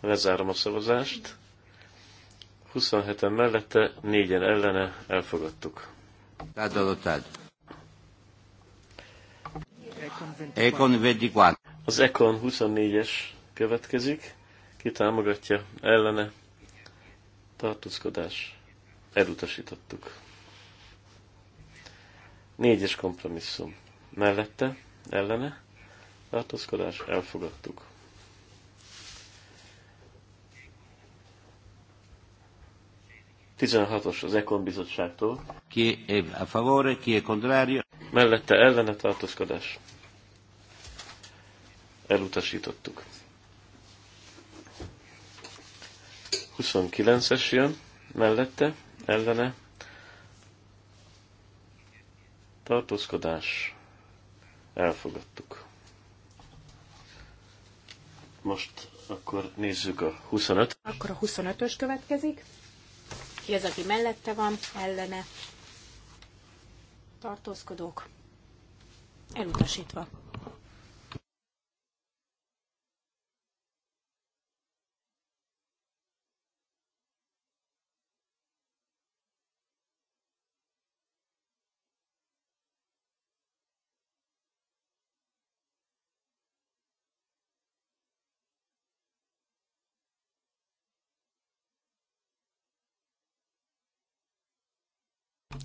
Lezárom a szavazást. 27-en mellette, 4-en ellene elfogadtuk. Adottad. Econ 24. Az Econ 24-es következik. Ki támogatja ellene? Tartózkodás. Elutasítottuk. Négyes kompromisszum. Mellette, ellene, tartózkodás, elfogadtuk. 16-os az Ekon bizottságtól. Ki è a favore, ki è contrario. Mellette ellene tartózkodás. Elutasítottuk. 29-es jön, mellette, ellene, tartózkodás, elfogadtuk. Most akkor nézzük a 25 Akkor a 25-ös következik. Ki az, aki mellette van, ellene, tartózkodók, elutasítva.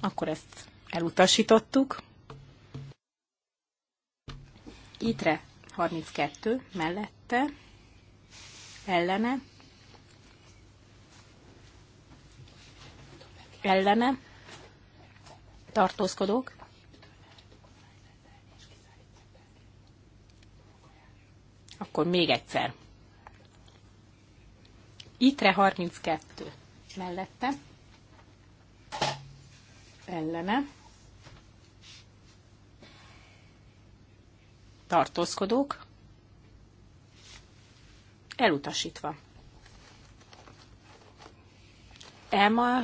akkor ezt elutasítottuk. Itre 32 mellette, ellene, ellene, tartózkodók, akkor még egyszer. Itre 32 mellette ellene tartózkodók elutasítva. Elma,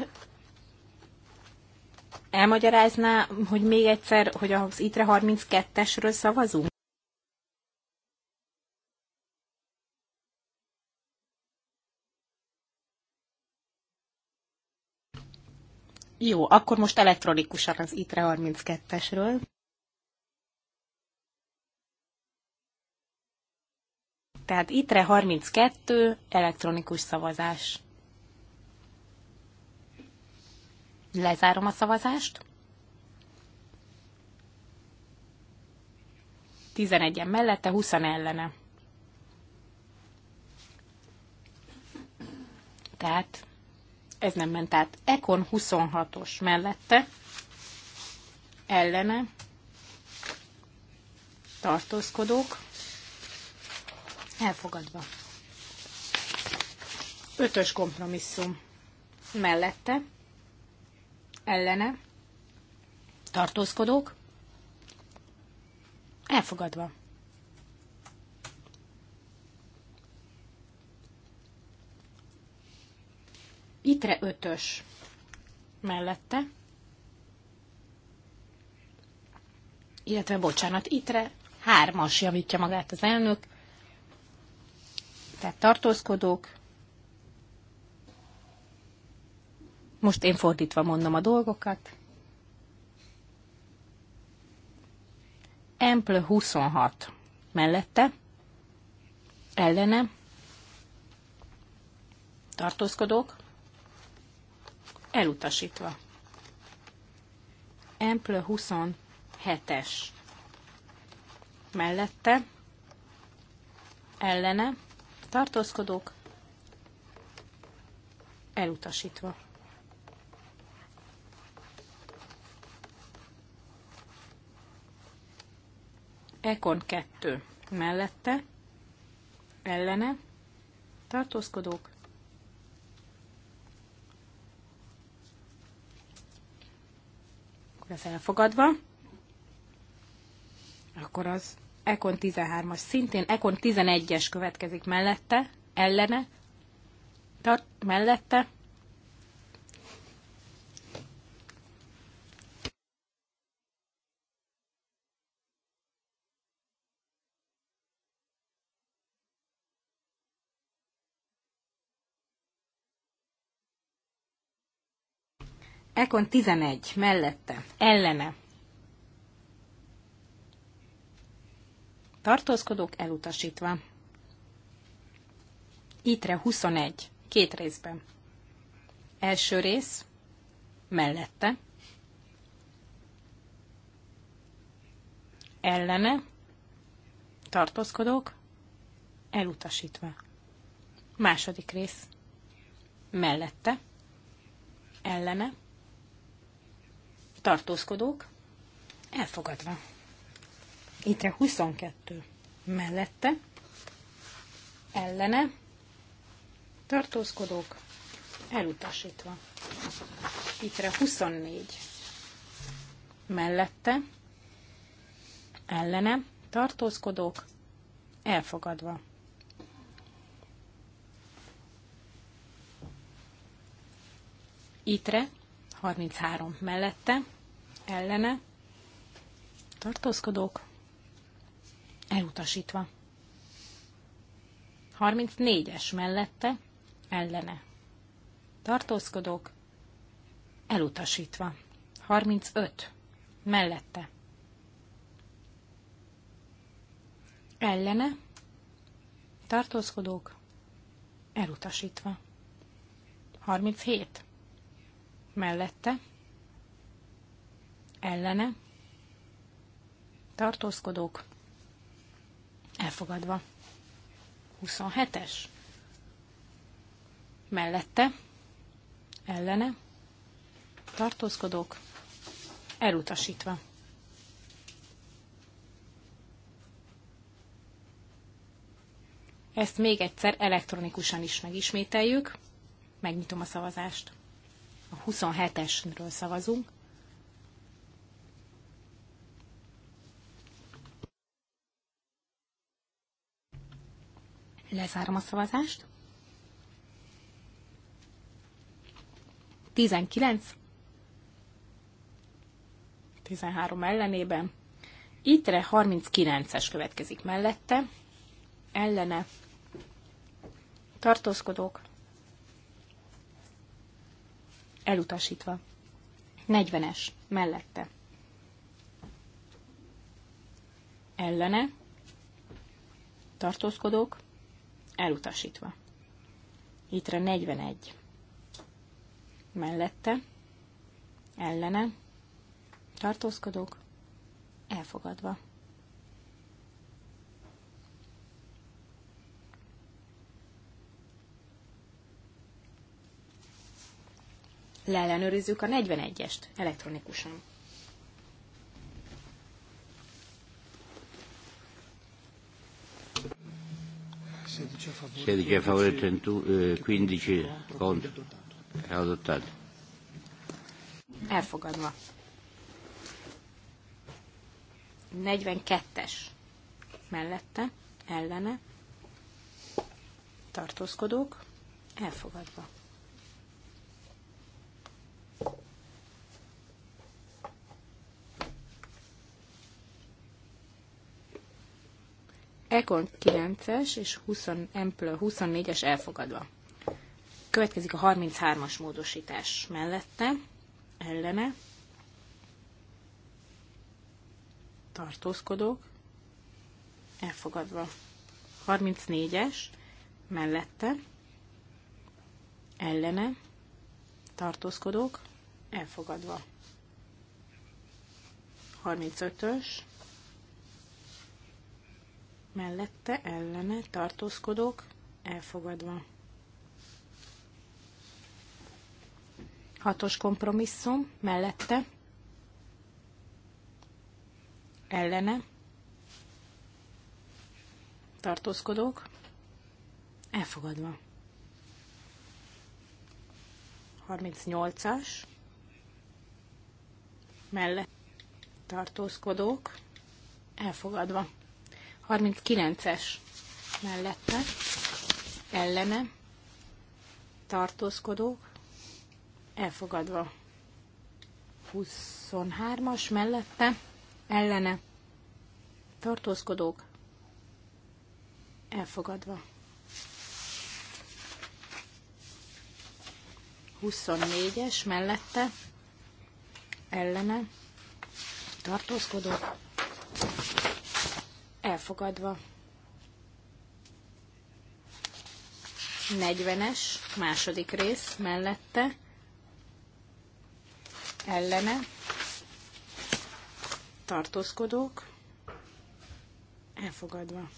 elmagyarázná, hogy még egyszer, hogy az ITRE 32-esről szavazunk? Jó, akkor most elektronikusan az ITRE 32-esről. Tehát ITRE 32 elektronikus szavazás. Lezárom a szavazást. 11-en mellette, 20 ellene. Tehát ez nem ment át. Ekon 26-os mellette ellene tartózkodók elfogadva. Ötös kompromisszum mellette ellene tartózkodók elfogadva. Itre ötös mellette, illetve bocsánat, itre hármas javítja magát az elnök, tehát tartózkodók. Most én fordítva mondom a dolgokat. Emple 26 mellette, ellene, tartózkodók, elutasítva. Emplő 27-es mellette, ellene, tartózkodók, elutasítva. Ekon 2 mellette, ellene, tartózkodók, lesz elfogadva. Akkor az Econ 13-as szintén, Econ 11-es következik mellette, ellene, tart, mellette, Ekon 11 mellette, ellene. Tartózkodók elutasítva. Itre 21, két részben. Első rész, mellette. Ellene, tartózkodók, elutasítva. Második rész, mellette, ellene, tartózkodók, elfogadva. Itre 22 mellette, ellene, tartózkodók, elutasítva. Itre 24 mellette, ellene, tartózkodók, elfogadva. Itre 33 mellette, ellene, tartózkodók, elutasítva. 34-es mellette, ellene, tartózkodók, elutasítva. 35 mellette, ellene, tartózkodók, elutasítva. 37 mellette, ellene, tartózkodók, elfogadva. 27-es, mellette, ellene, tartózkodók, elutasítva. Ezt még egyszer elektronikusan is megismételjük. Megnyitom a szavazást. A 27-esről szavazunk. Lezárom a szavazást. 19. 13 ellenében. Ittre 39-es következik mellette. Ellene. Tartózkodók. Elutasítva. 40-es. Mellette. Ellene. Tartózkodók. Elutasítva. Ittre 41. Mellette. Ellene. Tartózkodók. Elfogadva. leellenőrizzük a 41-est elektronikusan. Sedici a favore 15 eh, contro. È adottato. Elfogadva. 42-es mellette, ellene, tartózkodók, elfogadva. Econ 9-es és 20, Ample 24-es elfogadva. Következik a 33-as módosítás mellette, ellene, tartózkodók, elfogadva. 34-es, mellette, ellene, tartózkodók, elfogadva. 35-ös, mellette ellene tartózkodók elfogadva. Hatos kompromisszum mellette ellene tartózkodók elfogadva. 38-as mellett tartózkodók elfogadva. 39-es mellette ellene tartózkodók elfogadva. 23-as mellette ellene tartózkodók elfogadva. 24-es mellette ellene tartózkodók elfogadva. 40-es, második rész, mellette, ellene, tartózkodók, elfogadva.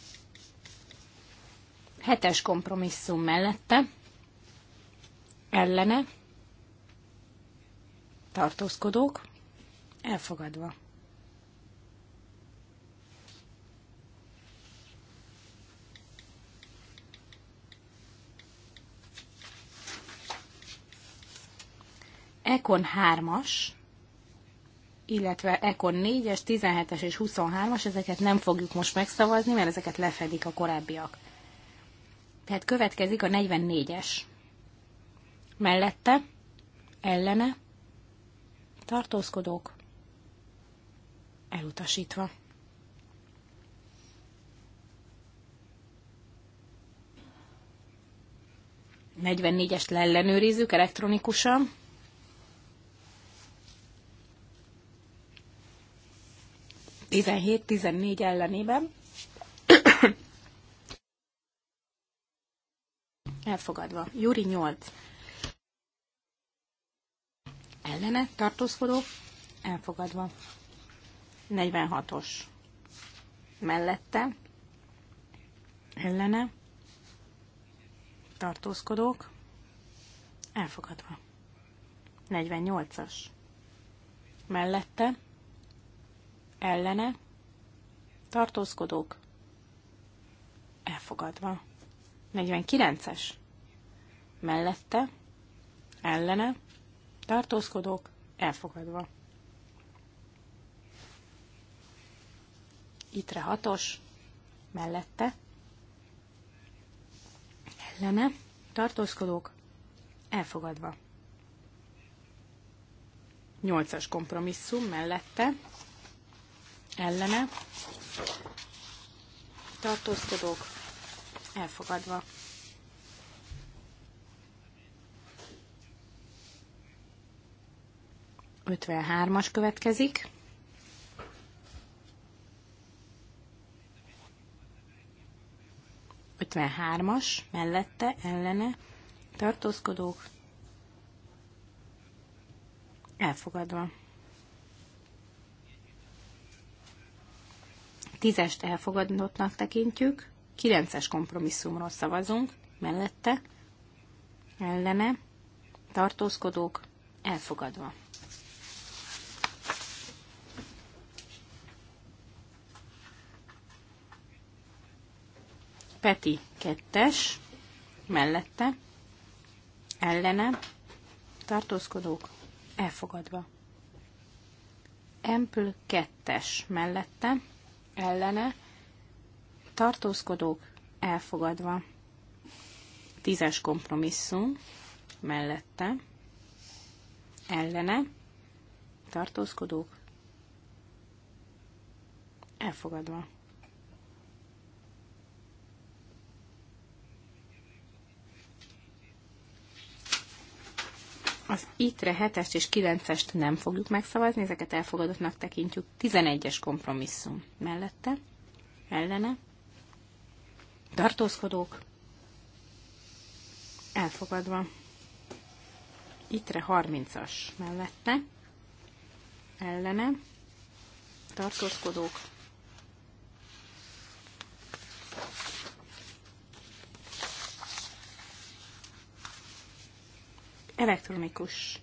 Hetes kompromisszum mellette, ellene, tartózkodók, elfogadva. Econ 3-as, illetve Econ 4-es, 17-es és 23-as, ezeket nem fogjuk most megszavazni, mert ezeket lefedik a korábbiak. Tehát következik a 44-es. Mellette, ellene, tartózkodók, elutasítva. A 44-est leellenőrizzük elektronikusan. 17-14 ellenében. Elfogadva. Júri 8. Ellene tartózkodó. Elfogadva. 46-os. Mellette. Ellene. Tartózkodók. Elfogadva. 48-as. Mellette ellene, tartózkodók, elfogadva. 49-es, mellette, ellene, tartózkodók, elfogadva. Itre hatos, mellette, ellene, tartózkodók, elfogadva. Nyolcas kompromisszum mellette, ellene, tartózkodók elfogadva. Ötvenhármas következik. Ötvenhármas, mellette, ellene, tartózkodók elfogadva. tízest elfogadottnak tekintjük, kilences kompromisszumról szavazunk, mellette, ellene, tartózkodók, elfogadva. Peti kettes, mellette, ellene, tartózkodók, elfogadva. Empl kettes mellette, ellene, tartózkodók elfogadva. Tízes kompromisszum mellette, ellene, tartózkodók elfogadva. Az ITRE 7-est és 9-est nem fogjuk megszavazni, ezeket elfogadottnak tekintjük. 11-es kompromisszum mellette, ellene, tartózkodók, elfogadva. ITRE 30-as mellette, ellene, tartózkodók, Elektronikus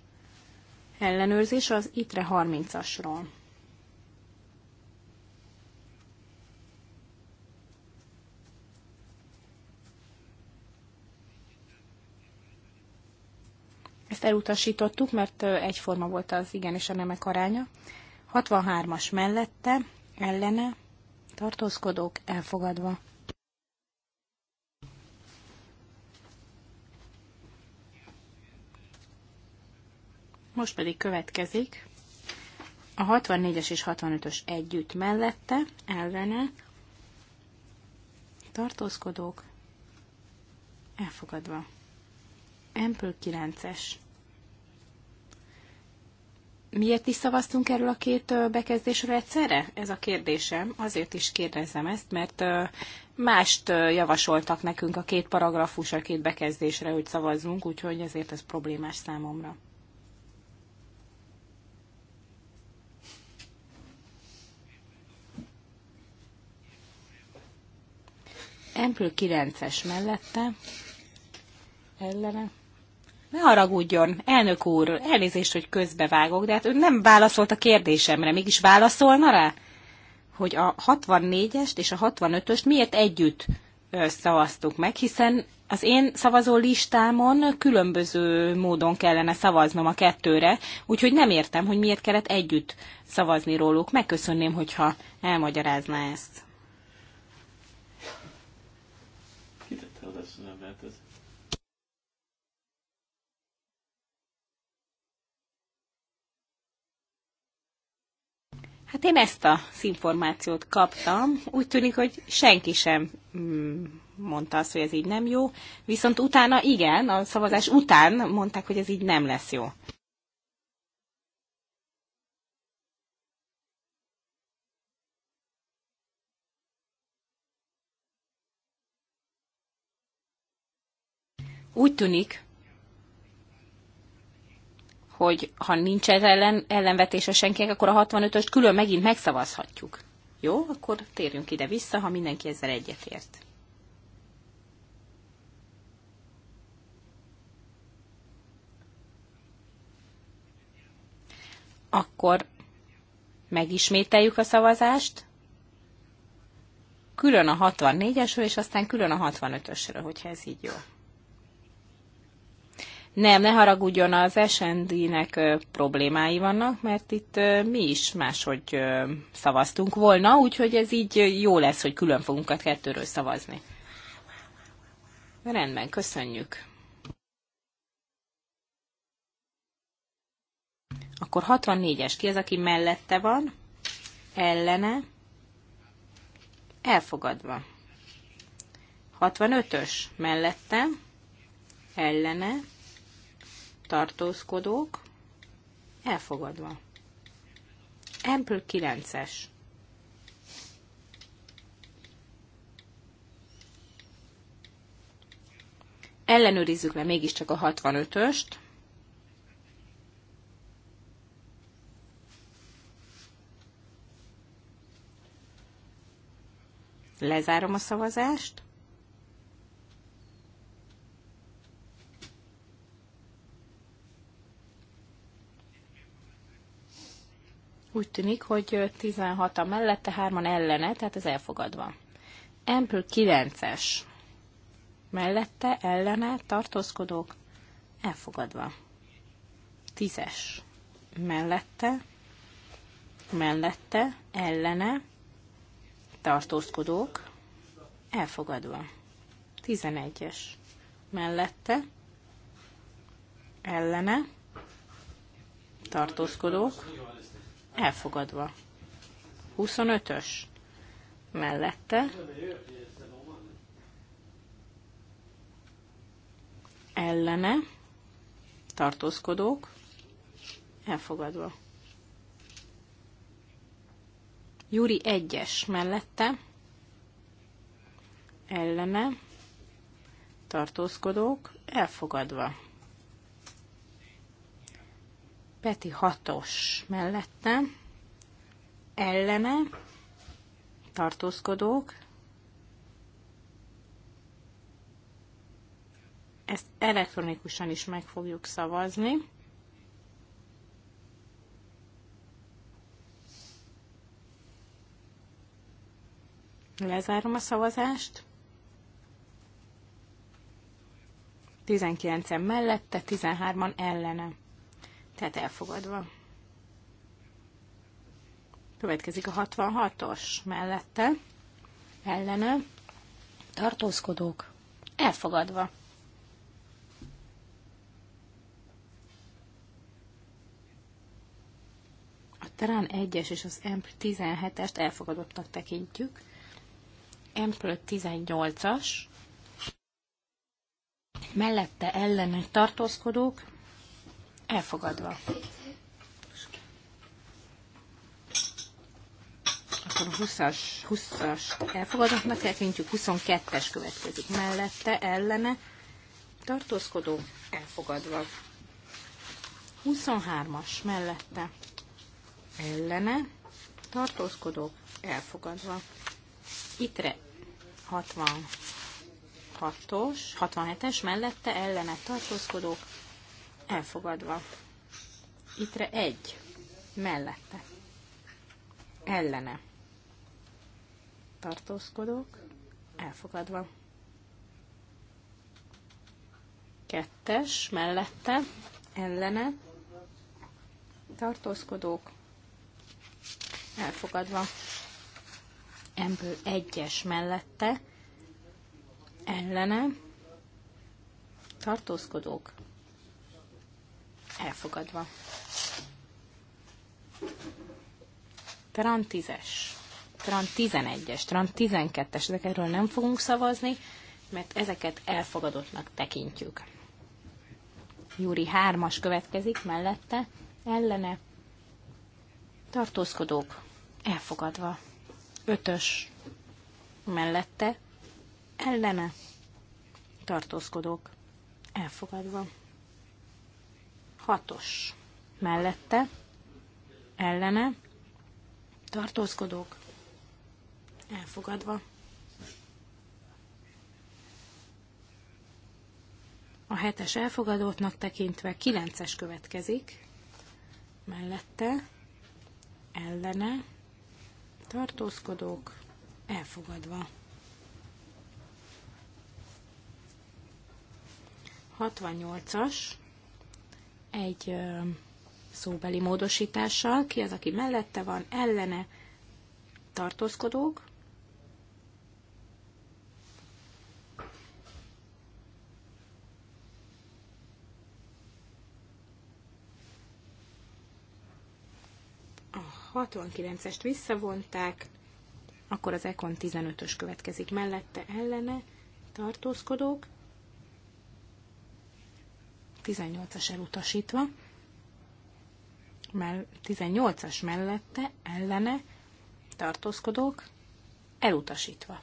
ellenőrzés az ITRE 30-asról. Ezt elutasítottuk, mert egyforma volt az igen és a nemek aránya. 63-as mellette, ellene, tartózkodók elfogadva. Most pedig következik a 64-es és 65-ös együtt mellette, ellene, tartózkodók, elfogadva. Ample 9-es. Miért is szavaztunk erről a két bekezdésről egyszerre? Ez a kérdésem. Azért is kérdezem ezt, mert mást javasoltak nekünk a két paragrafus a két bekezdésre, hogy szavazzunk, úgyhogy ezért ez problémás számomra. Ample 9-es mellette, ellene. Ne haragudjon, elnök úr, elnézést, hogy közbevágok, de hát ő nem válaszolt a kérdésemre, mégis válaszolna rá, hogy a 64-est és a 65-öst miért együtt szavaztuk meg, hiszen az én szavazó listámon különböző módon kellene szavaznom a kettőre, úgyhogy nem értem, hogy miért kellett együtt szavazni róluk. Megköszönném, hogyha elmagyarázná ezt. üzenetet. Hát én ezt a információt kaptam, úgy tűnik, hogy senki sem mm, mondta azt, hogy ez így nem jó, viszont utána igen, a szavazás után mondták, hogy ez így nem lesz jó. Úgy tűnik, hogy ha nincs ez ellen, ellenvetése senkinek, akkor a 65-öst külön megint megszavazhatjuk. Jó, akkor térjünk ide-vissza, ha mindenki ezzel egyetért. Akkor megismételjük a szavazást, külön a 64-esről, és aztán külön a 65-ösről, hogyha ez így jó. Nem, ne haragudjon, az SND-nek problémái vannak, mert itt mi is máshogy szavaztunk volna, úgyhogy ez így jó lesz, hogy külön fogunk a kettőről szavazni. Rendben, köszönjük. Akkor 64-es, ki az, aki mellette van, ellene, elfogadva. 65-ös mellette, ellene, tartózkodók, elfogadva. Ample 9-es. Ellenőrizzük le mégiscsak a 65-öst. Lezárom a szavazást. Úgy tűnik, hogy 16 a mellette, 3-an ellene, tehát ez elfogadva. Ample 9-es mellette, ellene, tartózkodók, elfogadva. 10-es mellette, mellette, ellene, tartózkodók, elfogadva. 11-es mellette, ellene, tartózkodók, elfogadva. 25-ös mellette ellene tartózkodók elfogadva. Júri 1-es mellette ellene tartózkodók elfogadva. Peti hatos mellette, ellene, tartózkodók, ezt elektronikusan is meg fogjuk szavazni. Lezárom a szavazást. 19-en mellette, 13-an ellene tehát elfogadva. Következik a 66-os mellette, ellene, tartózkodók, elfogadva. A Terán 1-es és az EMP 17-est elfogadottak tekintjük. EMP 18-as, mellette ellene tartózkodók, Elfogadva. Akkor a 20-as, 20-as elfogadottnak tekintjük, 22-es következik mellette, ellene, tartózkodó, elfogadva. 23-as mellette, ellene, tartózkodó, elfogadva. Itre 66-os, 67-es mellette ellene tartózkodó, elfogadva. Itre egy, mellette, ellene, tartózkodók, elfogadva. Kettes, mellette, ellene, tartózkodók, elfogadva. Ebből egyes mellette, ellene, tartózkodók, elfogadva. Tran 10-es, Tran 11-es, Tran 12-es, ezekről nem fogunk szavazni, mert ezeket elfogadottnak tekintjük. Júri 3-as következik mellette, ellene, tartózkodók, elfogadva. 5-ös mellette, ellene, tartózkodók, elfogadva. Hatos mellette, ellene, tartózkodók, elfogadva. A hetes elfogadótnak tekintve kilences következik, mellette, ellene, tartózkodók, elfogadva. 68-as egy szóbeli módosítással. Ki az, aki mellette van, ellene tartózkodók. A 69-est visszavonták, akkor az Econ 15-ös következik mellette, ellene tartózkodók. 18-as elutasítva, mell 18-as mellette ellene tartózkodók elutasítva.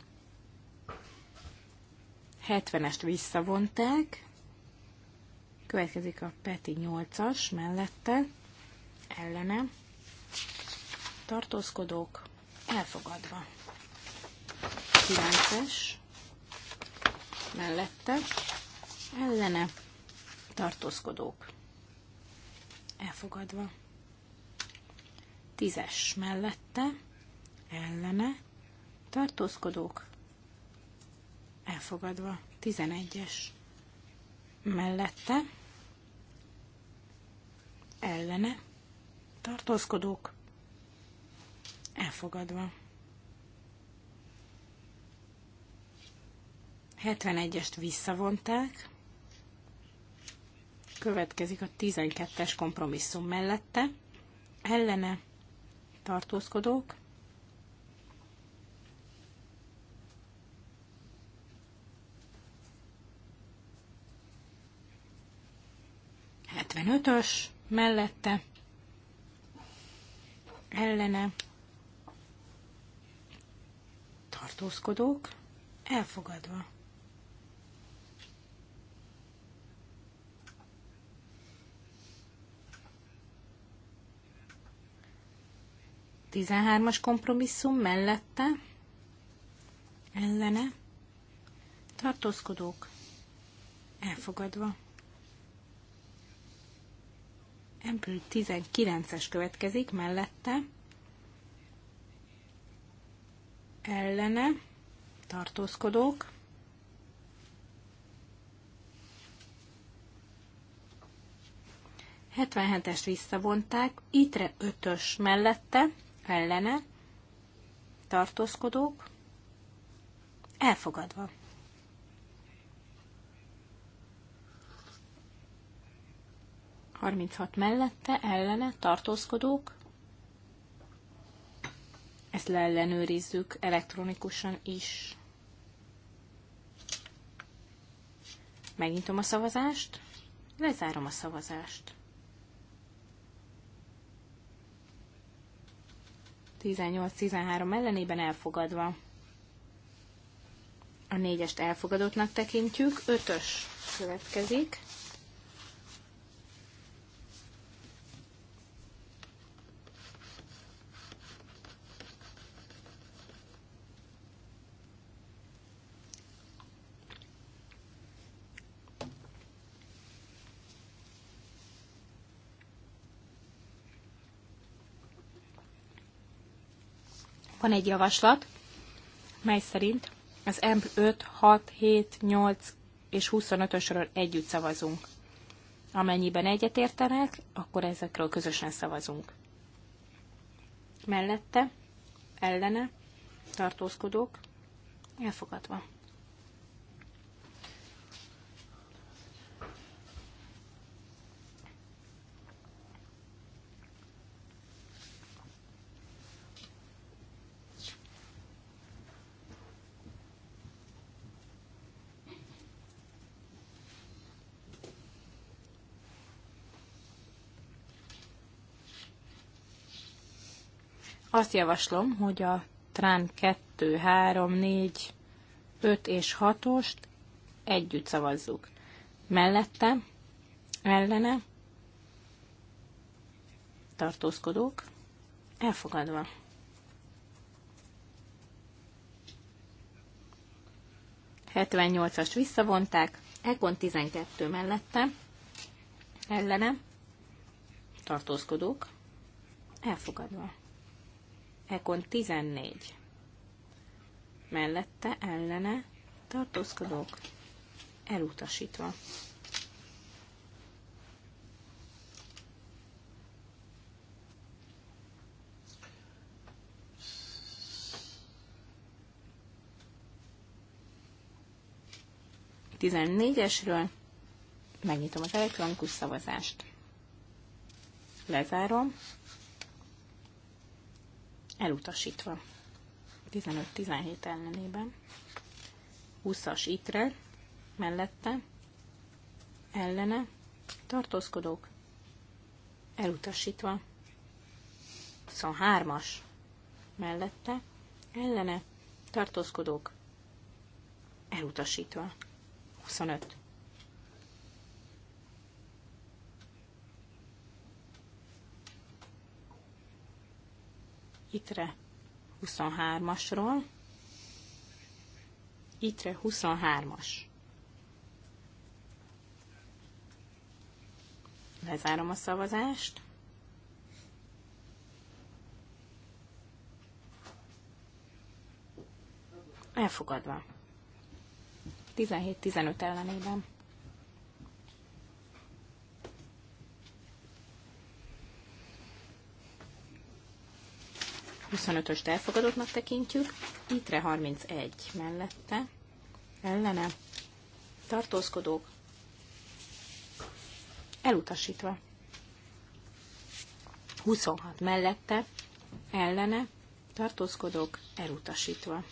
70-est visszavonták, következik a Peti 8-as mellette ellene tartózkodók elfogadva. 9-es mellette ellene tartózkodók elfogadva. Tízes mellette, ellene, tartózkodók elfogadva. Tizenegyes mellette, ellene, tartózkodók elfogadva. 71-est visszavonták, Következik a 12-es kompromisszum mellette. Ellene tartózkodók. ötös mellette ellene tartózkodók elfogadva. 13-as kompromisszum mellette ellene tartózkodók elfogadva. Ebből 19-es következik mellette ellene tartózkodók Hetvenhetest visszavonták, itre ötös mellette ellene, tartózkodók, elfogadva. Harminchat mellette, ellene, tartózkodók, ezt leellenőrizzük elektronikusan is. Megnyitom a szavazást, lezárom a szavazást. 18-13 ellenében elfogadva. A négyest elfogadottnak tekintjük, ötös következik. Van egy javaslat, mely szerint az M 5, 6, 7, 8 és 25-ösről együtt szavazunk. Amennyiben egyetértenek, akkor ezekről közösen szavazunk. Mellette, ellene, tartózkodók, elfogadva. Azt javaslom, hogy a Trán 2, 3, 4, 5 és 6-ost együtt szavazzuk. Mellette, ellene, tartózkodók, elfogadva. as visszavonták, Ekon 12 mellette, ellene, tartózkodók, elfogadva. Ekon 14. Mellette ellene tartózkodók elutasítva. Tizennégyesről megnyitom az elektronikus szavazást. Lezárom elutasítva. 15-17 ellenében. 20-as itre, mellette, ellene, tartózkodók, elutasítva. 23-as, mellette, ellene, tartózkodók, elutasítva. 25. Itre 23-asról. Itre 23-as. Lezárom a szavazást. Elfogadva. 17-15 ellenében. 25-öst elfogadottnak tekintjük, ittre 31 mellette, ellene, tartózkodók, elutasítva. 26 mellette, ellene, tartózkodók, elutasítva.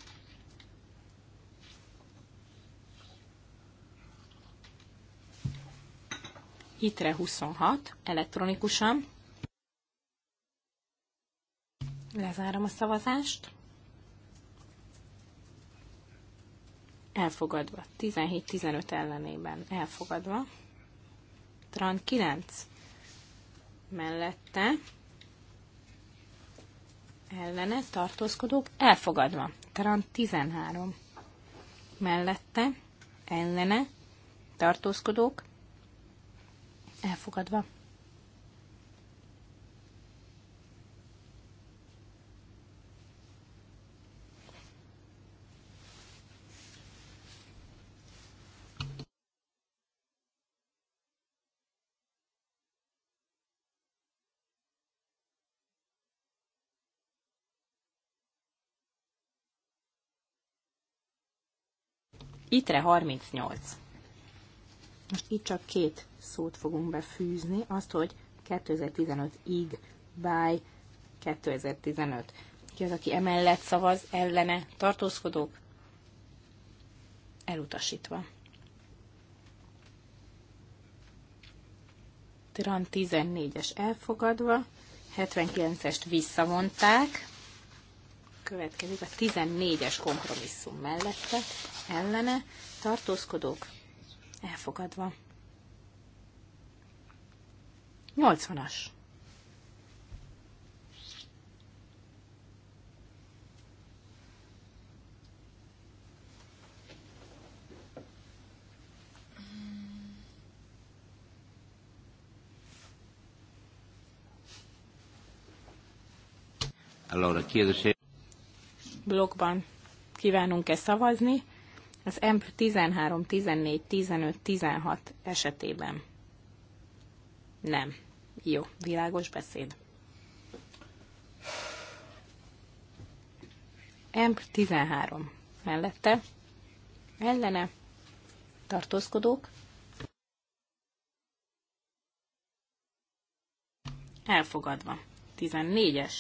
Hitre 26, elektronikusan, Lezárom a szavazást. Elfogadva. 17-15 ellenében elfogadva. Tran 9 mellette ellene tartózkodók elfogadva. Tran 13 mellette ellene tartózkodók elfogadva. Itre 38. Most itt csak két szót fogunk befűzni, azt, hogy 2015-ig, by 2015. Ki az, aki emellett szavaz, ellene tartózkodók? Elutasítva. Tran 14-es elfogadva, 79-est visszavonták, Következik a 14-es kompromisszum mellette, ellene, tartózkodók, elfogadva. 80-as. Allora, chiedo se blokkban kívánunk-e szavazni az M 13, 14, 15, 16 esetében. Nem. Jó, világos beszéd. M 13 mellette ellene tartózkodók elfogadva. 14-es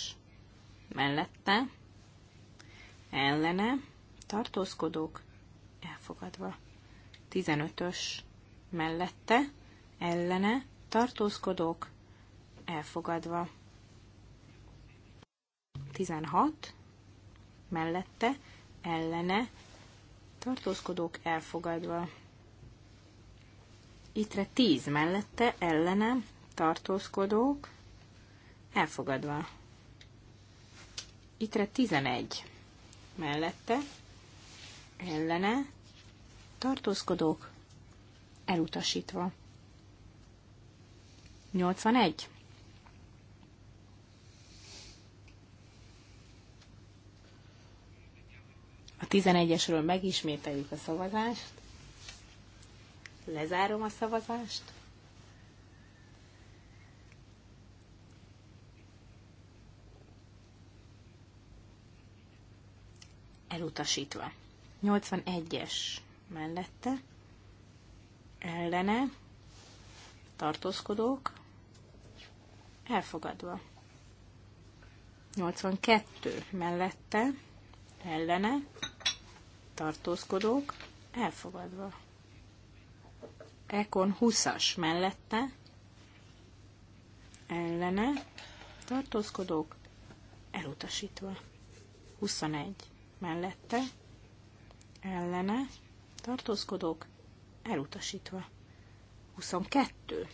mellette ellene, tartózkodók, elfogadva. 15-ös mellette, ellene, tartózkodók, elfogadva. 16 mellette, ellene, tartózkodók, elfogadva. Ittre 10 mellette, ellene, tartózkodók, elfogadva. Ittre 11 mellette, ellene, tartózkodók, elutasítva. 81. A 11-esről megismételjük a szavazást. Lezárom a szavazást. elutasítva. 81-es mellette, ellene, tartózkodók, elfogadva. 82 mellette, ellene, tartózkodók, elfogadva. Ekon 20-as mellette, ellene, tartózkodók, elutasítva. 21 mellette, ellene, tartózkodók, elutasítva. 22.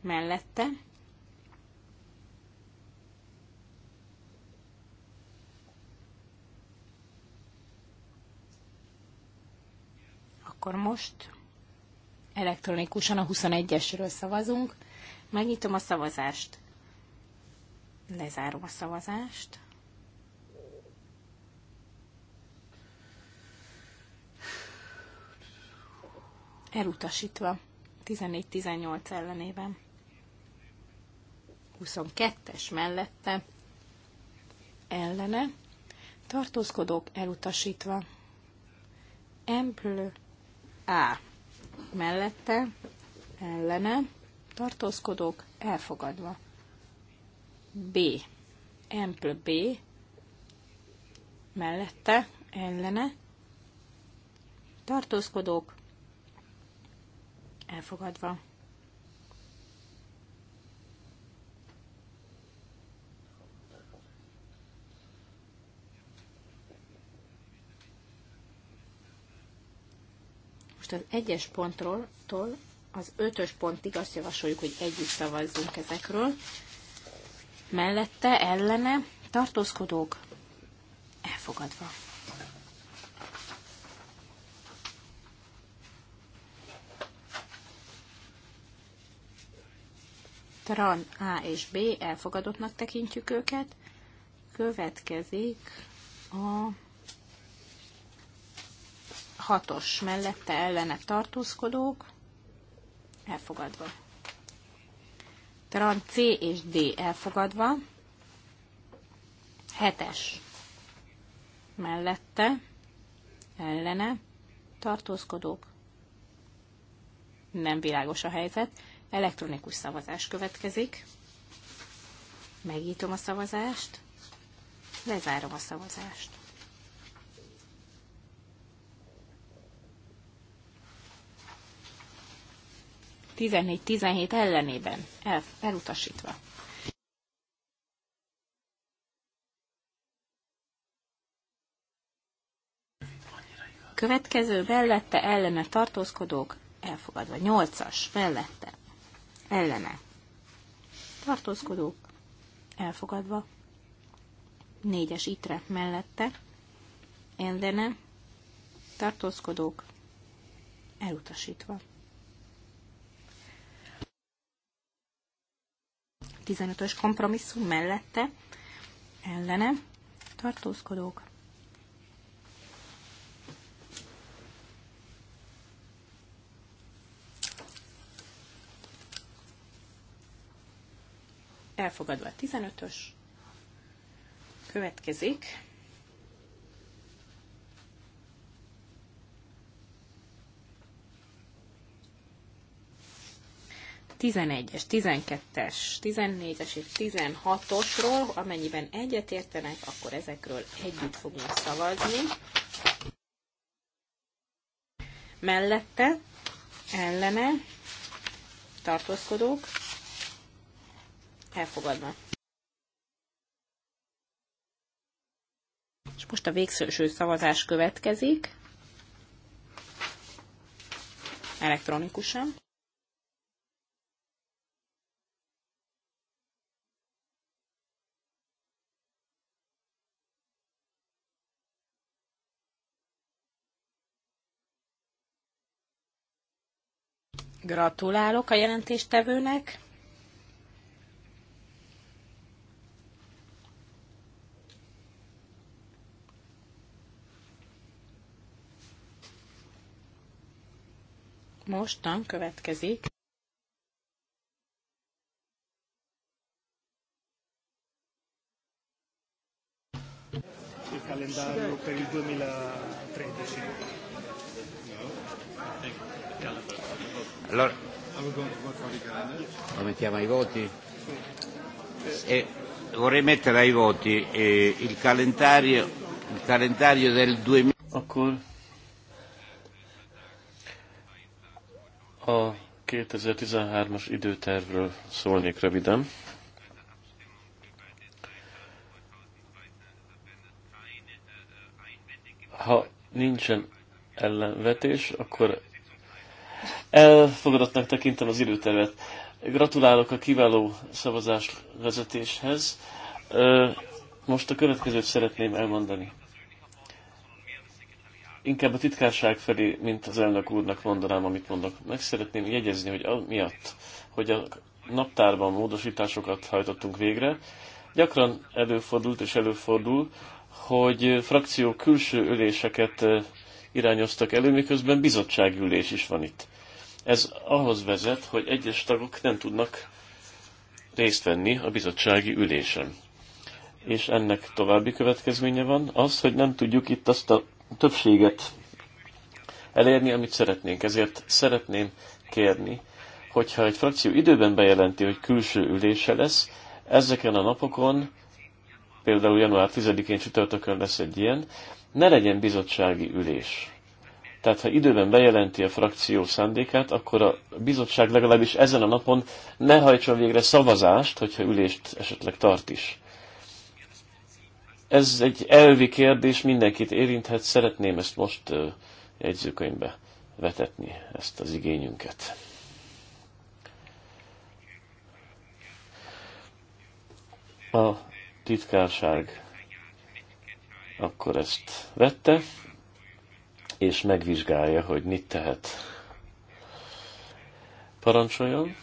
Mellette, akkor most elektronikusan a 21-esről szavazunk. Megnyitom a szavazást. Lezárom a szavazást. Elutasítva 14-18 ellenében. 22-es mellette ellene tartózkodók elutasítva. Emplő A mellette ellene tartózkodók elfogadva. B. Ample B mellette, ellene tartózkodók elfogadva. Most az egyes pontról az ötös pontig azt javasoljuk, hogy együtt szavazzunk ezekről. Mellette, ellene, tartózkodók, elfogadva. Tran A és B elfogadottnak tekintjük őket. Következik a hatos mellette ellene tartózkodók, elfogadva. Tran C és D elfogadva. Hetes mellette, ellene, tartózkodók, nem világos a helyzet, elektronikus szavazás következik. Megítom a szavazást, lezárom a szavazást. 14-17 ellenében el, elutasítva. Következő mellette ellene tartózkodók elfogadva. 8-as mellette ellene tartózkodók elfogadva. 4-es itre mellette ellene tartózkodók elutasítva. 15-ös kompromisszum mellette ellene tartózkodók. Elfogadva a 15-ös. Következik 11-es, 12-es, 14-es és 16-osról, amennyiben egyet értenek, akkor ezekről együtt fogunk szavazni. Mellette, ellene, tartózkodók, elfogadva. És most a végső szavazás következik elektronikusan. Gratulálok a jelentéstevőnek. Mostan következik. Il calendario per il 2013. Allora, lo mettiamo ai voti? E vorrei mettere ai voti eh, il, calendario, il calendario del 2000. Akkor a 2013-as időtervről szólnék röviden. Ha nincsen ellenvetés, akkor Elfogadottnak tekintem az időtervet. Gratulálok a kiváló szavazás vezetéshez. Most a következőt szeretném elmondani. Inkább a titkárság felé, mint az elnök úrnak mondanám, amit mondok. Meg szeretném jegyezni, hogy miatt, hogy a naptárban módosításokat hajtottunk végre, gyakran előfordult és előfordul, hogy frakció külső üléseket irányoztak elő, miközben bizottságülés is van itt. Ez ahhoz vezet, hogy egyes tagok nem tudnak részt venni a bizottsági ülésen. És ennek további következménye van az, hogy nem tudjuk itt azt a többséget elérni, amit szeretnénk. Ezért szeretném kérni, hogyha egy frakció időben bejelenti, hogy külső ülése lesz, ezeken a napokon, például január 10-én csütörtökön lesz egy ilyen, ne legyen bizottsági ülés. Tehát ha időben bejelenti a frakció szándékát, akkor a bizottság legalábbis ezen a napon ne hajtson végre szavazást, hogyha ülést esetleg tart is. Ez egy elvi kérdés, mindenkit érinthet, szeretném ezt most jegyzőkönyvbe vetetni, ezt az igényünket. A titkárság akkor ezt vette, és megvizsgálja, hogy mit tehet. Parancsoljon!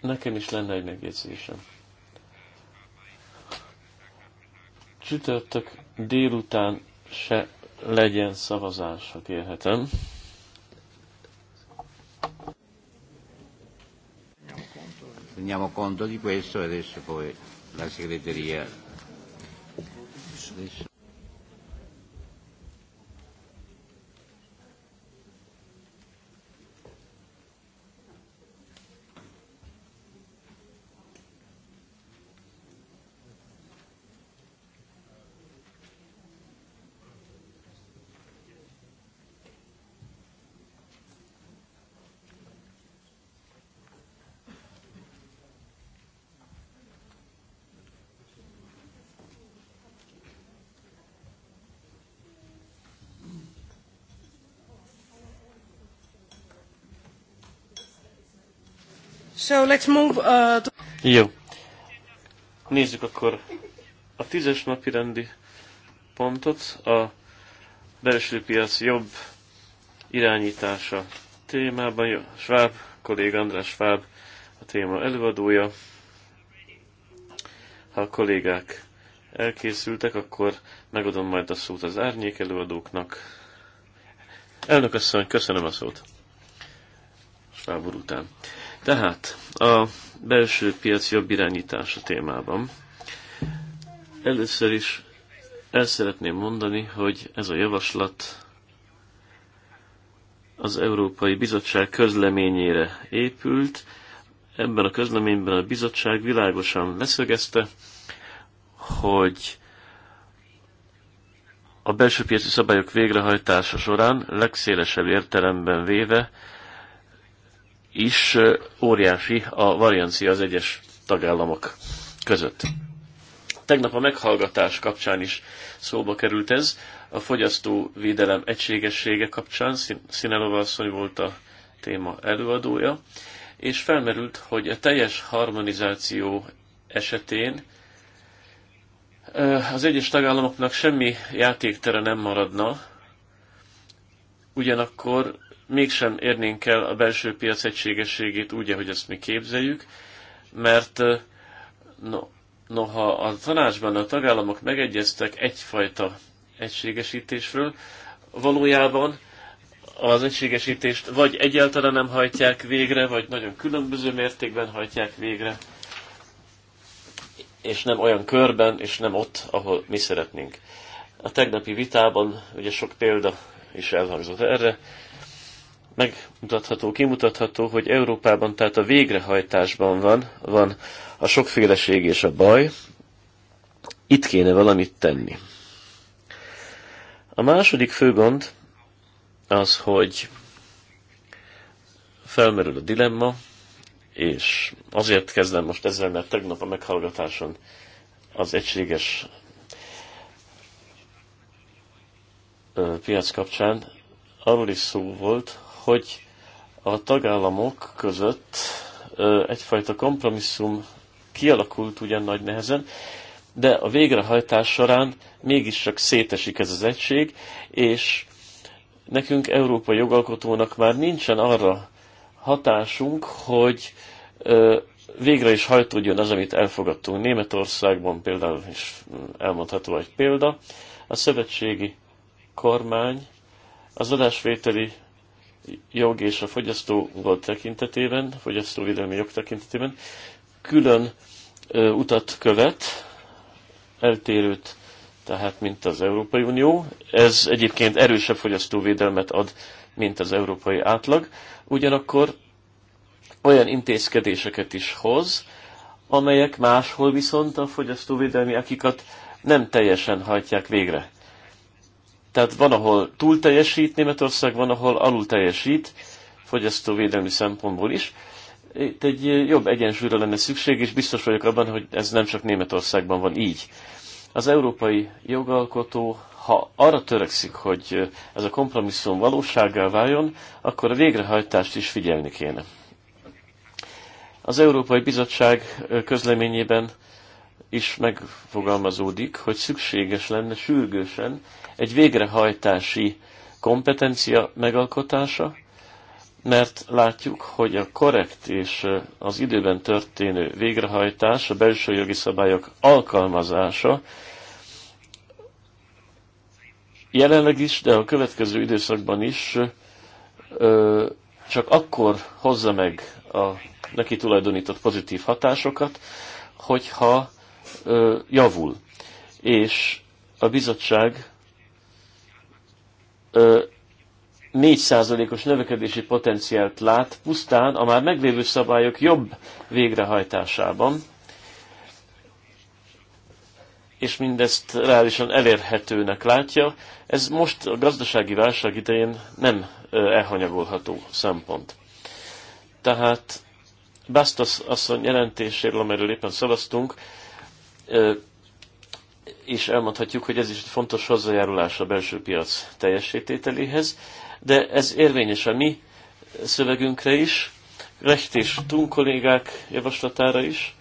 Nekem is lenne egy megjegyzésem. Csütörtök délután se legyen szavazás, ha kérhetem. Teniamo conto di questo e adesso poi la segreteria translation. So let's move, uh, to... Jó. Nézzük akkor a tízes napi rendi pontot, a belső piac jobb irányítása témában. Jó, Schwab, kolléga András Schwab a téma előadója. Ha a kollégák elkészültek, akkor megadom majd a szót az árnyék előadóknak. Elnök asszony, köszönöm a szót. Schwab után. Tehát a belső piac jobb irányítása témában. Először is el szeretném mondani, hogy ez a javaslat az Európai Bizottság közleményére épült. Ebben a közleményben a bizottság világosan leszögezte, hogy a belső piaci szabályok végrehajtása során legszélesebb értelemben véve is óriási a variancia az egyes tagállamok között. Tegnap a meghallgatás kapcsán is szóba került ez. A fogyasztóvédelem egységessége kapcsán Szinelova asszony volt a téma előadója, és felmerült, hogy a teljes harmonizáció esetén az egyes tagállamoknak semmi játéktere nem maradna, ugyanakkor mégsem érnénk el a belső piac egységességét úgy, ahogy ezt mi képzeljük, mert no, noha a tanácsban a tagállamok megegyeztek egyfajta egységesítésről, valójában az egységesítést vagy egyáltalán nem hajtják végre, vagy nagyon különböző mértékben hajtják végre, és nem olyan körben, és nem ott, ahol mi szeretnénk. A tegnapi vitában ugye sok példa is elhangzott erre, megmutatható, kimutatható, hogy Európában, tehát a végrehajtásban van, van a sokféleség és a baj. Itt kéne valamit tenni. A második fő gond az, hogy felmerül a dilemma, és azért kezdem most ezzel, mert tegnap a meghallgatáson az egységes piac kapcsán arról is szó volt, hogy a tagállamok között egyfajta kompromisszum kialakult ugyan nagy nehezen, de a végrehajtás során mégiscsak szétesik ez az egység, és nekünk, európai jogalkotónak már nincsen arra hatásunk, hogy végre is hajtódjon az, amit elfogadtunk. Németországban például is elmondható egy példa. A szövetségi kormány az adásvételi jog és a fogyasztó volt tekintetében, fogyasztóvédelmi jog tekintetében külön ö, utat követ, eltérőt, tehát mint az Európai Unió. Ez egyébként erősebb fogyasztóvédelmet ad, mint az európai átlag. Ugyanakkor olyan intézkedéseket is hoz, amelyek máshol viszont a fogyasztóvédelmi akikat nem teljesen hajtják végre. Tehát van, ahol túl teljesít Németország, van, ahol alul teljesít, fogyasztóvédelmi szempontból is. Itt egy jobb egyensúlyra lenne szükség, és biztos vagyok abban, hogy ez nem csak Németországban van így. Az európai jogalkotó, ha arra törekszik, hogy ez a kompromisszum valósággá váljon, akkor a végrehajtást is figyelni kéne. Az Európai Bizottság közleményében is megfogalmazódik, hogy szükséges lenne sürgősen egy végrehajtási kompetencia megalkotása, mert látjuk, hogy a korrekt és az időben történő végrehajtás, a belső jogi szabályok alkalmazása jelenleg is, de a következő időszakban is csak akkor hozza meg a neki tulajdonított pozitív hatásokat, hogyha javul. És a bizottság 4%-os növekedési potenciált lát pusztán a már meglévő szabályok jobb végrehajtásában, és mindezt reálisan elérhetőnek látja. Ez most a gazdasági válság idején nem elhanyagolható szempont. Tehát Bastos asszony jelentéséről, amiről éppen szavaztunk, és elmondhatjuk, hogy ez is egy fontos hozzájárulás a belső piac teljesítételéhez, de ez érvényes a mi szövegünkre is, Recht és Tun kollégák javaslatára is,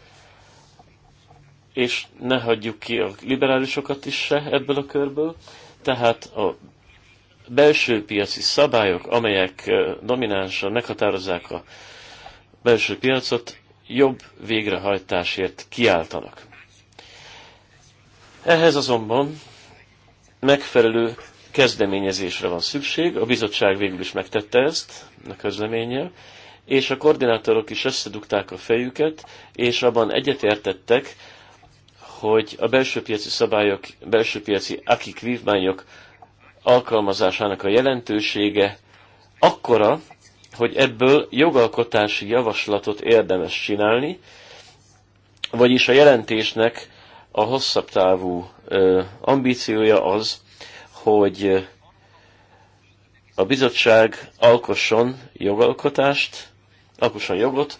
és ne hagyjuk ki a liberálisokat is se ebből a körből, tehát a belső piaci szabályok, amelyek eh, dominánsan meghatározzák a belső piacot, jobb végrehajtásért kiáltanak. Ehhez azonban megfelelő kezdeményezésre van szükség, a bizottság végül is megtette ezt a közleménye, és a koordinátorok is összedugták a fejüket, és abban egyetértettek, hogy a belső piaci szabályok, belső piaci akik vívmányok alkalmazásának a jelentősége akkora, hogy ebből jogalkotási javaslatot érdemes csinálni, vagyis a jelentésnek a hosszabb távú ambíciója az, hogy a bizottság alkosson jogalkotást, alkosson jogot,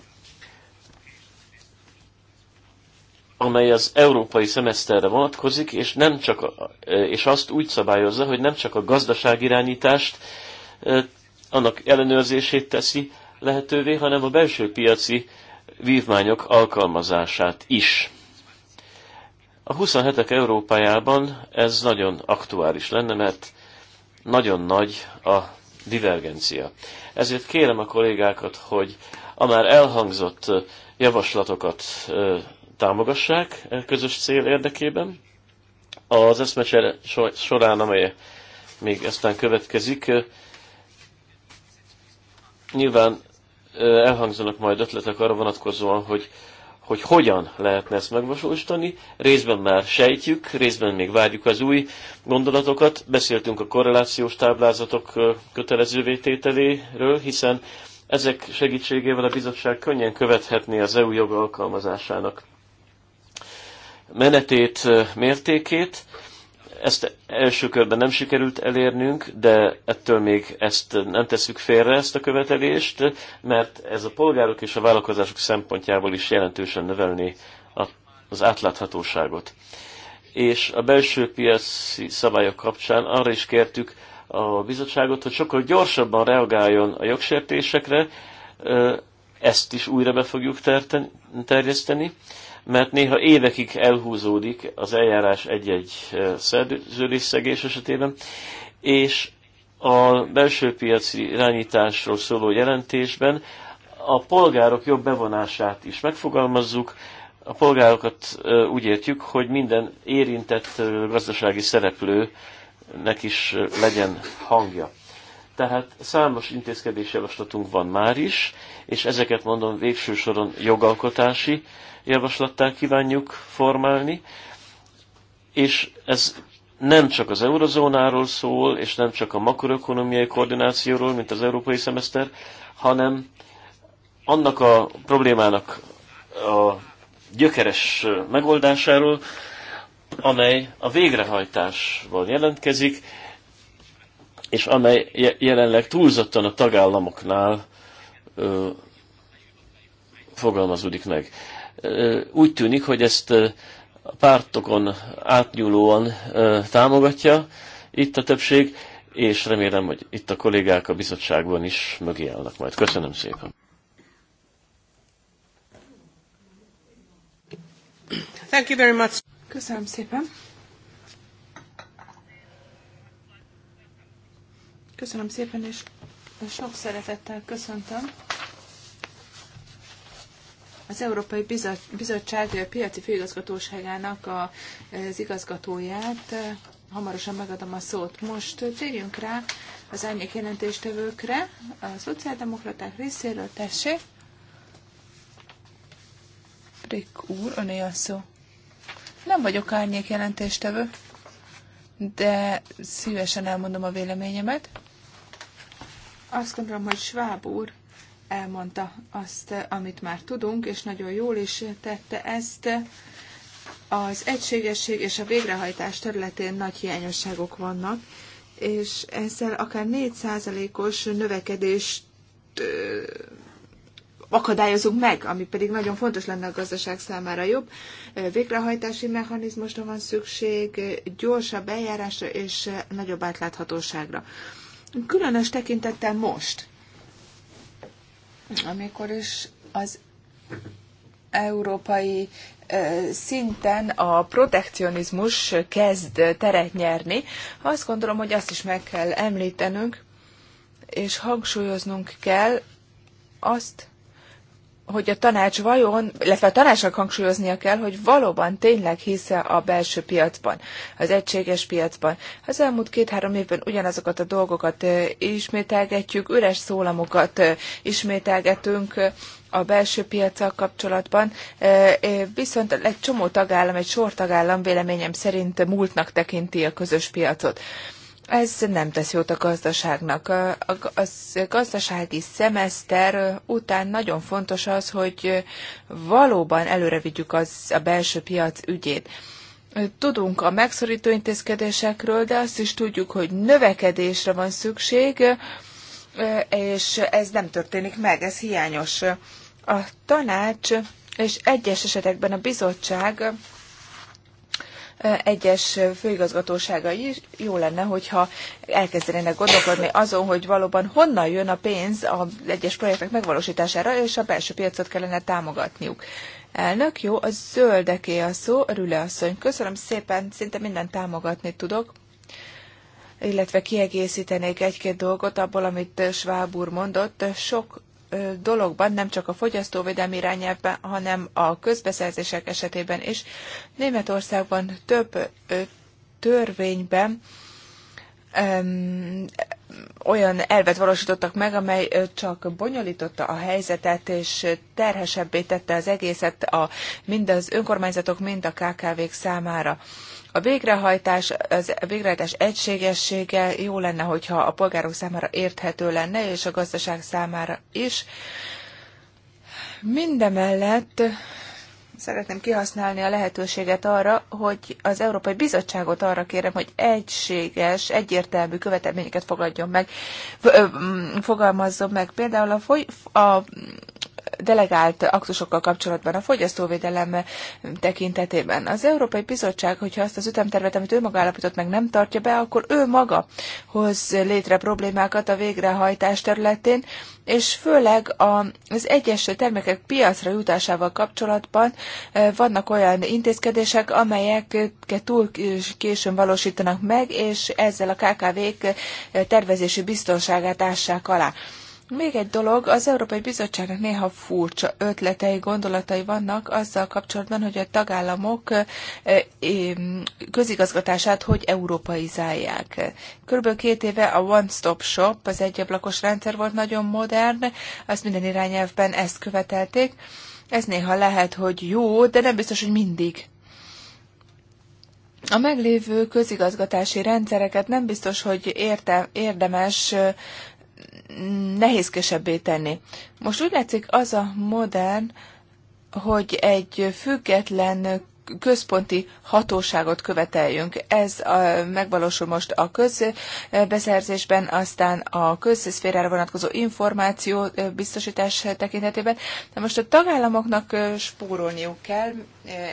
amely az európai szemeszterre vonatkozik, és, nem csak a, és azt úgy szabályozza, hogy nem csak a gazdaságirányítást, annak ellenőrzését teszi lehetővé, hanem a belső piaci vívmányok alkalmazását is. A 27-ek Európájában ez nagyon aktuális lenne, mert nagyon nagy a divergencia. Ezért kérem a kollégákat, hogy a már elhangzott javaslatokat támogassák közös cél érdekében. Az eszmecsere során, amely még aztán következik, nyilván elhangzanak majd ötletek arra vonatkozóan, hogy hogy hogyan lehetne ezt megvalósítani. Részben már sejtjük, részben még várjuk az új gondolatokat. Beszéltünk a korrelációs táblázatok kötelező vétételéről, hiszen ezek segítségével a bizottság könnyen követhetné az EU jog alkalmazásának menetét, mértékét, ezt első körben nem sikerült elérnünk, de ettől még ezt nem tesszük félre, ezt a követelést, mert ez a polgárok és a vállalkozások szempontjából is jelentősen növelni az átláthatóságot. És a belső piaci szabályok kapcsán arra is kértük a bizottságot, hogy sokkal gyorsabban reagáljon a jogsértésekre, ezt is újra be fogjuk terjeszteni mert néha évekig elhúzódik az eljárás egy-egy szerződésszegés esetében, és a belső piaci irányításról szóló jelentésben a polgárok jobb bevonását is megfogalmazzuk. A polgárokat úgy értjük, hogy minden érintett gazdasági szereplőnek is legyen hangja. Tehát számos intézkedésjavaslatunk van már is, és ezeket mondom végső soron jogalkotási javaslattá kívánjuk formálni, és ez nem csak az eurozónáról szól, és nem csak a makroökonomiai koordinációról, mint az európai szemeszter, hanem annak a problémának a gyökeres megoldásáról, amely a végrehajtásból jelentkezik, és amely jelenleg túlzottan a tagállamoknál ö, fogalmazódik meg. Ö, úgy tűnik, hogy ezt a pártokon átnyúlóan ö, támogatja itt a többség, és remélem, hogy itt a kollégák a bizottságban is mögé állnak majd. Köszönöm szépen! Thank you very much. Köszönöm szépen! Köszönöm szépen, és sok szeretettel köszöntöm az Európai Bizottság piaci főigazgatóságának az igazgatóját. Hamarosan megadom a szót. Most térjünk rá az árnyék jelentéstevőkre. A szociáldemokraták részéről tessék. Prick úr, öné a szó. Nem vagyok árnyék jelentéstevő, de szívesen elmondom a véleményemet. Azt gondolom, hogy Schwab úr elmondta azt, amit már tudunk, és nagyon jól is tette ezt. Az egységesség és a végrehajtás területén nagy hiányosságok vannak, és ezzel akár 4%-os növekedést akadályozunk meg, ami pedig nagyon fontos lenne a gazdaság számára jobb. Végrehajtási mechanizmusra van szükség, gyorsabb eljárásra és nagyobb átláthatóságra. Különös tekintettel most, amikor is az európai szinten a protekcionizmus kezd teret nyerni, azt gondolom, hogy azt is meg kell említenünk, és hangsúlyoznunk kell azt, hogy a tanács vajon, illetve a tanácsnak hangsúlyoznia kell, hogy valóban tényleg hisze a belső piacban, az egységes piacban. Az elmúlt két-három évben ugyanazokat a dolgokat ismételgetjük, üres szólamokat ismételgetünk a belső piacsal kapcsolatban, viszont egy csomó tagállam, egy sor tagállam véleményem szerint múltnak tekinti a közös piacot. Ez nem tesz jót a gazdaságnak. A gazdasági szemeszter után nagyon fontos az, hogy valóban előre vigyük az, a belső piac ügyét. Tudunk a megszorító intézkedésekről, de azt is tudjuk, hogy növekedésre van szükség, és ez nem történik meg, ez hiányos. A tanács és egyes esetekben a bizottság egyes főigazgatóságai is jó lenne, hogyha elkezdenének gondolkodni azon, hogy valóban honnan jön a pénz az egyes projektek megvalósítására, és a belső piacot kellene támogatniuk. Elnök, jó, a zöldeké a szó, Rüle asszony. Köszönöm szépen, szinte mindent támogatni tudok illetve kiegészítenék egy-két dolgot abból, amit Schwab úr mondott. Sok dologban, nem csak a fogyasztóvédelmi irányelvben, hanem a közbeszerzések esetében is. Németországban több törvényben olyan elvet valósítottak meg, amely csak bonyolította a helyzetet, és terhesebbé tette az egészet a, mind az önkormányzatok, mind a KKV-k számára. A végrehajtás, az, a végrehajtás egységessége jó lenne, hogyha a polgárok számára érthető lenne, és a gazdaság számára is. Mindemellett szeretném kihasználni a lehetőséget arra, hogy az Európai Bizottságot arra kérem, hogy egységes, egyértelmű követelményeket fogadjon meg, fogalmazzon meg. Például a, foly, a delegált aktusokkal kapcsolatban a fogyasztóvédelem tekintetében. Az Európai Bizottság, hogyha azt az ütemtervet, amit ő maga állapított meg, nem tartja be, akkor ő maga hoz létre problémákat a végrehajtás területén, és főleg az egyes termékek piacra jutásával kapcsolatban vannak olyan intézkedések, amelyeket túl későn valósítanak meg, és ezzel a KKV-k tervezési biztonságát ássák alá. Még egy dolog, az Európai Bizottságnak néha furcsa ötletei, gondolatai vannak azzal kapcsolatban, hogy a tagállamok eh, eh, közigazgatását hogy európaizálják. Körülbelül két éve a One Stop Shop, az egyablakos rendszer volt nagyon modern, azt minden irányelvben ezt követelték. Ez néha lehet, hogy jó, de nem biztos, hogy mindig a meglévő közigazgatási rendszereket nem biztos, hogy érte, érdemes eh, nehézkesebbé tenni. Most úgy látszik az a modern, hogy egy független központi hatóságot követeljünk. Ez a, megvalósul most a közbeszerzésben, aztán a közszférára vonatkozó információ biztosítás tekintetében. De most a tagállamoknak spórolniuk kell,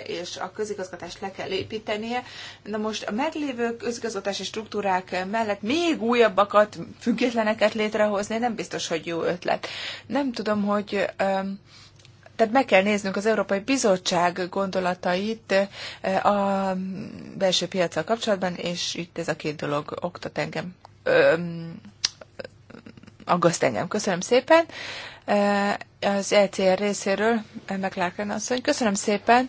és a közigazgatást le kell építenie. Na most a meglévő közigazgatási struktúrák mellett még újabbakat, függetleneket létrehozni nem biztos, hogy jó ötlet. Nem tudom, hogy tehát meg kell néznünk az Európai Bizottság gondolatait eh, a belső piacsal kapcsolatban, és itt ez a két dolog oktat engem, öm, aggaszt engem. Köszönöm szépen eh, az ECR részéről, eh, McLaren asszony. Köszönöm szépen.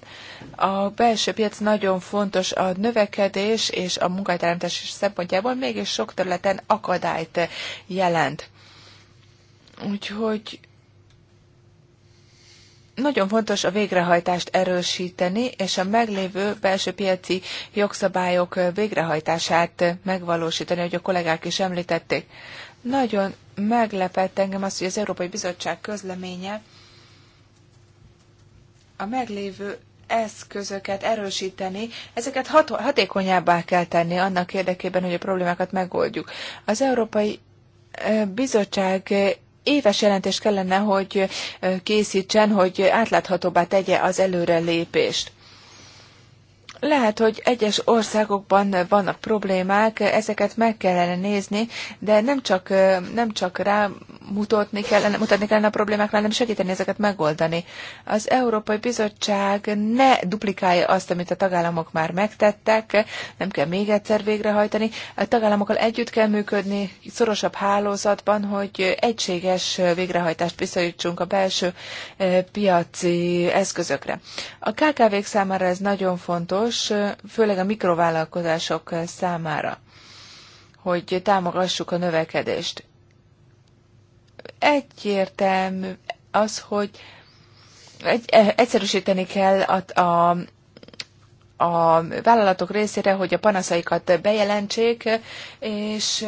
A belső piac nagyon fontos a növekedés és a munkahelyteremtés szempontjából, mégis sok területen akadályt jelent. Úgyhogy nagyon fontos a végrehajtást erősíteni, és a meglévő belső piaci jogszabályok végrehajtását megvalósítani, hogy a kollégák is említették. Nagyon meglepett engem az, hogy az Európai Bizottság közleménye a meglévő eszközöket erősíteni, ezeket hat- hatékonyabbá kell tenni annak érdekében, hogy a problémákat megoldjuk. Az Európai Bizottság éves jelentés kellene, hogy készítsen, hogy átláthatóbbá tegye az előrelépést. Lehet, hogy egyes országokban vannak problémák, ezeket meg kellene nézni, de nem csak, nem csak rá mutatni kellene, mutatni kellene a problémákra, hanem segíteni ezeket megoldani. Az Európai Bizottság ne duplikálja azt, amit a tagállamok már megtettek, nem kell még egyszer végrehajtani. A tagállamokkal együtt kell működni, szorosabb hálózatban, hogy egységes végrehajtást biztosítsunk a belső piaci eszközökre. A KKV-k számára ez nagyon fontos, fontos, főleg a mikrovállalkozások számára, hogy támogassuk a növekedést. Egyértelmű az, hogy egy, egyszerűsíteni kell a, a, a vállalatok részére, hogy a panaszaikat bejelentsék, és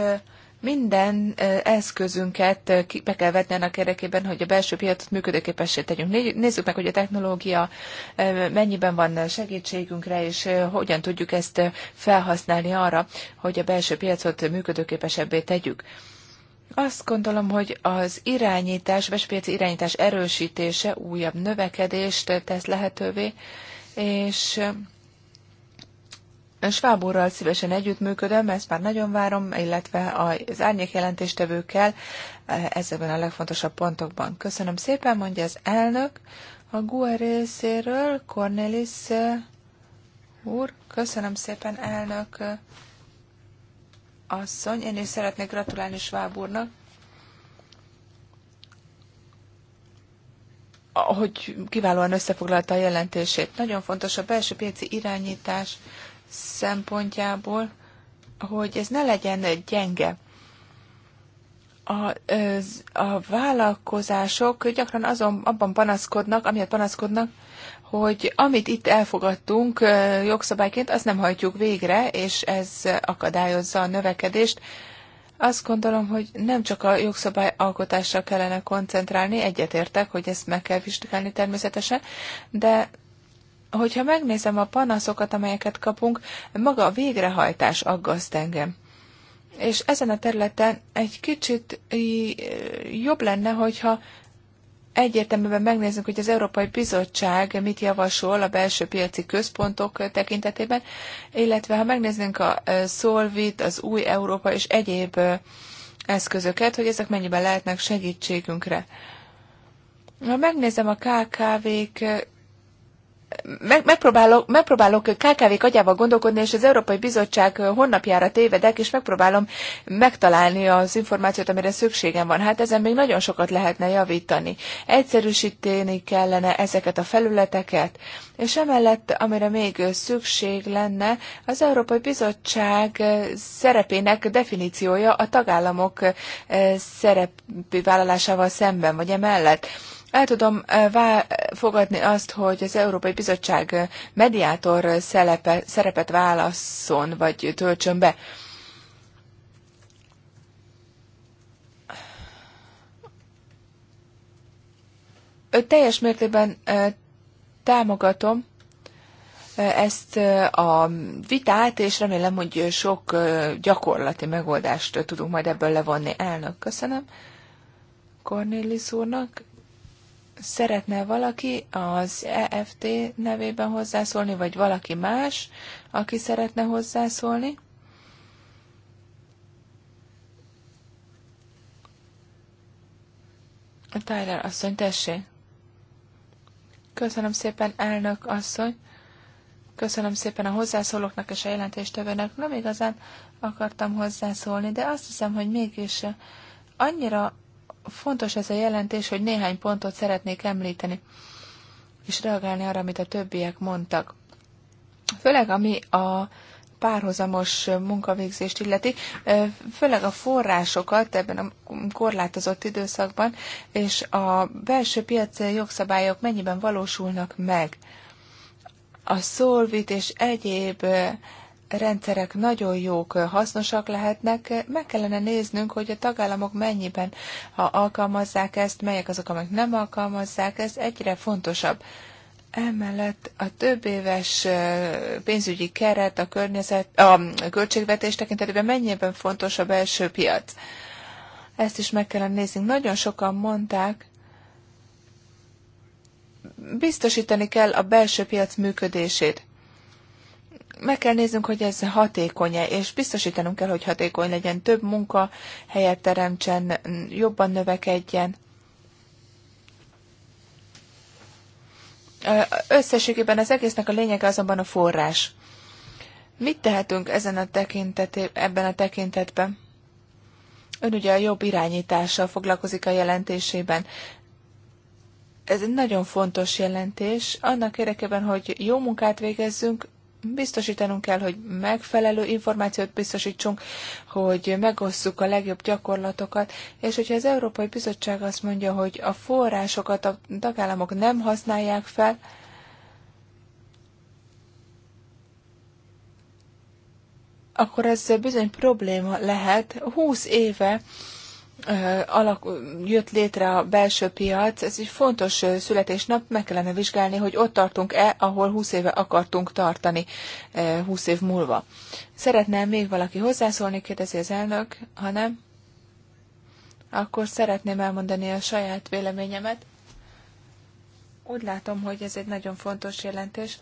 minden eszközünket be kell vetni annak érdekében, hogy a belső piacot működőképessé tegyünk. Nézzük meg, hogy a technológia mennyiben van segítségünkre, és hogyan tudjuk ezt felhasználni arra, hogy a belső piacot működőképesebbé tegyük. Azt gondolom, hogy az irányítás, vespéci irányítás erősítése újabb növekedést tesz lehetővé, és Schwab úrral szívesen együttműködöm, ezt már nagyon várom, illetve az árnyék jelentéstevőkkel eh, ezekben a legfontosabb pontokban. Köszönöm szépen, mondja az elnök. A GUE részéről Cornelis eh, úr, köszönöm szépen, elnök eh, asszony. Én is szeretnék gratulálni Schwab úrnak. hogy kiválóan összefoglalta a jelentését. Nagyon fontos a belső piaci irányítás, szempontjából, hogy ez ne legyen gyenge. A, az, a vállalkozások gyakran azon, abban panaszkodnak, amiért panaszkodnak, hogy amit itt elfogadtunk jogszabályként, azt nem hajtjuk végre, és ez akadályozza a növekedést. Azt gondolom, hogy nem csak a jogszabály alkotásra kellene koncentrálni, egyetértek, hogy ezt meg kell vizsgálni természetesen, de hogyha megnézem a panaszokat, amelyeket kapunk, maga a végrehajtás aggaszt engem. És ezen a területen egy kicsit jobb lenne, hogyha egyértelműen megnézzük, hogy az Európai Bizottság mit javasol a belső piaci központok tekintetében, illetve ha megnéznénk a e, Solvit, az új Európa és egyéb e, eszközöket, hogy ezek mennyiben lehetnek segítségünkre. Ha megnézem a KKV-k megpróbálok, megpróbálok KKV-k agyába gondolkodni, és az Európai Bizottság honnapjára tévedek, és megpróbálom megtalálni az információt, amire szükségem van. Hát ezen még nagyon sokat lehetne javítani. Egyszerűsíteni kellene ezeket a felületeket, és emellett, amire még szükség lenne, az Európai Bizottság szerepének definíciója a tagállamok szerepvállalásával szemben, vagy emellett. El tudom fogadni azt, hogy az Európai Bizottság mediátor szerepe, szerepet válaszon, vagy töltsön be. Teljes mértékben támogatom ezt a vitát, és remélem, hogy sok gyakorlati megoldást tudunk majd ebből levonni. Elnök, köszönöm Cornélis úrnak. Szeretne valaki az EFT nevében hozzászólni, vagy valaki más, aki szeretne hozzászólni? Tyler asszony, tessék. Köszönöm szépen, elnök asszony. Köszönöm szépen a hozzászólóknak és a jelentéstevőnek. Nem igazán akartam hozzászólni, de azt hiszem, hogy mégis annyira Fontos ez a jelentés, hogy néhány pontot szeretnék említeni, és reagálni arra, amit a többiek mondtak. Főleg ami a párhuzamos munkavégzést illeti, főleg a forrásokat ebben a korlátozott időszakban, és a belső piac jogszabályok mennyiben valósulnak meg. A szolvit és egyéb rendszerek nagyon jók, hasznosak lehetnek. Meg kellene néznünk, hogy a tagállamok mennyiben ha alkalmazzák ezt, melyek azok, amelyek nem alkalmazzák, ez egyre fontosabb. Emellett a több éves pénzügyi keret a, környezet, a költségvetés tekintetében mennyiben fontos a belső piac. Ezt is meg kellene néznünk. Nagyon sokan mondták, biztosítani kell a belső piac működését meg kell néznünk, hogy ez hatékony-e, és biztosítanunk kell, hogy hatékony legyen, több munka helyet teremtsen, jobban növekedjen. Összességében az egésznek a lényege azonban a forrás. Mit tehetünk ezen a ebben a tekintetben? Ön ugye a jobb irányítással foglalkozik a jelentésében. Ez egy nagyon fontos jelentés. Annak érdekében, hogy jó munkát végezzünk, biztosítanunk kell, hogy megfelelő információt biztosítsunk, hogy megosszuk a legjobb gyakorlatokat, és hogyha az Európai Bizottság azt mondja, hogy a forrásokat a tagállamok nem használják fel, akkor ez bizony probléma lehet. Húsz éve alak, jött létre a belső piac, ez egy fontos születésnap, meg kellene vizsgálni, hogy ott tartunk-e, ahol 20 éve akartunk tartani 20 év múlva. Szeretne még valaki hozzászólni, kérdezi az elnök, ha nem, akkor szeretném elmondani a saját véleményemet. Úgy látom, hogy ez egy nagyon fontos jelentés.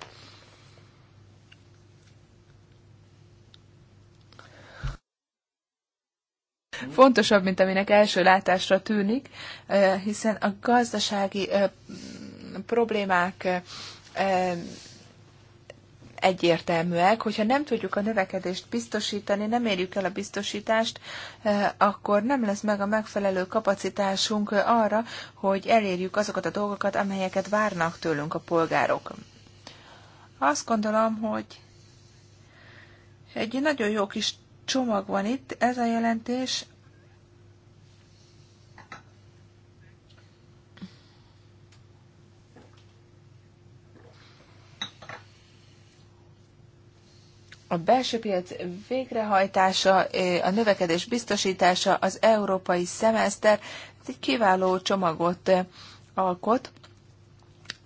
fontosabb, mint aminek első látásra tűnik, hiszen a gazdasági problémák egyértelműek. Hogyha nem tudjuk a növekedést biztosítani, nem érjük el a biztosítást, akkor nem lesz meg a megfelelő kapacitásunk arra, hogy elérjük azokat a dolgokat, amelyeket várnak tőlünk a polgárok. Azt gondolom, hogy egy nagyon jó kis csomag van itt, ez a jelentés a belső piac végrehajtása, a növekedés biztosítása, az európai szemeszter, ez egy kiváló csomagot alkot,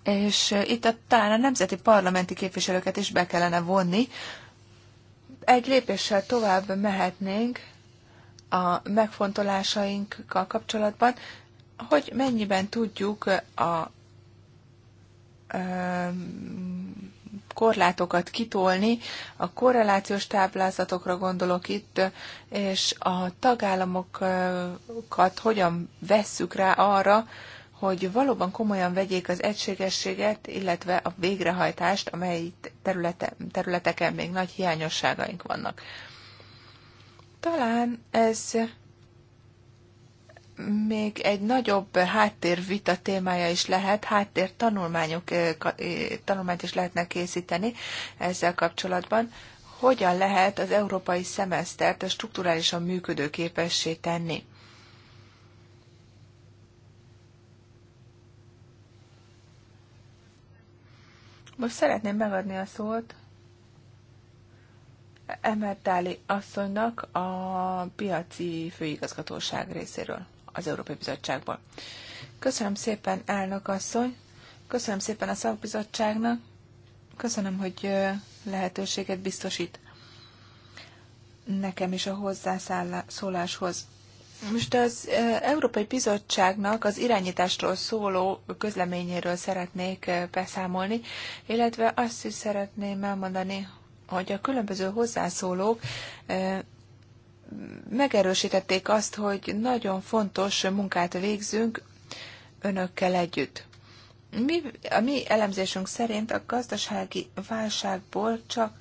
és itt a, talán a nemzeti parlamenti képviselőket is be kellene vonni. Egy lépéssel tovább mehetnénk a megfontolásainkkal kapcsolatban, hogy mennyiben tudjuk a, a korlátokat kitolni, a korrelációs táblázatokra gondolok itt, és a tagállamokat hogyan vesszük rá arra, hogy valóban komolyan vegyék az egységességet, illetve a végrehajtást, amely területe, területeken még nagy hiányosságaink vannak. Talán ez még egy nagyobb háttérvita témája is lehet, háttér tanulmányok, tanulmányt is lehetne készíteni ezzel kapcsolatban. Hogyan lehet az európai szemesztert a strukturálisan működőképessé tenni? Most szeretném megadni a szót Emertáli asszonynak a piaci főigazgatóság részéről az Európai Bizottságból. Köszönöm szépen, elnök asszony, köszönöm szépen a szakbizottságnak, köszönöm, hogy lehetőséget biztosít nekem is a hozzászóláshoz. Most az Európai Bizottságnak az irányításról szóló közleményéről szeretnék beszámolni, illetve azt is szeretném elmondani, hogy a különböző hozzászólók megerősítették azt, hogy nagyon fontos munkát végzünk önökkel együtt. Mi, a mi elemzésünk szerint a gazdasági válságból csak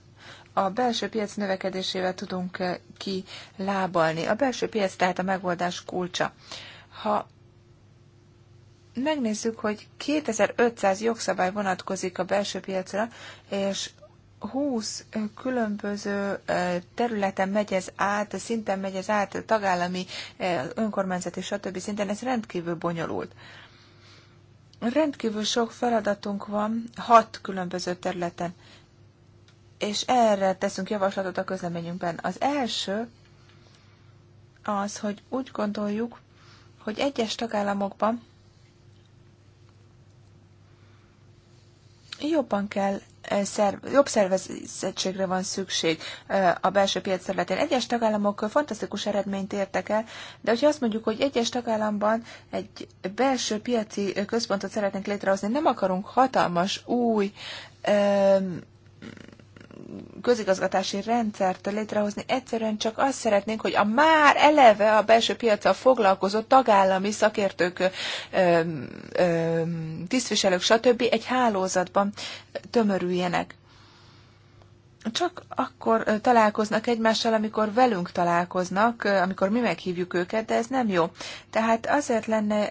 a belső piac növekedésével tudunk eh, kilábalni. A belső piac tehát a megoldás kulcsa. Ha megnézzük, hogy 2500 jogszabály vonatkozik a belső piacra, és 20 különböző területen megy ez át, szinten megy ez át, tagállami, önkormányzati, stb. szinten, ez rendkívül bonyolult. Rendkívül sok feladatunk van, hat különböző területen, és erre teszünk javaslatot a közleményünkben. Az első az, hogy úgy gondoljuk, hogy egyes tagállamokban jobban kell szerv, jobb szervezettségre van szükség a belső piac területén. Egyes tagállamok fantasztikus eredményt értek el, de hogyha azt mondjuk, hogy egyes tagállamban egy belső piaci központot szeretnénk létrehozni, nem akarunk hatalmas új közigazgatási rendszert létrehozni, egyszerűen csak azt szeretnénk, hogy a már eleve a belső piacsal foglalkozó tagállami szakértők, tisztviselők, stb. egy hálózatban tömörüljenek. Csak akkor találkoznak egymással, amikor velünk találkoznak, amikor mi meghívjuk őket, de ez nem jó. Tehát azért lenne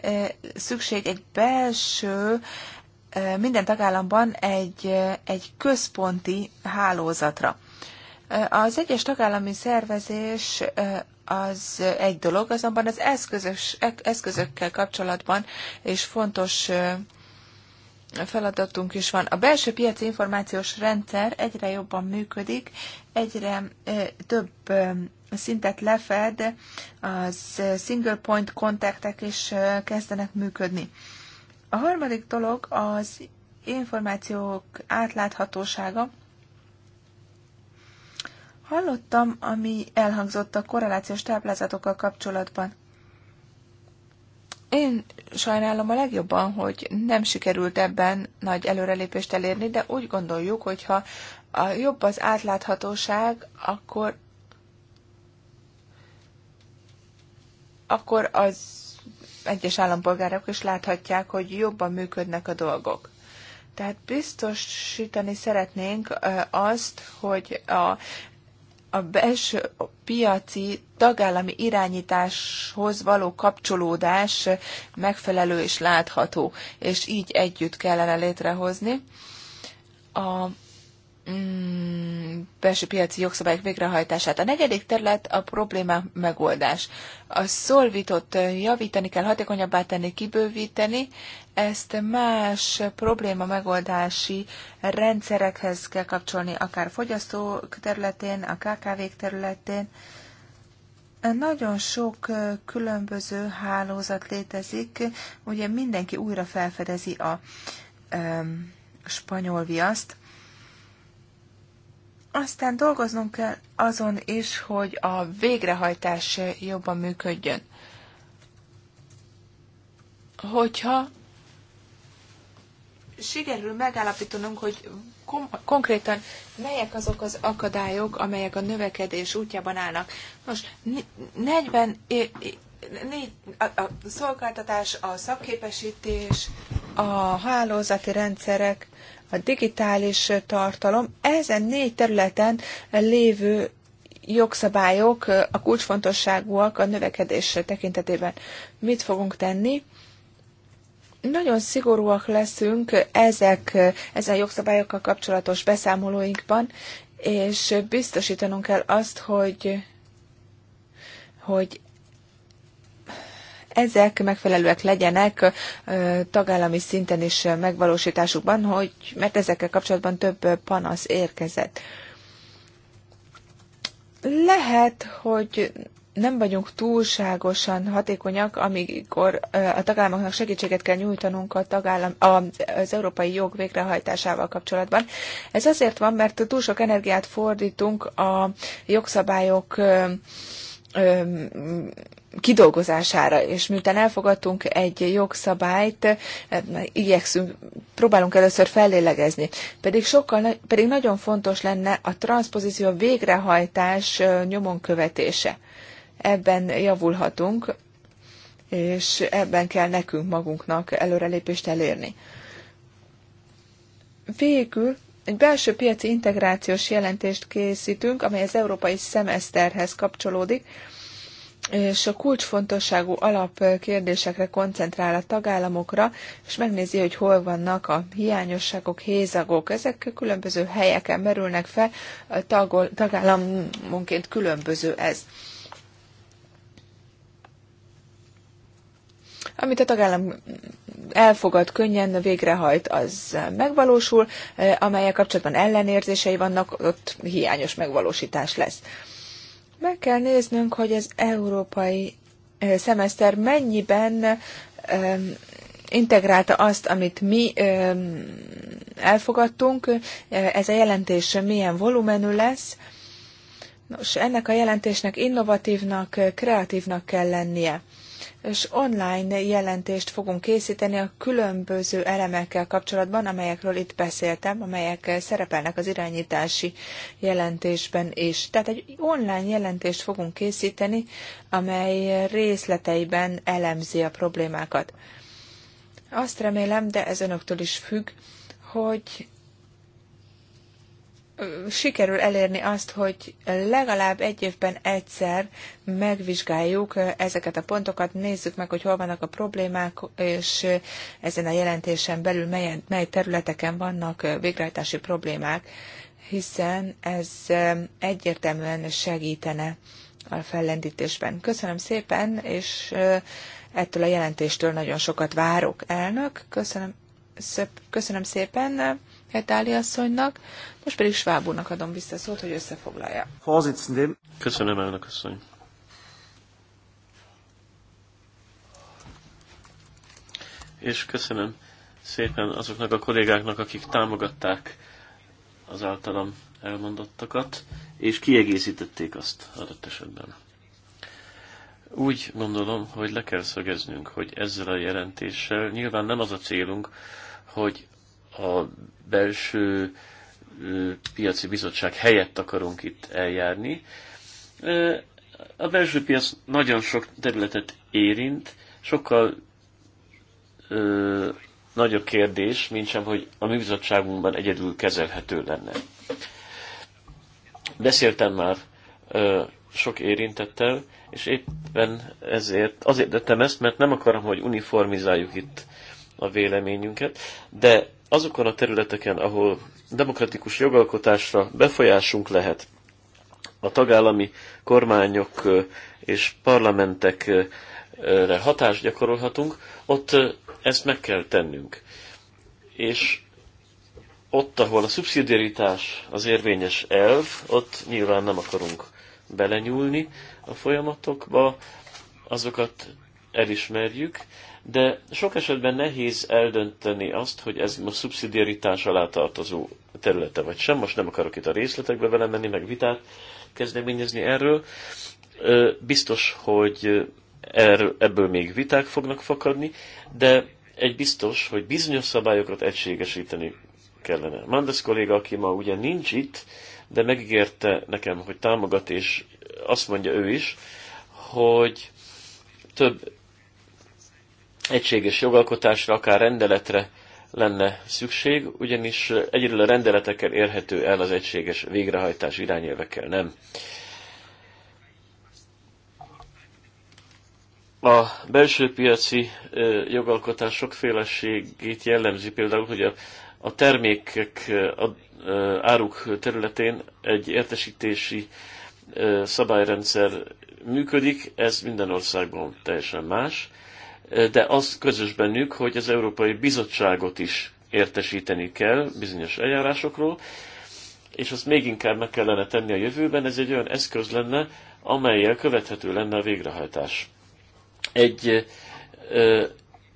szükség egy belső minden tagállamban egy, egy központi hálózatra. Az egyes tagállami szervezés eh, az egy dolog, azonban az eszközös, eszközökkel kapcsolatban és fontos eh, feladatunk is van. A belső piaci információs rendszer egyre jobban működik, egyre eh, több szintet lefed, az single point kontaktek is kezdenek működni. A harmadik dolog az információk átláthatósága. Hallottam, ami elhangzott a korrelációs táblázatokkal kapcsolatban. Én sajnálom a legjobban, hogy nem sikerült ebben nagy előrelépést elérni, de úgy gondoljuk, hogy ha a jobb az átláthatóság, akkor akkor az egyes állampolgárok is láthatják, hogy jobban működnek a dolgok. Tehát biztosítani szeretnénk azt, hogy a a belső piaci tagállami irányításhoz való kapcsolódás megfelelő és látható, és így együtt kellene létrehozni. A Mm, belső piaci jogszabályok végrehajtását. A negyedik terület a probléma megoldás. A szolvitot javítani kell, hatékonyabbá tenni, kibővíteni, ezt más probléma megoldási rendszerekhez kell kapcsolni, akár fogyasztók területén, a kkv területén. Nagyon sok különböző hálózat létezik, ugye mindenki újra felfedezi a spanyol viaszt, aztán dolgoznunk kell azon is, hogy a végrehajtás jobban működjön. Hogyha sikerül megállapítanunk, hogy konkrétan melyek azok az akadályok, amelyek a növekedés útjában állnak. Most 40 a, a szolgáltatás, a szakképesítés, a hálózati rendszerek, a digitális tartalom ezen négy területen lévő jogszabályok a kulcsfontosságúak a növekedés tekintetében. Mit fogunk tenni? Nagyon szigorúak leszünk ezek, ezen jogszabályokkal kapcsolatos beszámolóinkban, és biztosítanunk kell azt, hogy hogy ezek megfelelőek legyenek tagállami szinten is megvalósításukban, hogy, mert ezekkel kapcsolatban több panasz érkezett. Lehet, hogy nem vagyunk túlságosan hatékonyak, amikor a tagállamoknak segítséget kell nyújtanunk a tagállam, az európai jog végrehajtásával kapcsolatban. Ez azért van, mert túl sok energiát fordítunk a jogszabályok kidolgozására, és miután elfogadtunk egy jogszabályt, eh, igyekszünk, próbálunk először fellélegezni. Pedig, sokkal, pedig nagyon fontos lenne a transpozíció végrehajtás eh, nyomon követése. Ebben javulhatunk, és ebben kell nekünk magunknak előrelépést elérni. Végül egy belső piaci integrációs jelentést készítünk, amely az európai szemeszterhez kapcsolódik, és a kulcsfontosságú alapkérdésekre koncentrál a tagállamokra, és megnézi, hogy hol vannak a hiányosságok, hézagok. Ezek különböző helyeken merülnek fel, a tagol, tagállamonként különböző ez. Amit a tagállam elfogad, könnyen végrehajt, az megvalósul, eh, amelyek kapcsolatban ellenérzései vannak, ott hiányos megvalósítás lesz. Meg kell néznünk, hogy az európai szemeszter mennyiben integrálta azt, amit mi elfogadtunk, ez a jelentés milyen volumenű lesz. Nos, ennek a jelentésnek innovatívnak, kreatívnak kell lennie és online jelentést fogunk készíteni a különböző elemekkel kapcsolatban, amelyekről itt beszéltem, amelyek szerepelnek az irányítási jelentésben is. Tehát egy online jelentést fogunk készíteni, amely részleteiben elemzi a problémákat. Azt remélem, de ez önöktől is függ, hogy sikerül elérni azt, hogy legalább egy évben egyszer megvizsgáljuk ezeket a pontokat, nézzük meg, hogy hol vannak a problémák, és ezen a jelentésen belül mely, mely területeken vannak végrehajtási problémák, hiszen ez egyértelműen segítene a fellendítésben. Köszönöm szépen, és ettől a jelentéstől nagyon sokat várok. Elnök, köszönöm, köszönöm szépen. Dáli asszonynak, most pedig Svábúrnak adom vissza szót, hogy összefoglalja. Köszönöm, elnök asszony. És köszönöm szépen azoknak a kollégáknak, akik támogatták az általam elmondottakat, és kiegészítették azt adott esetben. Úgy gondolom, hogy le kell szögeznünk, hogy ezzel a jelentéssel nyilván nem az a célunk, hogy a belső piaci bizottság helyett akarunk itt eljárni. A belső piac nagyon sok területet érint, sokkal nagyobb kérdés, mint sem, hogy a mi bizottságunkban egyedül kezelhető lenne. Beszéltem már sok érintettel, és éppen ezért azért tettem ezt, mert nem akarom, hogy uniformizáljuk itt a véleményünket, de azokon a területeken, ahol demokratikus jogalkotásra befolyásunk lehet, a tagállami kormányok és parlamentekre hatást gyakorolhatunk, ott ezt meg kell tennünk. És ott, ahol a szubszidiaritás az érvényes elv, ott nyilván nem akarunk belenyúlni a folyamatokba, azokat elismerjük, de sok esetben nehéz eldönteni azt, hogy ez a szubszidiaritás alá tartozó területe vagy sem. Most nem akarok itt a részletekbe menni, meg vitát kezdeményezni erről. Biztos, hogy erről, ebből még viták fognak fakadni, de egy biztos, hogy bizonyos szabályokat egységesíteni kellene. Mandes kolléga, aki ma ugye nincs itt, de megígérte nekem, hogy támogat, és azt mondja ő is, hogy több egységes jogalkotásra, akár rendeletre lenne szükség, ugyanis egyről a rendeletekkel érhető el az egységes végrehajtás irányelvekkel nem. A belső piaci jogalkotás sokféleségét jellemzi például, hogy a, a termékek, a, a áruk területén egy értesítési szabályrendszer működik, ez minden országban teljesen más de az közös bennük, hogy az Európai Bizottságot is értesíteni kell bizonyos eljárásokról, és azt még inkább meg kellene tenni a jövőben, ez egy olyan eszköz lenne, amelyel követhető lenne a végrehajtás. Egy ö,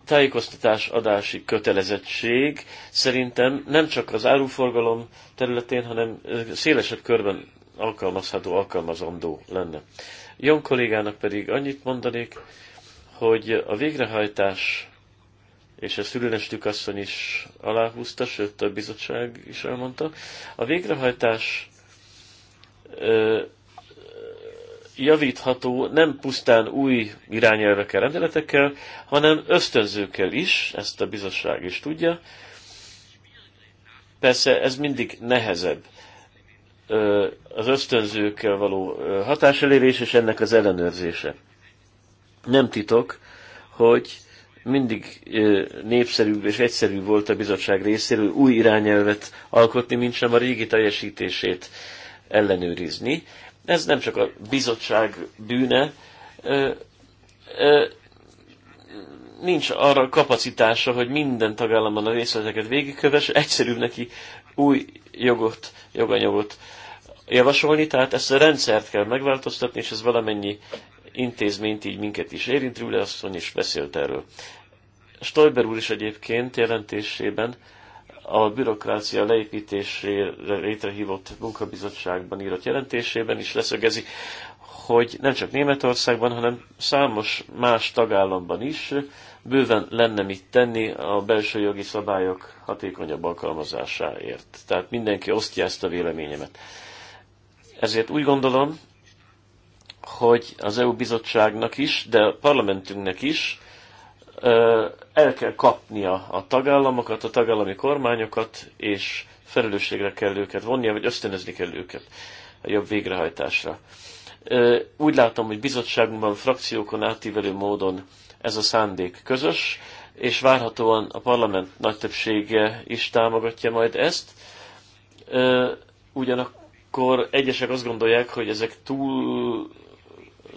tájékoztatás adási kötelezettség szerintem nem csak az áruforgalom területén, hanem szélesebb körben alkalmazható, alkalmazandó lenne. Jon kollégának pedig annyit mondanék, hogy a végrehajtás, és a szülőnestük asszony is aláhúzta, sőt a bizottság is elmondta, a végrehajtás ö, javítható nem pusztán új irányelvekkel, rendeletekkel, hanem ösztönzőkkel is, ezt a bizottság is tudja. Persze ez mindig nehezebb az ösztönzőkkel való hatáselérés és ennek az ellenőrzése. Nem titok, hogy mindig népszerűbb és egyszerűbb volt a bizottság részéről új irányelvet alkotni, mint sem a régi teljesítését ellenőrizni. Ez nem csak a bizottság bűne, nincs arra kapacitása, hogy minden tagállamban a részleteket végigkövesse, egyszerűbb neki új jogot, joganyagot javasolni, tehát ezt a rendszert kell megváltoztatni, és ez valamennyi intézményt, így minket is érint, Rüle asszony is beszélt erről. Stoiber úr is egyébként jelentésében a bürokrácia leépítésére létrehívott munkabizottságban írott jelentésében is leszögezi, hogy nem csak Németországban, hanem számos más tagállamban is bőven lenne mit tenni a belső jogi szabályok hatékonyabb alkalmazásáért. Tehát mindenki osztja ezt a véleményemet. Ezért úgy gondolom, hogy az EU bizottságnak is, de a parlamentünknek is el kell kapnia a tagállamokat, a tagállami kormányokat, és felelősségre kell őket vonnia, vagy ösztönözni kell őket a jobb végrehajtásra. Úgy látom, hogy bizottságunkban frakciókon átívelő módon ez a szándék közös, és várhatóan a parlament nagy többsége is támogatja majd ezt. Ugyanakkor egyesek azt gondolják, hogy ezek túl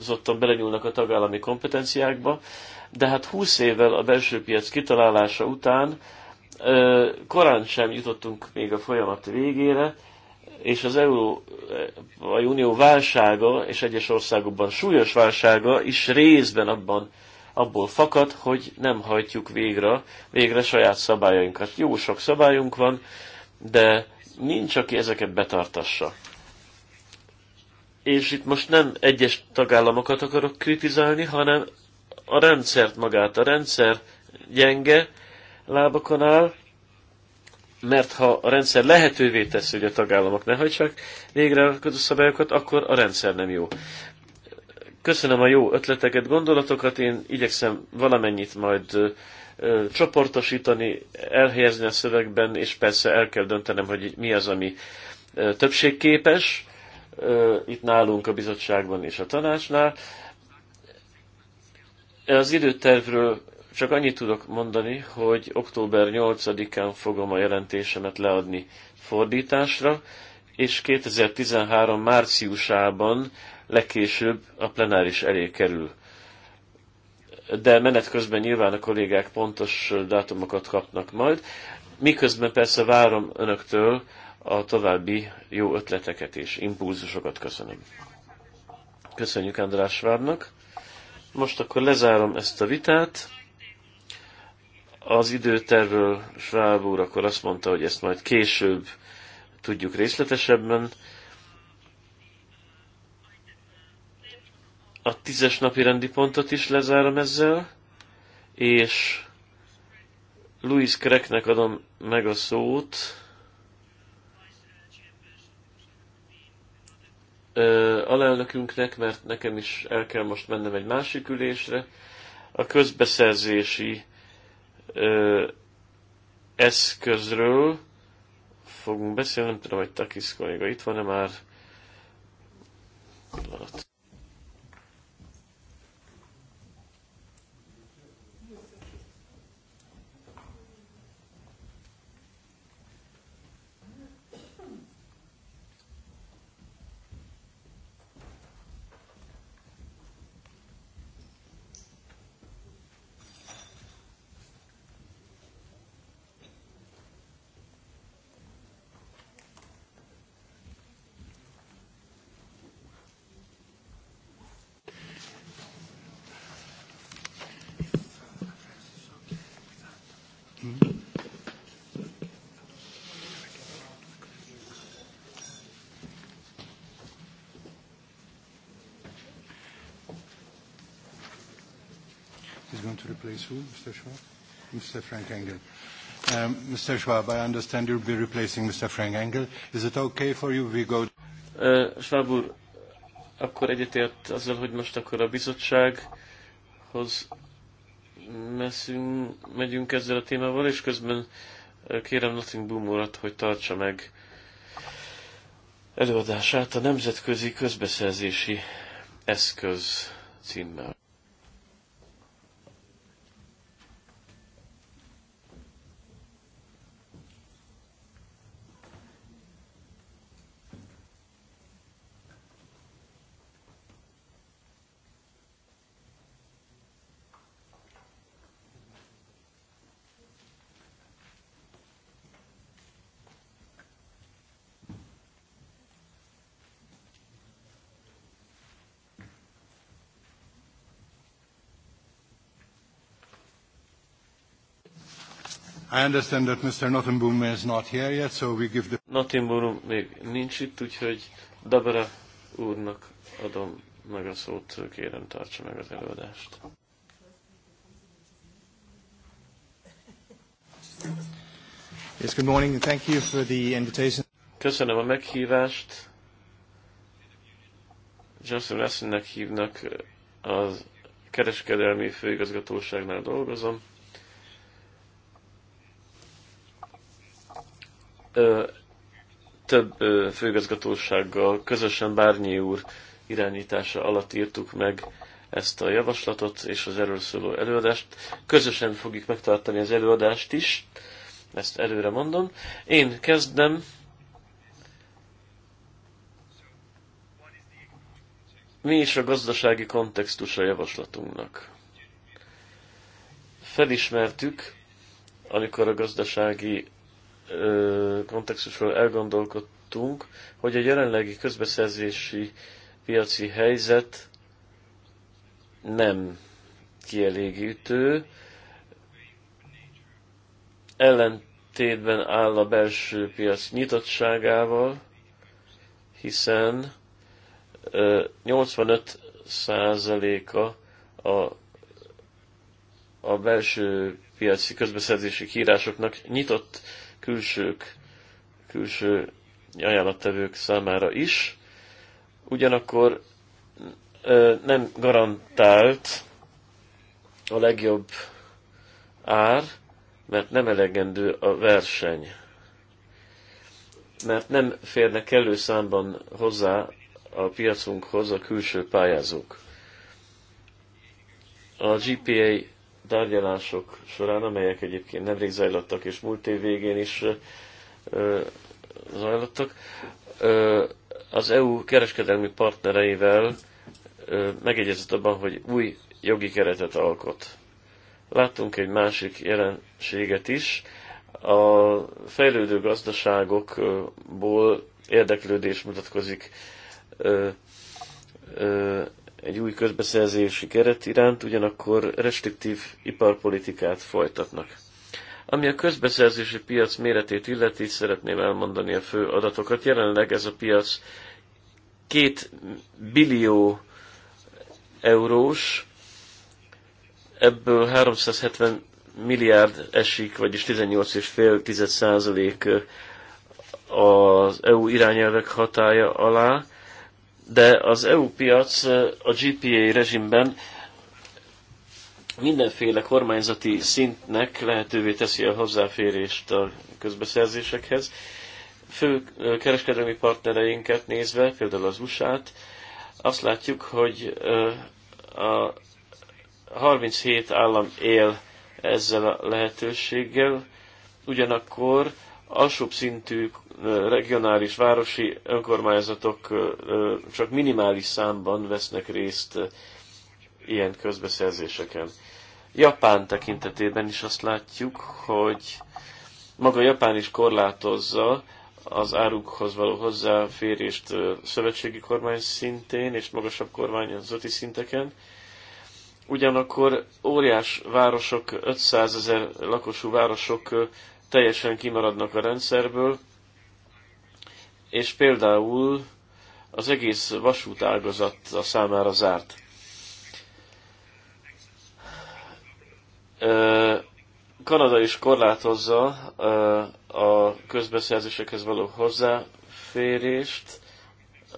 túlzottan belenyúlnak a tagállami kompetenciákba, de hát 20 évvel a belső piac kitalálása után korán sem jutottunk még a folyamat végére, és az Európai Unió válsága és egyes országokban súlyos válsága is részben abban abból fakad, hogy nem hajtjuk végre, végre saját szabályainkat. Jó sok szabályunk van, de nincs, aki ezeket betartassa és itt most nem egyes tagállamokat akarok kritizálni, hanem a rendszert magát. A rendszer gyenge lábakon áll, mert ha a rendszer lehetővé teszi, hogy a tagállamok ne hagysák végre a szabályokat, akkor a rendszer nem jó. Köszönöm a jó ötleteket, gondolatokat, én igyekszem valamennyit majd ö, csoportosítani, elhelyezni a szövegben, és persze el kell döntenem, hogy mi az, ami ö, többségképes, itt nálunk a bizottságban és a tanácsnál. Az időtervről csak annyit tudok mondani, hogy október 8-án fogom a jelentésemet leadni fordításra, és 2013 márciusában legkésőbb a plenáris elé kerül. De menet közben nyilván a kollégák pontos dátumokat kapnak majd. Miközben persze várom önöktől a további jó ötleteket és impulzusokat köszönöm. Köszönjük András Várnak. Most akkor lezárom ezt a vitát. Az időterről Schwab úr akkor azt mondta, hogy ezt majd később tudjuk részletesebben. A tízes napi rendi pontot is lezárom ezzel, és Louis Kreknek adom meg a szót. alelnökünknek, mert nekem is el kell most mennem egy másik ülésre. A közbeszerzési ö, eszközről fogunk beszélni, nem tudom, hogy Takis kolléga itt van-e már. replace who, Mr. Schwab? Mr. Frank Engel. Um, Mr. Schwab, I understand you'll be replacing Mr. Frank Engel. Is it okay for you we go... Uh, Schwab úr, akkor egyetért azzal, hogy most akkor a bizottsághoz meszünk, megyünk ezzel a témával, és közben uh, kérem Nothing Boom urat, hogy tartsa meg előadását a Nemzetközi Közbeszerzési Eszköz címmel. I understand that Mr. Nottenboom is not here yet, so we give the... Nottenboom még nincs itt, úgyhogy Dabera úrnak adom meg a szót, kérem tartsa meg az előadást. Yes, good morning and thank you for the invitation. Köszönöm a meghívást. Justin Lessennek hívnak, az kereskedelmi főigazgatóságnál dolgozom. ö, több ö, főgazgatósággal közösen Bárnyi úr irányítása alatt írtuk meg ezt a javaslatot és az erről szóló előadást. Közösen fogjuk megtartani az előadást is, ezt előre mondom. Én kezdem. Mi is a gazdasági kontextus a javaslatunknak? Felismertük, amikor a gazdasági kontextusról elgondolkodtunk, hogy a jelenlegi közbeszerzési piaci helyzet nem kielégítő, ellentétben áll a belső piac nyitottságával, hiszen 85%-a a, a belső piaci közbeszerzési kírásoknak nyitott külsők, külső ajánlattevők számára is, ugyanakkor nem garantált a legjobb ár, mert nem elegendő a verseny. Mert nem férnek elő számban hozzá a piacunkhoz a külső pályázók. A GPA tárgyalások során, amelyek egyébként nemrég zajlottak, és múlt év végén is ö, zajlottak, ö, az EU kereskedelmi partnereivel ö, megegyezett abban, hogy új jogi keretet alkot. Láttunk egy másik jelenséget is. A fejlődő gazdaságokból érdeklődés mutatkozik ö, ö, egy új közbeszerzési keret iránt, ugyanakkor restriktív iparpolitikát folytatnak. Ami a közbeszerzési piac méretét illeti, szeretném elmondani a fő adatokat. Jelenleg ez a piac 2 billió eurós, ebből 370 milliárd esik, vagyis 18,5% az EU irányelvek hatája alá, de az EU piac eh, a GPA rezsimben mindenféle kormányzati szintnek lehetővé teszi a hozzáférést a közbeszerzésekhez. Fő eh, kereskedelmi partnereinket nézve, például az USA-t, azt látjuk, hogy eh, a 37 állam él ezzel a lehetőséggel, ugyanakkor alsóbb szintű regionális városi önkormányzatok csak minimális számban vesznek részt ilyen közbeszerzéseken. Japán tekintetében is azt látjuk, hogy maga Japán is korlátozza az árukhoz való hozzáférést szövetségi kormány szintén és magasabb kormányzati szinteken. Ugyanakkor óriás városok, 500 ezer lakosú városok teljesen kimaradnak a rendszerből, és például az egész vasút ágazat a számára zárt. Kanada is korlátozza a közbeszerzésekhez való hozzáférést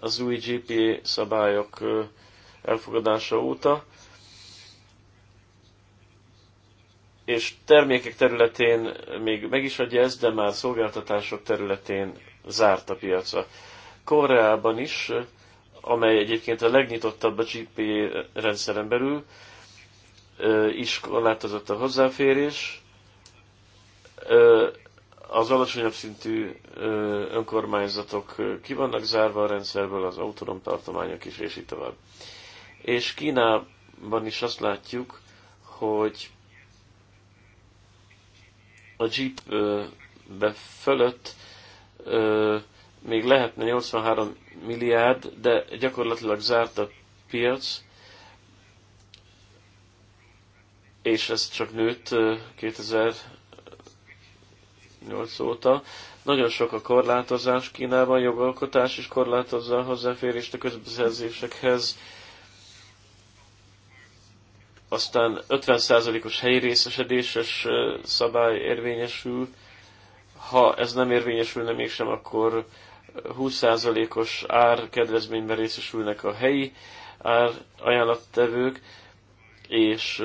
az új GPA szabályok elfogadása óta. és termékek területén még meg is adja ezt, de már szolgáltatások területén zárt a piaca. Koreában is, amely egyébként a legnyitottabb a GP rendszeren belül, is korlátozott a hozzáférés. Az alacsonyabb szintű önkormányzatok ki vannak zárva a rendszerből, az autonóm tartományok is, és így tovább. És Kínában is azt látjuk, hogy a Jeep-be fölött még lehetne 83 milliárd, de gyakorlatilag zárt a piac, és ez csak nőtt 2008 óta. Nagyon sok a korlátozás Kínában, jogalkotás is korlátozza a hozzáférést a közbeszerzésekhez, aztán 50%-os helyi részesedéses szabály érvényesül, ha ez nem érvényesülne mégsem, akkor 20%-os ár kedvezményben részesülnek a helyi ár ajánlattevők, és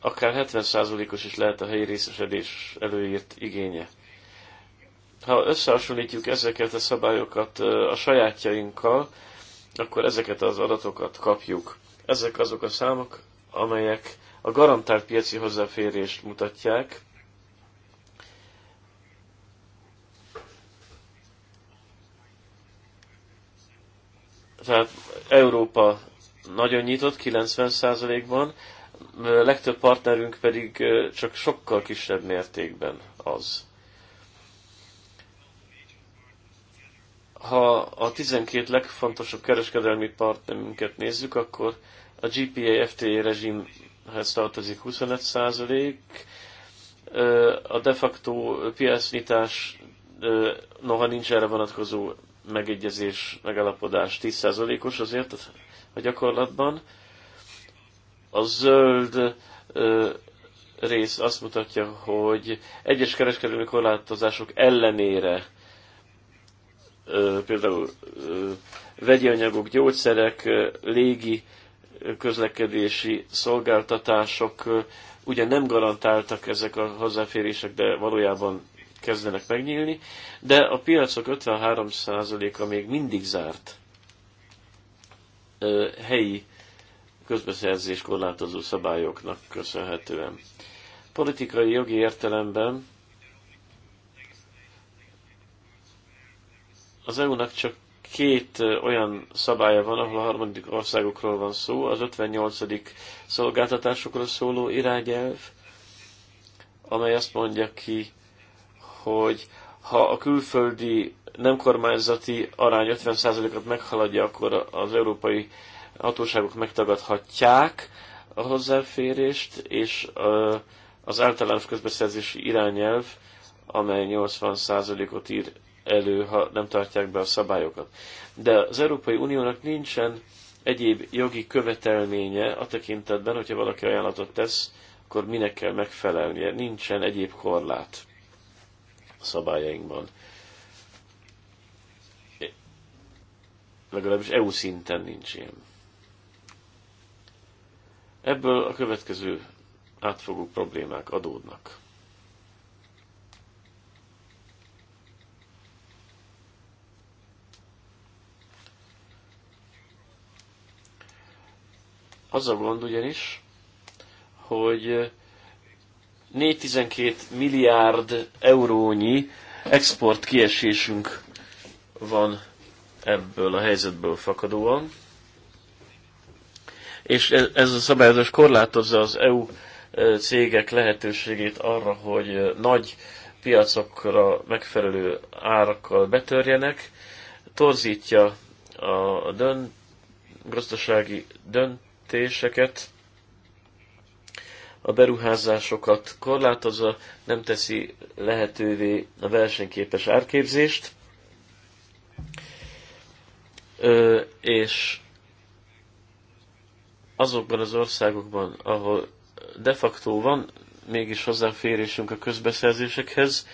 akár 70%-os is lehet a helyi részesedés előírt igénye. Ha összehasonlítjuk ezeket a szabályokat a sajátjainkkal, akkor ezeket az adatokat kapjuk. Ezek azok a számok, amelyek a garantált piaci hozzáférést mutatják. Tehát Európa nagyon nyitott, 90%-ban, legtöbb partnerünk pedig csak sokkal kisebb mértékben az. Ha a 12 legfontosabb kereskedelmi partnerünket nézzük, akkor a GPA FTA rezsimhez tartozik 25 százalék, a de facto piacnyitás, noha nincs erre vonatkozó megegyezés, megalapodás 10%-os azért a gyakorlatban. A zöld rész azt mutatja, hogy egyes kereskedelmi korlátozások ellenére például vegyi anyagok, gyógyszerek, légi közlekedési szolgáltatások ugye nem garantáltak ezek a hozzáférések, de valójában kezdenek megnyílni, de a piacok 53%-a még mindig zárt helyi közbeszerzés korlátozó szabályoknak köszönhetően. Politikai jogi értelemben az EU-nak csak két olyan szabálya van, ahol a harmadik országokról van szó, az 58. szolgáltatásokról szóló irányelv, amely azt mondja ki, hogy ha a külföldi nem kormányzati arány 50%-ot meghaladja, akkor az európai hatóságok megtagadhatják a hozzáférést, és az általános közbeszerzési irányelv, amely 80%-ot ír elő, ha nem tartják be a szabályokat. De az Európai Uniónak nincsen egyéb jogi követelménye a tekintetben, hogyha valaki ajánlatot tesz, akkor minek kell megfelelnie. Nincsen egyéb korlát a szabályainkban. Legalábbis EU szinten nincs ilyen. Ebből a következő átfogó problémák adódnak. Az a gond ugyanis, hogy 4-12 milliárd eurónyi export kiesésünk van ebből a helyzetből fakadóan. És e- ez a szabályozás korlátozza az EU e, cégek lehetőségét arra, hogy e, nagy piacokra megfelelő árakkal betörjenek, torzítja a dönt, gazdasági dönt fizetéseket, a beruházásokat korlátozza, nem teszi lehetővé a versenyképes árképzést, és azokban az országokban, ahol de facto van mégis hozzáférésünk a közbeszerzésekhez,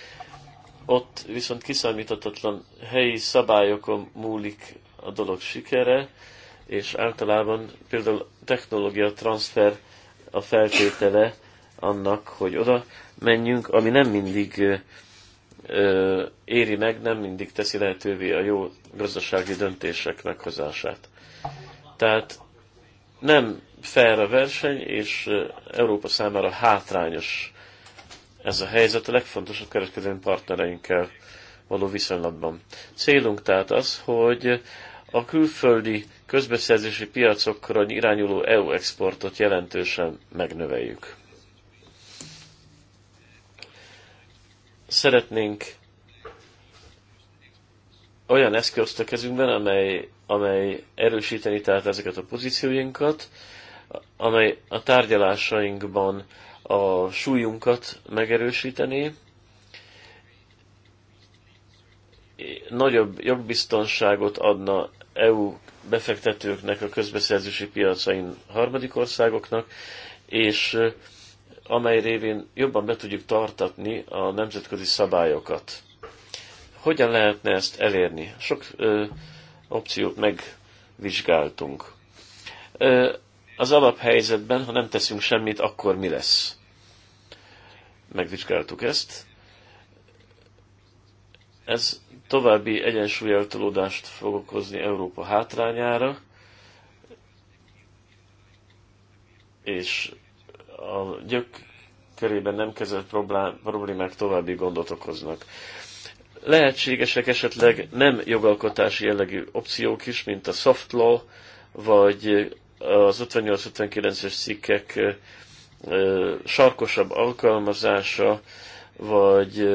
ott viszont kiszámíthatatlan helyi szabályokon múlik a dolog sikere, és általában például technológia transfer a feltétele annak, hogy oda menjünk, ami nem mindig ö, éri meg, nem mindig teszi lehetővé a jó gazdasági döntések meghozását. Tehát nem fair a verseny, és Európa számára hátrányos ez a helyzet a legfontosabb kereskedelmi partnereinkkel való viszonylatban. Célunk tehát az, hogy a külföldi közbeszerzési piacokra irányuló EU exportot jelentősen megnöveljük. Szeretnénk olyan eszközt a kezünkben, amely, amely erősíteni tehát ezeket a pozícióinkat, amely a tárgyalásainkban a súlyunkat megerősíteni, nagyobb jogbiztonságot adna EU befektetőknek a közbeszerzési piacain harmadik országoknak, és amely révén jobban be tudjuk tartatni a nemzetközi szabályokat. Hogyan lehetne ezt elérni? Sok ö, opciót megvizsgáltunk. Ö, az alaphelyzetben, ha nem teszünk semmit, akkor mi lesz? Megvizsgáltuk ezt. Ez további egyensúlyeltolódást fog okozni Európa hátrányára, és a gyök körében nem kezelt problémák további gondot okoznak. Lehetségesek esetleg nem jogalkotási jellegű opciók is, mint a soft law, vagy az 58-59-es cikkek sarkosabb alkalmazása, vagy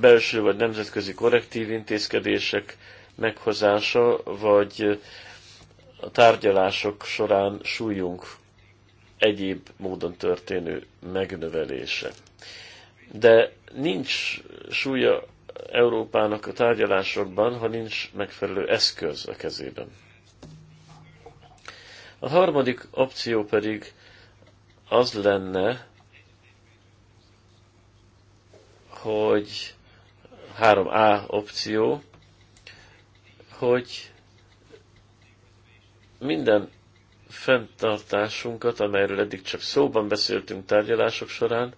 belső vagy nemzetközi korrektív intézkedések meghozása, vagy a tárgyalások során súlyunk egyéb módon történő megnövelése. De nincs súlya Európának a tárgyalásokban, ha nincs megfelelő eszköz a kezében. A harmadik opció pedig az lenne, hogy 3A opció, hogy minden fenntartásunkat, amelyről eddig csak szóban beszéltünk tárgyalások során,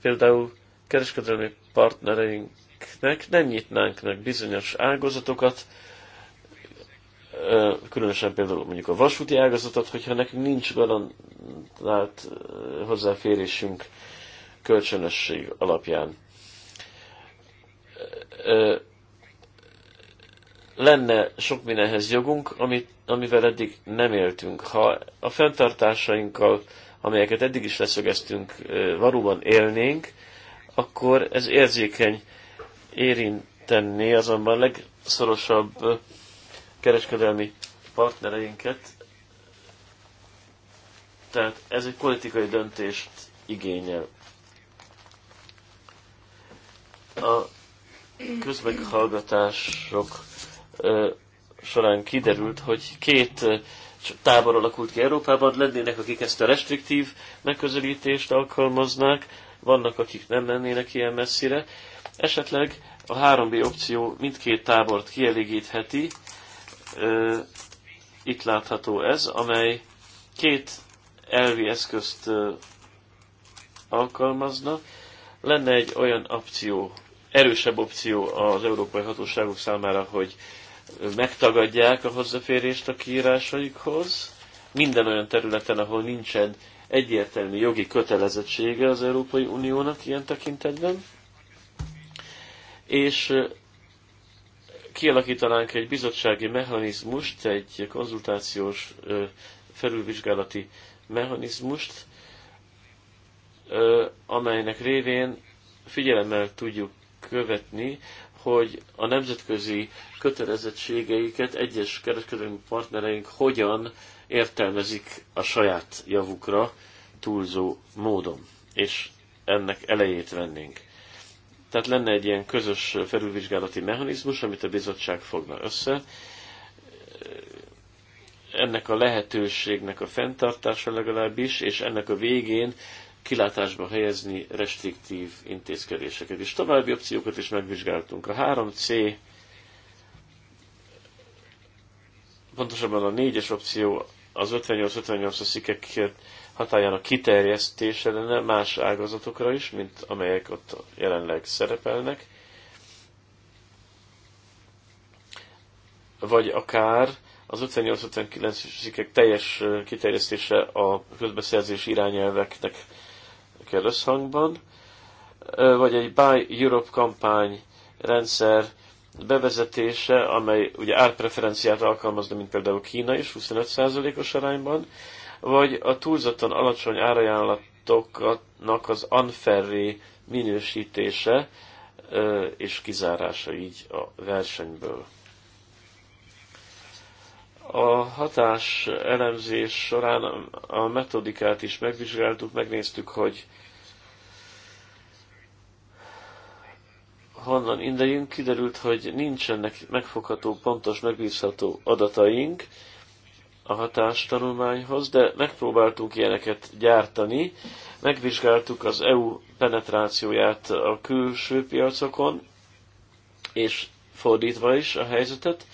például kereskedelmi partnereinknek nem nyitnánk meg bizonyos ágazatokat, különösen például mondjuk a vasúti ágazatot, hogyha nekünk nincs garantált hozzáférésünk kölcsönösség alapján lenne sok mindenhez jogunk, amit, amivel eddig nem éltünk. Ha a fenntartásainkkal, amelyeket eddig is leszögeztünk, valóban élnénk, akkor ez érzékeny érintenné azonban legszorosabb kereskedelmi partnereinket. Tehát ez egy politikai döntést igényel. A közmeghallgatások során kiderült, hogy két tábor alakult ki Európában, lennének, akik ezt a restriktív megközelítést alkalmaznák, vannak, akik nem mennének ilyen messzire. Esetleg a 3B opció mindkét tábort kielégítheti, itt látható ez, amely két elvi eszközt alkalmazna. Lenne egy olyan opció, erősebb opció az európai hatóságok számára, hogy megtagadják a hozzáférést a kiírásaikhoz, minden olyan területen, ahol nincsen egyértelmű jogi kötelezettsége az Európai Uniónak ilyen tekintetben, és kialakítanánk egy bizottsági mechanizmust, egy konzultációs felülvizsgálati mechanizmust, amelynek révén figyelemmel tudjuk követni, hogy a nemzetközi kötelezettségeiket egyes kereskedelmi partnereink hogyan értelmezik a saját javukra túlzó módon, és ennek elejét vennénk. Tehát lenne egy ilyen közös felülvizsgálati mechanizmus, amit a bizottság fogna össze. Ennek a lehetőségnek a fenntartása legalábbis, és ennek a végén kilátásba helyezni restriktív intézkedéseket. És további opciókat is megvizsgáltunk. A 3C, pontosabban a 4-es opció az 58-58-as szikek hatájának kiterjesztése lenne más ágazatokra is, mint amelyek ott jelenleg szerepelnek. Vagy akár az 58-59 es szikek teljes kiterjesztése a közbeszerzés irányelveknek kell összhangban, vagy egy Buy Europe kampány rendszer bevezetése, amely ugye árpreferenciát alkalmazna, mint például Kína is 25%-os arányban, vagy a túlzottan alacsony árajánlatoknak az unfairré minősítése és kizárása így a versenyből. A hatás elemzés során a metodikát is megvizsgáltuk, megnéztük, hogy honnan indejünk, kiderült, hogy nincsenek megfogható, pontos, megbízható adataink a hatástanulmányhoz, de megpróbáltuk ilyeneket gyártani, megvizsgáltuk az EU penetrációját a külső piacokon, és fordítva is a helyzetet,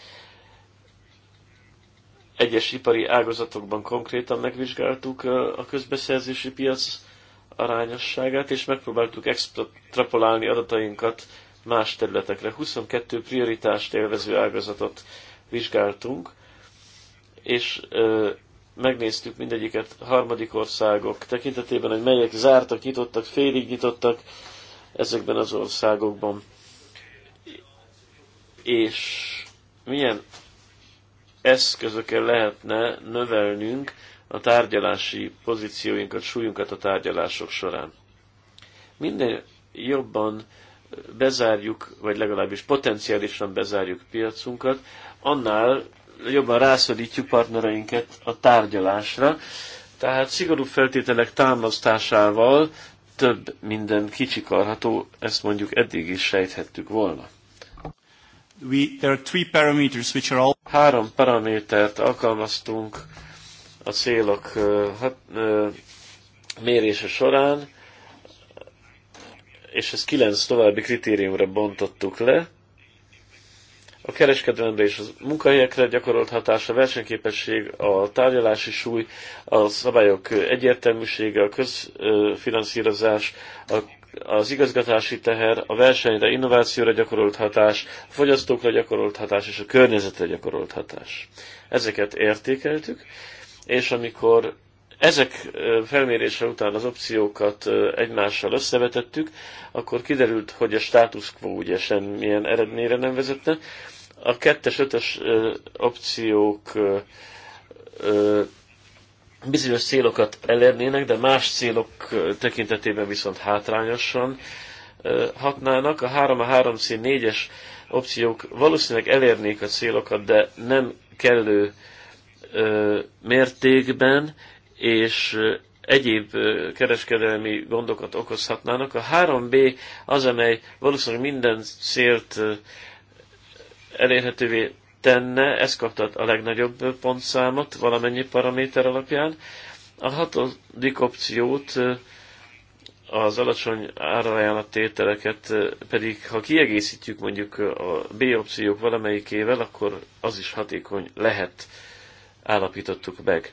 egyes ipari ágazatokban konkrétan megvizsgáltuk a közbeszerzési piac arányosságát, és megpróbáltuk extrapolálni adatainkat más területekre. 22 prioritást élvező ágazatot vizsgáltunk, és ö, megnéztük mindegyiket harmadik országok tekintetében, hogy melyek zártak, nyitottak, félig nyitottak ezekben az országokban. És milyen eszközökkel lehetne növelnünk a tárgyalási pozícióinkat, súlyunkat a tárgyalások során. Minden jobban bezárjuk, vagy legalábbis potenciálisan bezárjuk piacunkat, annál jobban rászorítjuk partnereinket a tárgyalásra. Tehát szigorú feltételek támasztásával több minden kicsikarható, ezt mondjuk eddig is sejthettük volna we, there are three parameters which are all... Három paramétert alkalmaztunk a célok hát, mérése során, és ezt kilenc további kritériumra bontottuk le. A kereskedelemre és a munkahelyekre gyakorolt hatás, a versenyképesség, a tárgyalási súly, a szabályok egyértelműsége, a közfinanszírozás, a az igazgatási teher, a versenyre, innovációra gyakorolt hatás, a fogyasztókra gyakorolt hatás és a környezetre gyakorolt hatás. Ezeket értékeltük, és amikor ezek felmérése után az opciókat egymással összevetettük, akkor kiderült, hogy a status quo ugye semmilyen eredményre nem vezetne. A kettes, ötös opciók bizonyos célokat elérnének, de más célok tekintetében viszont hátrányosan hatnának. A 3, a 3 szín 4-es opciók valószínűleg elérnék a célokat, de nem kellő mértékben, és egyéb kereskedelmi gondokat okozhatnának. A 3B az, amely valószínűleg minden célt elérhetővé tenne, ez kapta a legnagyobb pontszámot valamennyi paraméter alapján. A hatodik opciót az alacsony árajánlat tételeket pedig, ha kiegészítjük mondjuk a B opciók valamelyikével, akkor az is hatékony lehet, állapítottuk meg.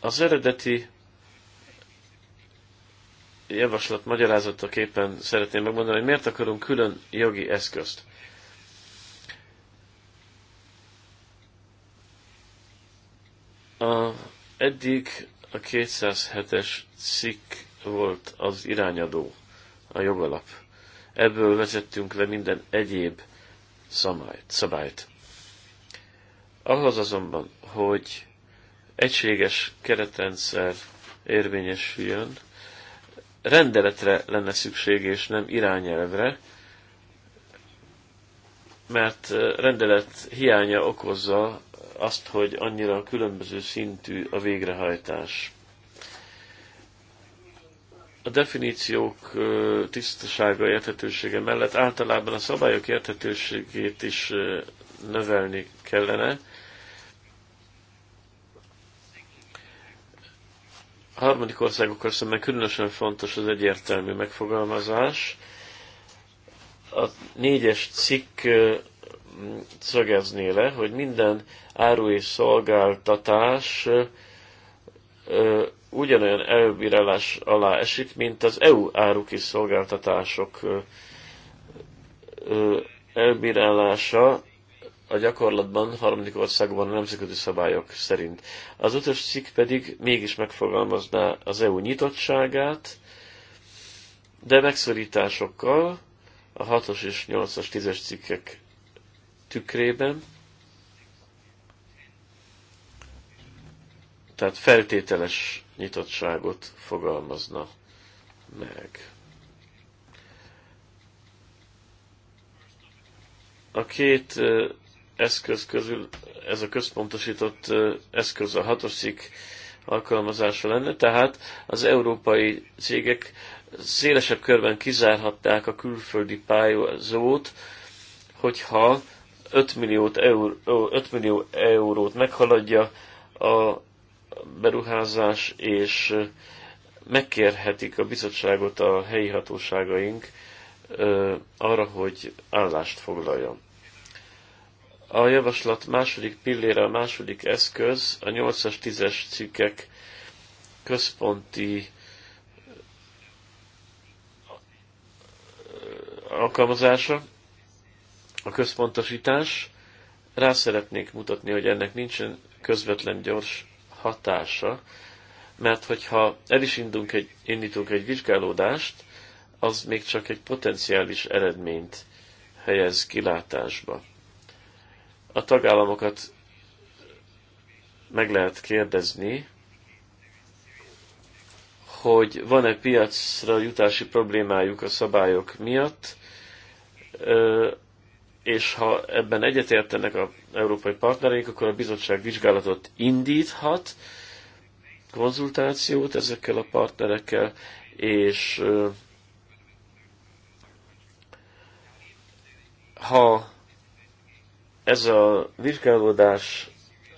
Az eredeti javaslat magyarázataképpen szeretném megmondani, hogy miért akarunk külön jogi eszközt. A, eddig a 207-es cikk volt az irányadó, a jogalap. Ebből vezettünk le minden egyéb szabályt. szabályt. Ahhoz azonban, hogy egységes keretrendszer érvényesüljön, rendeletre lenne szükség, és nem irányelvre, mert rendelet hiánya okozza azt, hogy annyira különböző szintű a végrehajtás. A definíciók tisztasága, érthetősége mellett általában a szabályok érthetőségét is növelni kellene, A harmadik országokkal szemben különösen fontos az egyértelmű megfogalmazás. A négyes cikk szögezné le, hogy minden áru és szolgáltatás ugyanolyan elbírálás alá esik, mint az EU áruk és szolgáltatások elbírálása a gyakorlatban harmadik országban a nemzetközi szabályok szerint. Az ötös cikk pedig mégis megfogalmazná az EU nyitottságát, de megszorításokkal a 6-os és 8-as, 10-es cikkek tükrében, tehát feltételes nyitottságot fogalmazna meg. A két eszköz közül ez a központosított eszköz a hatoszik alkalmazása lenne, tehát az európai cégek szélesebb körben kizárhatták a külföldi pályázót, hogyha 5, milliót euró, 5 millió eurót meghaladja a beruházás, és megkérhetik a bizottságot a helyi hatóságaink arra, hogy állást foglaljon. A javaslat második pillére, a második eszköz, a 8-as, 10-es cikkek központi alkalmazása, a központosítás. Rá szeretnék mutatni, hogy ennek nincsen közvetlen gyors hatása, mert hogyha el is indunk egy, indítunk egy vizsgálódást, az még csak egy potenciális eredményt helyez kilátásba a tagállamokat meg lehet kérdezni, hogy van-e piacra jutási problémájuk a szabályok miatt, és ha ebben egyetértenek az európai partnereink, akkor a bizottság vizsgálatot indíthat, konzultációt ezekkel a partnerekkel, és ha ez a vizsgálódás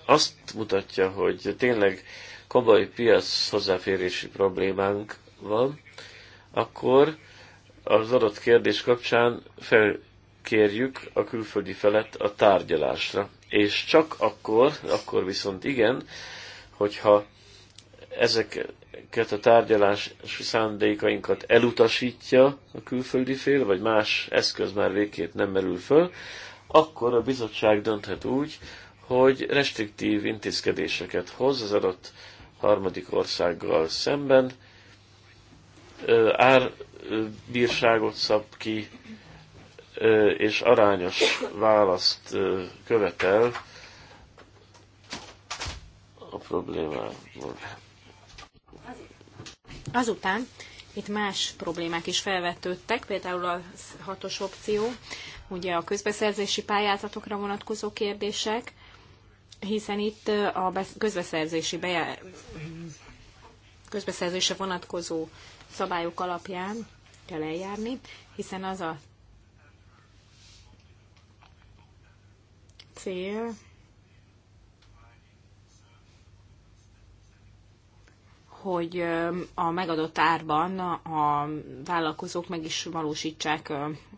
azt mutatja, hogy tényleg komoly piac hozzáférési problémánk van, akkor az adott kérdés kapcsán felkérjük a külföldi felet a tárgyalásra. És csak akkor, akkor viszont igen, hogyha ezeket a tárgyalási szándékainkat elutasítja a külföldi fél, vagy más eszköz már végképp nem merül föl, akkor a bizottság dönthet úgy, hogy restriktív intézkedéseket hoz az adott harmadik országgal szemben, árbírságot szab ki, és arányos választ követel a problémából. Azután itt más problémák is felvetődtek, például a hatos opció, ugye a közbeszerzési pályázatokra vonatkozó kérdések, hiszen itt a közbeszerzési bejá... közbeszerzése vonatkozó szabályok alapján kell eljárni, hiszen az a cél, hogy a megadott árban a vállalkozók meg is valósítsák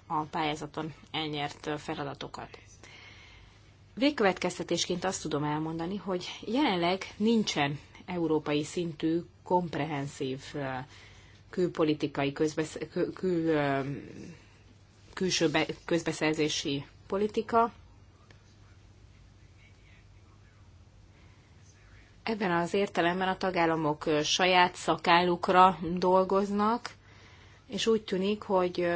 a pályázaton elnyert feladatokat. Végkövetkeztetésként azt tudom elmondani, hogy jelenleg nincsen európai szintű komprehenszív külpolitikai közbesz- kül, külső be- közbeszerzési politika. Ebben az értelemben a tagállamok saját szakállukra dolgoznak, és úgy tűnik, hogy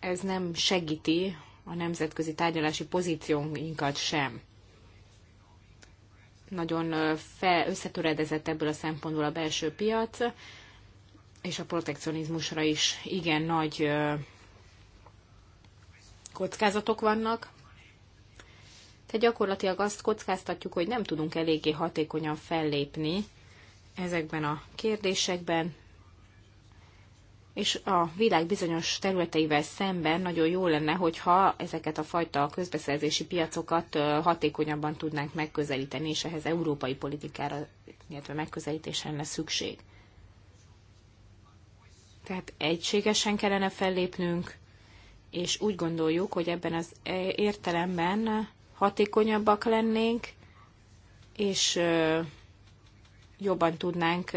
ez nem segíti a nemzetközi tárgyalási pozíciónkat sem. Nagyon összetöredezett ebből a szempontból a belső piac, és a protekcionizmusra is igen nagy kockázatok vannak. Tehát gyakorlatilag azt kockáztatjuk, hogy nem tudunk eléggé hatékonyan fellépni ezekben a kérdésekben, és a világ bizonyos területeivel szemben nagyon jó lenne, hogyha ezeket a fajta közbeszerzési piacokat hatékonyabban tudnánk megközelíteni, és ehhez európai politikára, illetve megközelítésre lenne szükség. Tehát egységesen kellene fellépnünk, és úgy gondoljuk, hogy ebben az e, értelemben hatékonyabbak lennénk, és jobban tudnánk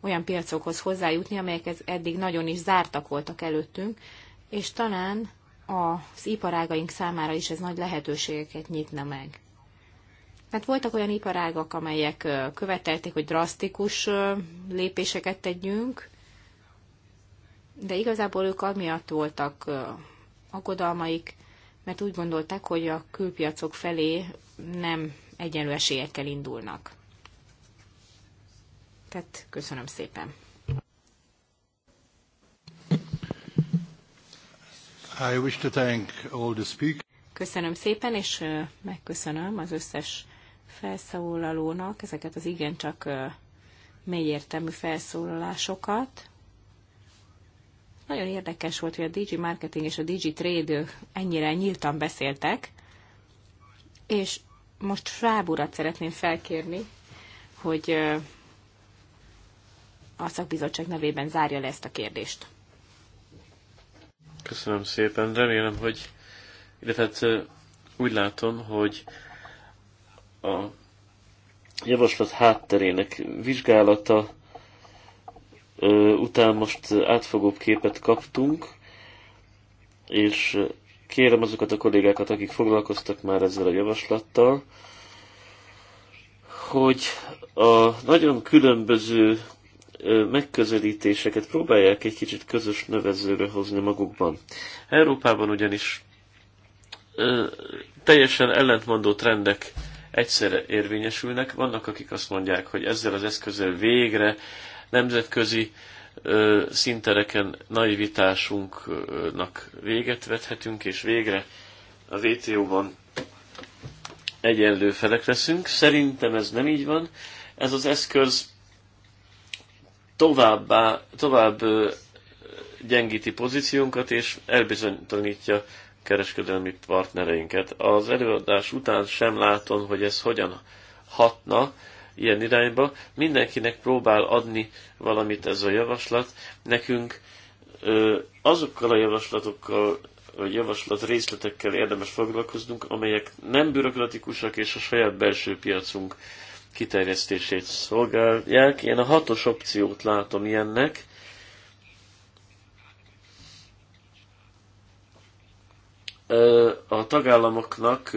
olyan piacokhoz hozzájutni, amelyek eddig nagyon is zártak voltak előttünk, és talán az iparágaink számára is ez nagy lehetőségeket nyitna meg. Mert hát voltak olyan iparágak, amelyek követelték, hogy drasztikus lépéseket tegyünk, de igazából ők amiatt voltak aggodalmaik, mert úgy gondolták, hogy a külpiacok felé nem egyenlő esélyekkel indulnak. Tehát köszönöm szépen. I wish to thank all the speakers. Köszönöm szépen, és megköszönöm az összes felszólalónak ezeket az igencsak mélyértelmű felszólalásokat. Nagyon érdekes volt, hogy a DG Marketing és a DG Trade ennyire nyíltan beszéltek, és most Schwab szeretném felkérni, hogy a szakbizottság nevében zárja le ezt a kérdést. Köszönöm szépen. Remélem, hogy illetve úgy látom, hogy a javaslat hátterének vizsgálata után most átfogóbb képet kaptunk, és kérem azokat a kollégákat, akik foglalkoztak már ezzel a javaslattal, hogy a nagyon különböző megközelítéseket próbálják egy kicsit közös nevezőre hozni magukban. Európában ugyanis teljesen ellentmondó trendek egyszerre érvényesülnek. Vannak, akik azt mondják, hogy ezzel az eszközzel végre nemzetközi szintereken szintereken naivitásunknak véget vethetünk, és végre a WTO-ban e egyenlő felek leszünk. Szerintem ez nem így van. Ez az eszköz továbbá, tovább gyengíti pozíciónkat, és elbizonytalanítja kereskedelmi partnereinket. Az előadás után sem látom, hogy ez hogyan hatna ilyen irányba. Mindenkinek próbál adni valamit ez a javaslat. Nekünk azokkal a javaslatokkal, vagy javaslat részletekkel érdemes foglalkoznunk, amelyek nem bürokratikusak és a saját belső piacunk kiterjesztését szolgálják. Én a hatos opciót látom ilyennek. A tagállamoknak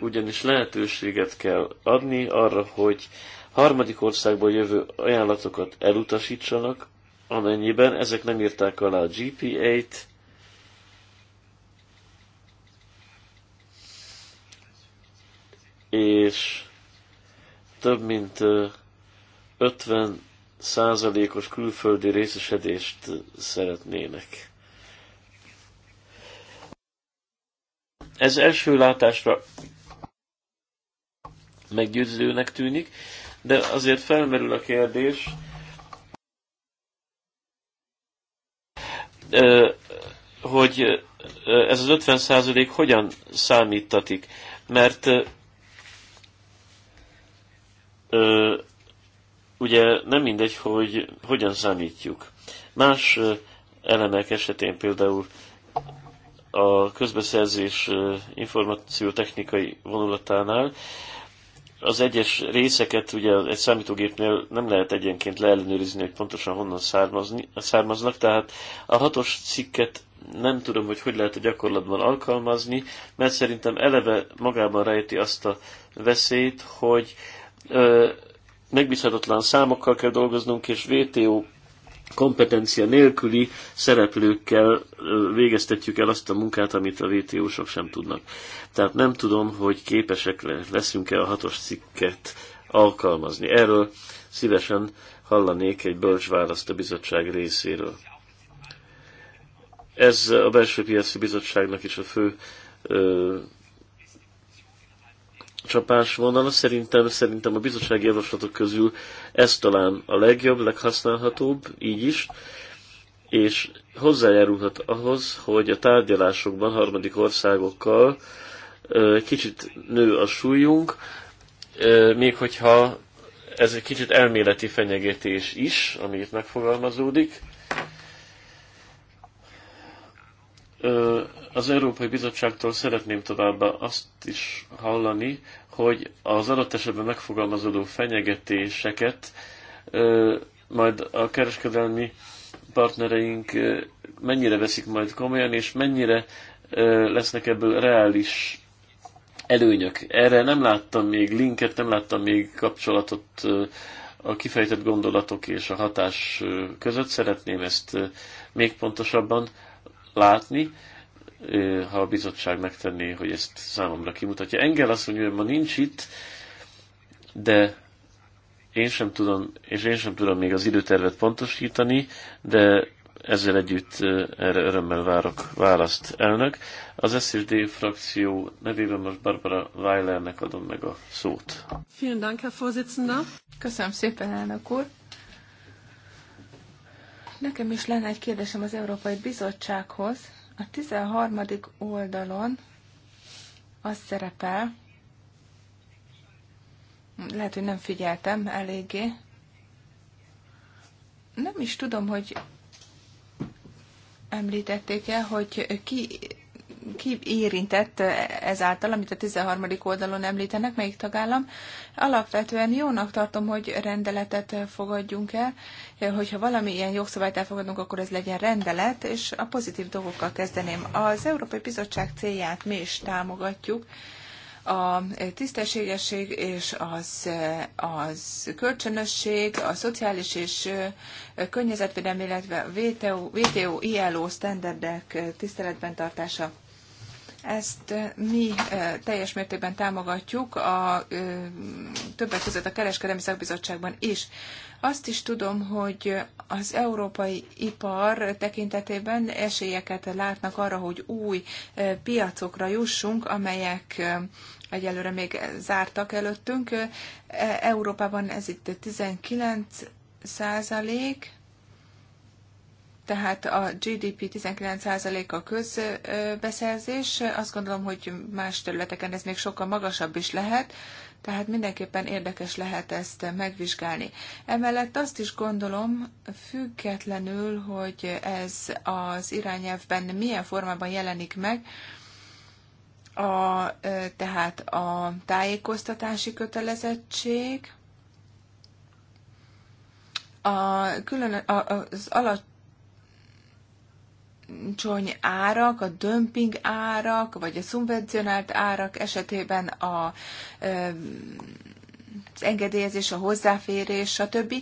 ugyanis lehetőséget kell adni arra, hogy harmadik országból jövő ajánlatokat elutasítsanak, amennyiben ezek nem írták alá a GPA-t, és több mint 50 százalékos külföldi részesedést szeretnének. Ez első látásra meggyőzőnek tűnik, de azért felmerül a kérdés, hogy ez az 50 százalék hogyan számítatik, mert ugye nem mindegy, hogy hogyan számítjuk. Más elemek esetén például a közbeszerzés információtechnikai vonulatánál az egyes részeket ugye egy számítógépnél nem lehet egyenként leellenőrizni, hogy pontosan honnan származni, származnak, tehát a hatos cikket nem tudom, hogy hogy lehet a gyakorlatban alkalmazni, mert szerintem eleve magában rejti azt a veszélyt, hogy ö, megbízhatatlan számokkal kell dolgoznunk, és VTO kompetencia nélküli szereplőkkel végeztetjük el azt a munkát, amit a vto sok sem tudnak. Tehát nem tudom, hogy képesek leszünk-e a hatos cikket alkalmazni. Erről szívesen hallanék egy bölcs választ a bizottság részéről. Ez a belső piaci bizottságnak is a fő csapás vonala. Szerintem, szerintem a bizottsági javaslatok közül ez talán a legjobb, leghasználhatóbb, így is, és hozzájárulhat ahhoz, hogy a tárgyalásokban harmadik országokkal kicsit nő a súlyunk, még hogyha ez egy kicsit elméleti fenyegetés is, ami itt megfogalmazódik, az Európai Bizottságtól szeretném továbbá azt is hallani, hogy az adott esetben megfogalmazódó fenyegetéseket majd a kereskedelmi partnereink mennyire veszik majd komolyan, és mennyire lesznek ebből reális előnyök. Erre nem láttam még linket, nem láttam még kapcsolatot a kifejtett gondolatok és a hatás között. Szeretném ezt még pontosabban látni, ha a bizottság megtenné, hogy ezt számomra kimutatja. Engel azt mondja, hogy ma nincs itt, de én sem tudom, és én sem tudom még az időtervet pontosítani, de ezzel együtt erre örömmel várok választ elnök. Az SZSD frakció nevében most Barbara Weilernek adom meg a szót. Köszönöm szépen, elnök úr. Nekem is lenne egy kérdésem az Európai Bizottsághoz. A 13. oldalon az szerepel, lehet, hogy nem figyeltem eléggé, nem is tudom, hogy említették-e, hogy ki ki érintett ezáltal, amit a 13. oldalon említenek, melyik tagállam. Alapvetően jónak tartom, hogy rendeletet fogadjunk el, hogyha valami ilyen jogszabályt elfogadunk, akkor ez legyen rendelet, és a pozitív dolgokkal kezdeném. Az Európai Bizottság célját mi is támogatjuk, a tisztességesség és az, az kölcsönösség, a szociális és környezetvédelmi, illetve VTO, VTO ILO standardek tiszteletben tartása ezt mi teljes mértékben támogatjuk, a, többek között a Kereskedelmi Szakbizottságban is. Azt is tudom, hogy az európai ipar tekintetében esélyeket látnak arra, hogy új piacokra jussunk, amelyek egyelőre még zártak előttünk. Európában ez itt 19 százalék, tehát a GDP 19% a közbeszerzés. Azt gondolom, hogy más területeken ez még sokkal magasabb is lehet, tehát mindenképpen érdekes lehet ezt megvizsgálni. Emellett azt is gondolom, függetlenül, hogy ez az irányelvben milyen formában jelenik meg, a, tehát a tájékoztatási kötelezettség, a, külön, az alacsony alacsony árak, a dömping árak, vagy a szubvencionált árak esetében a az engedélyezés, a hozzáférés, stb.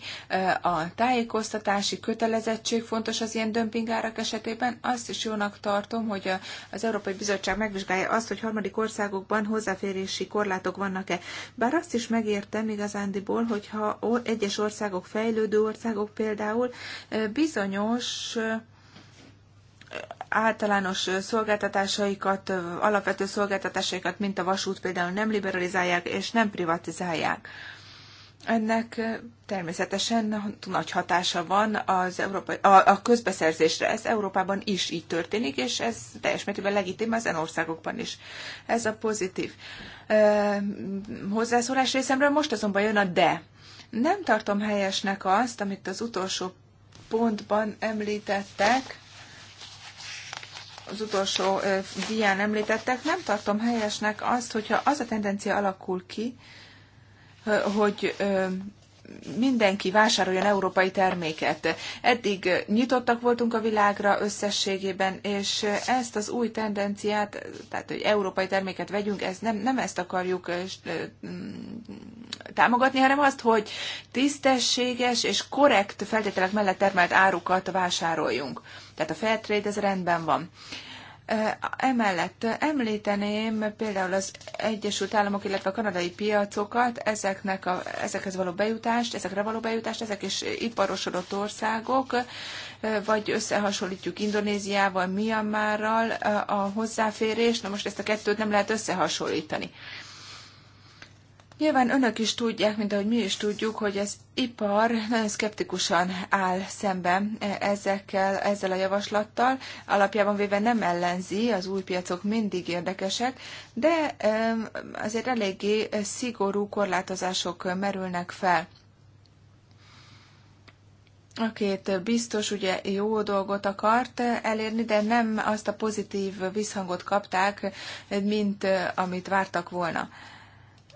A tájékoztatási kötelezettség fontos az ilyen dömpingárak esetében. Azt is jónak tartom, hogy az Európai Bizottság megvizsgálja azt, hogy harmadik országokban hozzáférési korlátok vannak-e. Bár azt is megértem igazándiból, hogyha egyes országok, fejlődő országok például bizonyos általános szolgáltatásaikat, alapvető szolgáltatásaikat, mint a vasút például nem liberalizálják és nem privatizálják. Ennek természetesen nagy hatása van az európai, a, a közbeszerzésre. Ez Európában is így történik, és ez teljes mértékben legitim az en országokban is. Ez a pozitív e, hozzászólás részemről. Most azonban jön a de. Nem tartom helyesnek azt, amit az utolsó pontban említettek, az utolsó dián említettek, nem tartom helyesnek azt, hogyha az a tendencia alakul ki, hogy mindenki vásároljon európai terméket. Eddig nyitottak voltunk a világra összességében, és ezt az új tendenciát, tehát hogy európai terméket vegyünk, ez nem, nem ezt akarjuk mm, támogatni, hanem azt, hogy tisztességes és korrekt feltételek mellett termelt árukat vásároljunk. Tehát a fair trade ez rendben van. Emellett említeném például az Egyesült Államok, illetve a kanadai piacokat, ezeknek a, ezekhez való bejutást, ezekre való bejutást, ezek is iparosodott országok, vagy összehasonlítjuk Indonéziával, Myanmarral a hozzáférés, na most ezt a kettőt nem lehet összehasonlítani. Nyilván önök is tudják, mint ahogy mi is tudjuk, hogy az ipar nagyon szkeptikusan áll szemben ezekkel, ezzel a javaslattal. Alapjában véve nem ellenzi, az új piacok mindig érdekesek, de azért eléggé szigorú korlátozások merülnek fel. A két biztos ugye jó dolgot akart elérni, de nem azt a pozitív visszhangot kapták, mint amit vártak volna.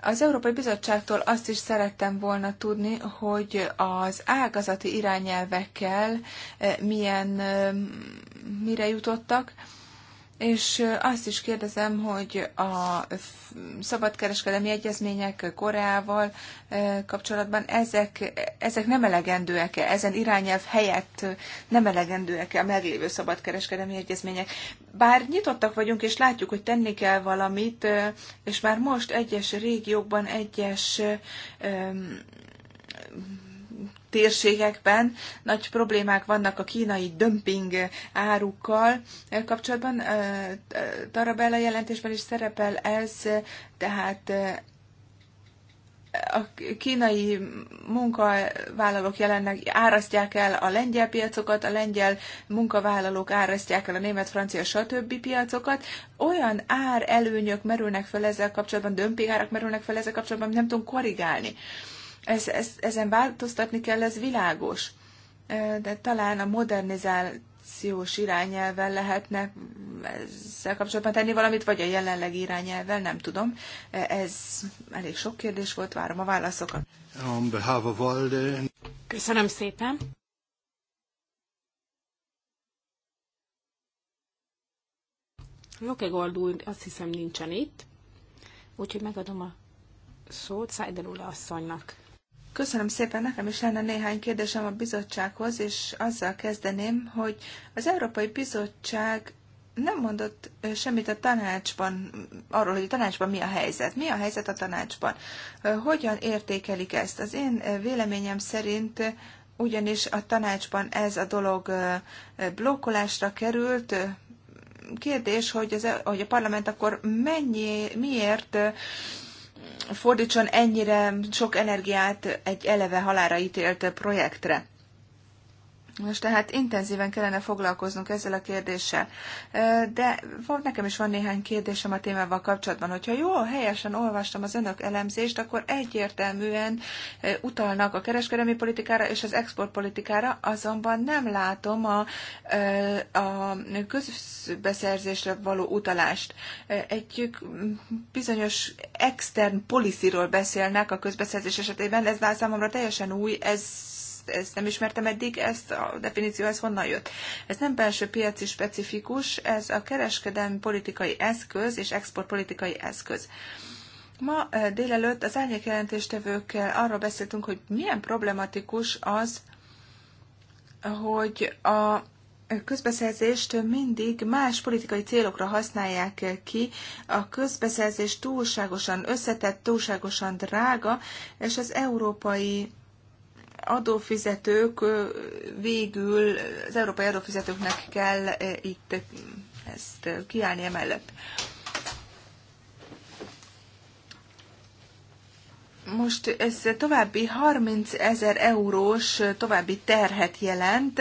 Az Európai Bizottságtól azt is szerettem volna tudni, hogy az ágazati irányelvekkel eh, milyen, eh, mire jutottak, és azt is kérdezem, hogy a szabadkereskedelmi egyezmények Koreával kapcsolatban ezek, ezek nem elegendőek-e, ezen irányelv helyett nem elegendőek-e a meglévő szabadkereskedelmi egyezmények. Bár nyitottak vagyunk, és látjuk, hogy tenni kell valamit, és már most egyes régiókban, egyes térségekben nagy problémák vannak a kínai dömping árukkal kapcsolatban. Tarabella jelentésben is szerepel ez, tehát a kínai munkavállalók jelenleg árasztják el a lengyel piacokat, a lengyel munkavállalók árasztják el a német, francia, stb. piacokat. Olyan árelőnyök merülnek fel ezzel kapcsolatban, dömpingárak merülnek fel ezzel kapcsolatban, amit nem tudunk korrigálni. Ez, ez, ezen változtatni kell, ez világos. De talán a modernizációs irányelvel lehetne ezzel kapcsolatban tenni valamit, vagy a jelenlegi irányelvel, nem tudom. Ez elég sok kérdés volt, várom a válaszokat. Köszönöm szépen. Lokegold Goldul azt hiszem nincsen itt, úgyhogy megadom a szót Szájder asszonynak. Köszönöm szépen, nekem is lenne néhány kérdésem a bizottsághoz, és azzal kezdeném, hogy az Európai Bizottság nem mondott semmit a tanácsban, mm, arról, hogy a tanácsban mi a helyzet. Mi a helyzet a tanácsban? Hogyan értékelik ezt? Az én véleményem szerint ugyanis a tanácsban ez a dolog blokkolásra került, kérdés, hogy, az, hogy a parlament akkor mennyi, miért fordítson ennyire sok energiát egy eleve halára ítélt projektre. Most tehát intenzíven kellene foglalkoznunk ezzel a kérdéssel. De nekem is van néhány kérdésem a témával kapcsolatban. Hogyha jól helyesen olvastam az önök elemzést, akkor egyértelműen utalnak a kereskedelmi politikára és az exportpolitikára, azonban nem látom a, a közbeszerzésre való utalást. Egy bizonyos extern policy beszélnek a közbeszerzés esetében, ez már számomra teljesen új, ez ezt, ezt nem ismertem eddig, ezt a definíció, ez honnan jött. Ez nem belső piaci specifikus, ez a kereskedelmi politikai eszköz és exportpolitikai eszköz. Ma eh, délelőtt az árnyék jelentéstevőkkel arról beszéltünk, hogy milyen problematikus az, hogy a közbeszerzést mindig más politikai célokra használják ki. A közbeszerzés túlságosan összetett, túlságosan drága, és az európai adófizetők végül, az európai adófizetőknek kell itt ezt kiállni emellett. Most ez további 30 ezer eurós további terhet jelent,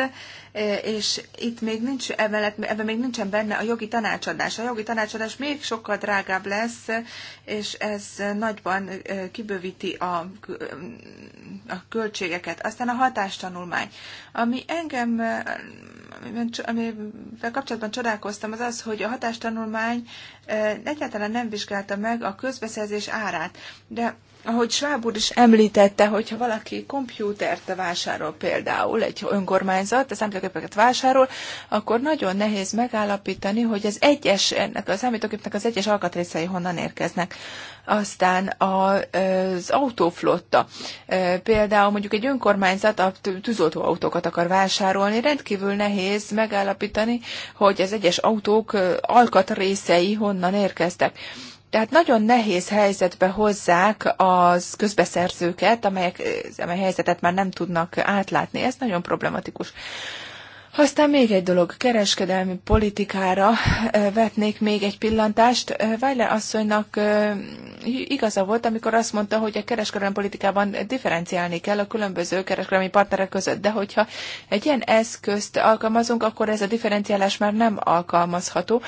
E, és itt még nincs, ebben, még nincsen benne a jogi tanácsadás. A jogi tanácsadás még sokkal drágább lesz, és ez nagyban e, kibővíti a, a költségeket. Aztán a hatástanulmány. Ami engem, amivel kapcsolatban csodálkoztam, az az, hogy a hatástanulmány e, egyáltalán nem vizsgálta meg a közbeszerzés árát. De ahogy Schwab úr is említette, hogyha valaki kompjútert vásárol például, egy önkormányzat, a számítógépeket vásárol, akkor nagyon nehéz megállapítani, hogy az egyes, ennek a számítógépnek az egyes alkatrészei honnan érkeznek. Aztán az autóflotta. Például mondjuk egy önkormányzat a tűzoltóautókat akar vásárolni, rendkívül nehéz megállapítani, hogy az egyes autók alkatrészei honnan érkeztek tehát nagyon nehéz helyzetbe hozzák az közbeszerzőket, amelyek, amely helyzetet már nem tudnak átlátni. Ez nagyon problematikus. Aztán még egy dolog, kereskedelmi politikára vetnék még egy pillantást. Weiler asszonynak igaza volt, amikor azt mondta, hogy a kereskedelmi politikában differenciálni kell a különböző kereskedelmi partnerek között, de hogyha egy ilyen eszközt alkalmazunk, akkor ez a differenciálás már nem alkalmazható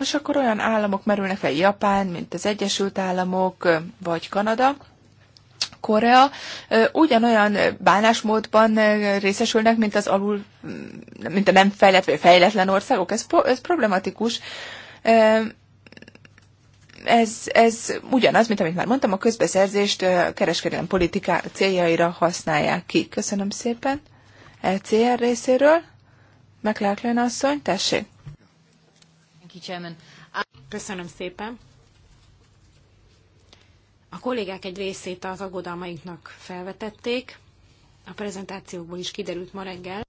és akkor olyan államok merülnek fel, Japán, mint az Egyesült Államok, vagy Kanada, Korea ugyanolyan bánásmódban részesülnek, mint az alul, mint a nem fejlett vagy fejletlen országok. Ez, ez problematikus. Ez, ez ugyanaz, mint amit már mondtam, a közbeszerzést a kereskedelem politiká céljaira használják ki. Köszönöm szépen. ECR részéről. McLaughlin asszony, tessék. Köszönöm szépen. A kollégák egy részét az aggodalmainknak felvetették. A prezentációkból is kiderült ma reggel,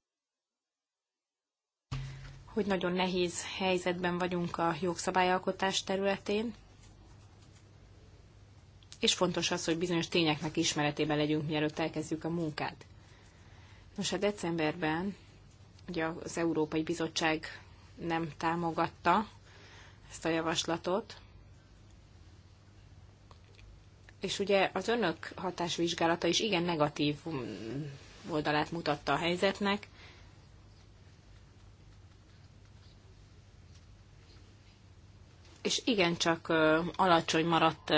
hogy nagyon nehéz helyzetben vagyunk a jogszabályalkotás területén, és fontos az, hogy bizonyos tényeknek ismeretében legyünk, mielőtt elkezdjük a munkát. Nos, a decemberben ugye az Európai Bizottság nem támogatta ezt a javaslatot. És ugye az önök hatásvizsgálata is igen negatív oldalát mutatta a helyzetnek. És igencsak alacsony maradt